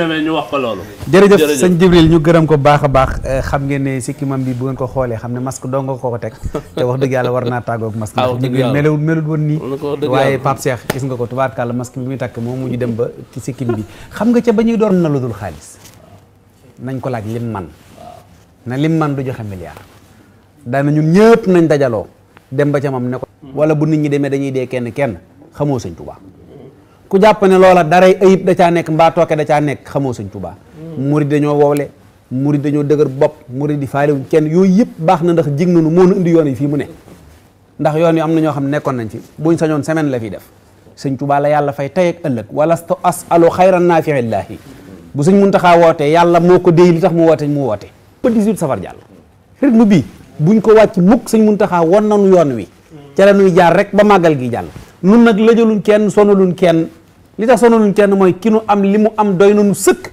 demee ñu wax ko loolu jërëjëf sëñ Jibril ñu gërëm ko baax a baax eh, xam ngeen ne sikkimam bi bu ngeen ko xoolee xam ne masque dong nga ko ko teg [LAUGHS] te wax dëgg yàlla war naa tàggoog masque ah, ndax Jibril melewul melut woon nii waaye Pape gis nga ko tubaarkàlla masque bi muy takk moom mujj dem ba ci bi xam nga ca ba ñuy door na lu xaalis nañ ko laaj lim na lim du joxe milliard daana ñun ñëpp nañ dajaloo dem ba ca mam ne ko wala bu nit ñi demee dañuy dee kenn kenn xamoo sëñ Tuubaa ku jàpp ne loola daray ayib da caa nekk mbaa tooke da caa nekk xamoo sëñ Tuubaa murid dañoo woowle murid dañoo dëgër bopp murid di faale kenn yooyu yëpp baax na ndax jig nanu moo nu indi yoon yi fii mu ne ndax yoon yi am na ñoo xam nekkoon nañ fi buñ sañoon semaine la fi def sëñ Tuubaa la yàlla fay tey ak ëllëg wala sto as alu xayran naafiillaahi bu sëñ Muntaxaa wootee yàlla moo ko déy tax mu woote mu woote ba 18 safar jàll bu ñu ko wàcc mukk sëñ Muntaxa won nañu yoon wi ca la ñuy jaar rek ba màggal gi jàll nun nag lëjaluñ kenn sonaluñ kenn li tax sonaluñ kenn mooy ki nu am li mu am doy nañu sëkk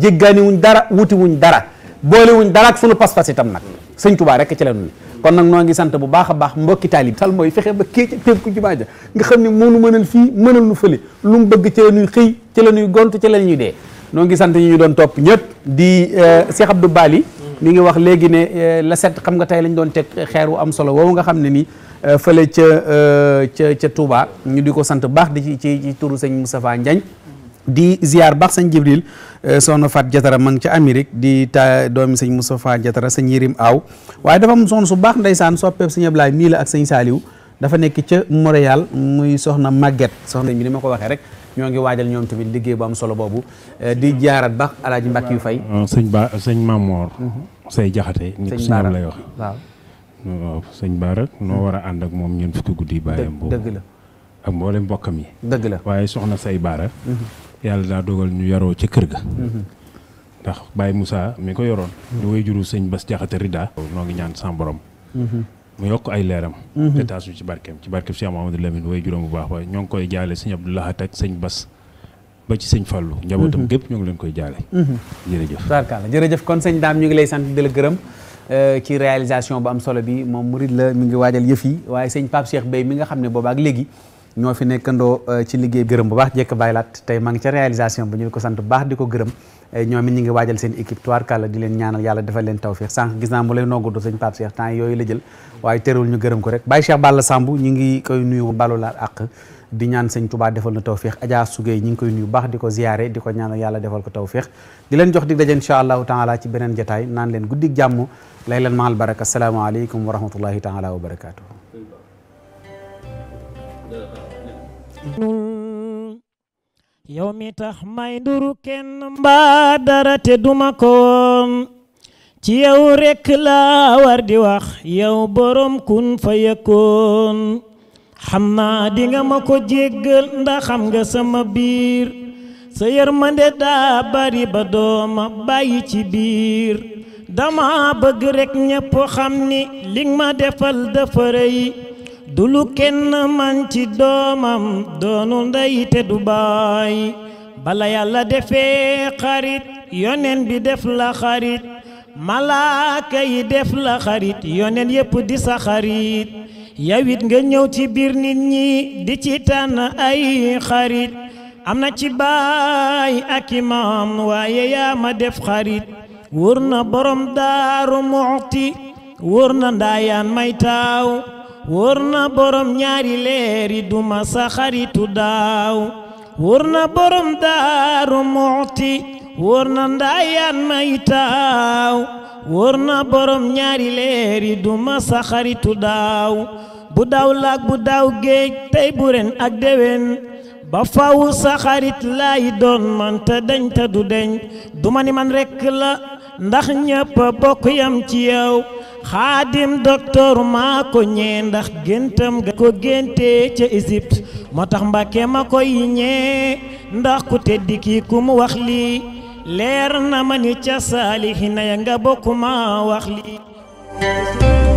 jéggaaniwuñ dara wutiwuñ dara boolewuñ dara ak sunu pas-pas itam nag sëñ Tuubaa rek ci la ñuy kon nag noo ngi sant bu baax a baax mbokki taalib sal mooy fexe ba kii ci pénku jumaa ja nga xam ne moo nu mënal fii mënal nu fële lu mu bëgg ci la xëy ci la ñuy gont ci la ñuy dee noo ngi sant ñi ñu topp ñëpp di euh, Cheikh Abdou Bali mi ngi wax léegi ne euh, la set xam nga tey lañ doon teg xeer wu am solo woowu nga xam ne ni euh, fële ca euh, ca ca Touba ñu di ko sant baax di ci ci ci turu sëñ Moustapha Ndiagne di ziar baax sañ Jibril soxna Fat Jatara man ngi ca Amérique di ta doomi sëñ Moustapha Jatara sëñ Yirim Aw waaye dafa am soxna su baax ndeysaan soppeeb sëñ Ablaay mii la ak sëñ Saaliw dafa nekk ca Montréal muy soxna Maguette soxna bi ni ma ko waxee rek ñoo ngi waajal ñoom tamit liggéey bu am solo boobu eh, di jaarat ba alaaji mbàkk yu fay mm, sëñ ba sëñ Mamoor mm-hmm. say jaxate ni ko suñu lay wax waaw sëñ Baara noo war a ànd ak moom ñeent fukki guddi bàyyam boobu dëgg la ak mboolem mbokkam yi dëgg la waaye soxna say Baara mm-hmm. yàlla daa dogal ñu yaroo ca kër ga mm-hmm. ndax Baye Moussa mi ko yoroon di way sëñ Bas Jaxate Rida noo ngi ñaan sans borom mu yokk ay leeram te mhm. taas ñu ci barkeem ci barkeem Cheikh Mahamadou Lamine way juróom bu baax ba ñoo ngi koy jaale sëñ Abdou Lahat ak Bas ba ci sëñ Fallu mhm. njabootam gépp ñoo ngi leen koy jaale mhm. jërëjëf kon sañ daam ñu ngi lay sant di la gërëm euh, ci réalisation ba am solo bi moom murid la mi ngi waajal yëf yi waaye sëñ Pape Cheikh Bey mi nga xam ne boobaak léegi ñoo fi nekkandoo euh, ci liggéey gërëm bu baax jekk baay laat tey maa ngi ca réalisation bi ñu ko sant bu baax di ko gërëm euh, ñoom it ñu ngi waajal seen équipe tubaarkàlla di leen ñaanal yàlla defal leen tawféex sànq gis naa mu lay noggudu sëñ Pape Cheikh temps yooyu la jël waaye terewul ñu gërëm ko rek Baye Cheikh Balla Samb ñu ngi koy nuyu balu laat ak di ñaan sëñ Touba defal na tawféex Adja Sougey ñu ngi koy nuyu baax di ko ziyaare di ko ñaanal yàlla defal ko tawféex di leen jox dig daje incha allahu taala ci beneen jataay naan leen guddig jàmm lay leen maal baraka asalaamaaleykum wa rahmatullahi taala wa barakatuh yow mi tax may nduru kenn mbaa dara te ma koon ci yow rekk laa war di wax yow borom kun fa yëkkoon xam naa di nga ma ko jéggal ndax xam nga sama biir sa yërmande daa bari ba dooma bàyyi ci biir dama bëgg rekk ñépp xam ni li ma defal dafa yi du kenn man ci doomam doonu ndey te du baay bala yàlla defee xarit yonen bi def la xarit malaaka yi def la xarit yonen yépp di sa xarit yawit nga ñëw ci biir nit ñi di ci tànn ay xarit am na ci baay ak imaam waaye yaa ma def xarit wóor na borom daaru muxti wóor na ndaayaan may taaw wóor na borom ñaari leeri duma sa xaritu daaw wóor na borom daaru muxti wóor na ndaayaan may taaw wóor na borom ñaari leeri duma sa xaritu daaw bu daaw laag bu daaw géej tey bu ak déwén ba faw sa xarit laay doon man te deñ te du deñ duma ni man rekk la ndax ñépp bokk yam ci yow xaadim docteur maa ko ñee ndax géntam ga ko géntee ca Égypte moo tax Mbàkke ma ko koy ñee ndax ku tedd kii ku mu wax lii leer na ma ni ca saalihi na ya nga bokk ma wax lii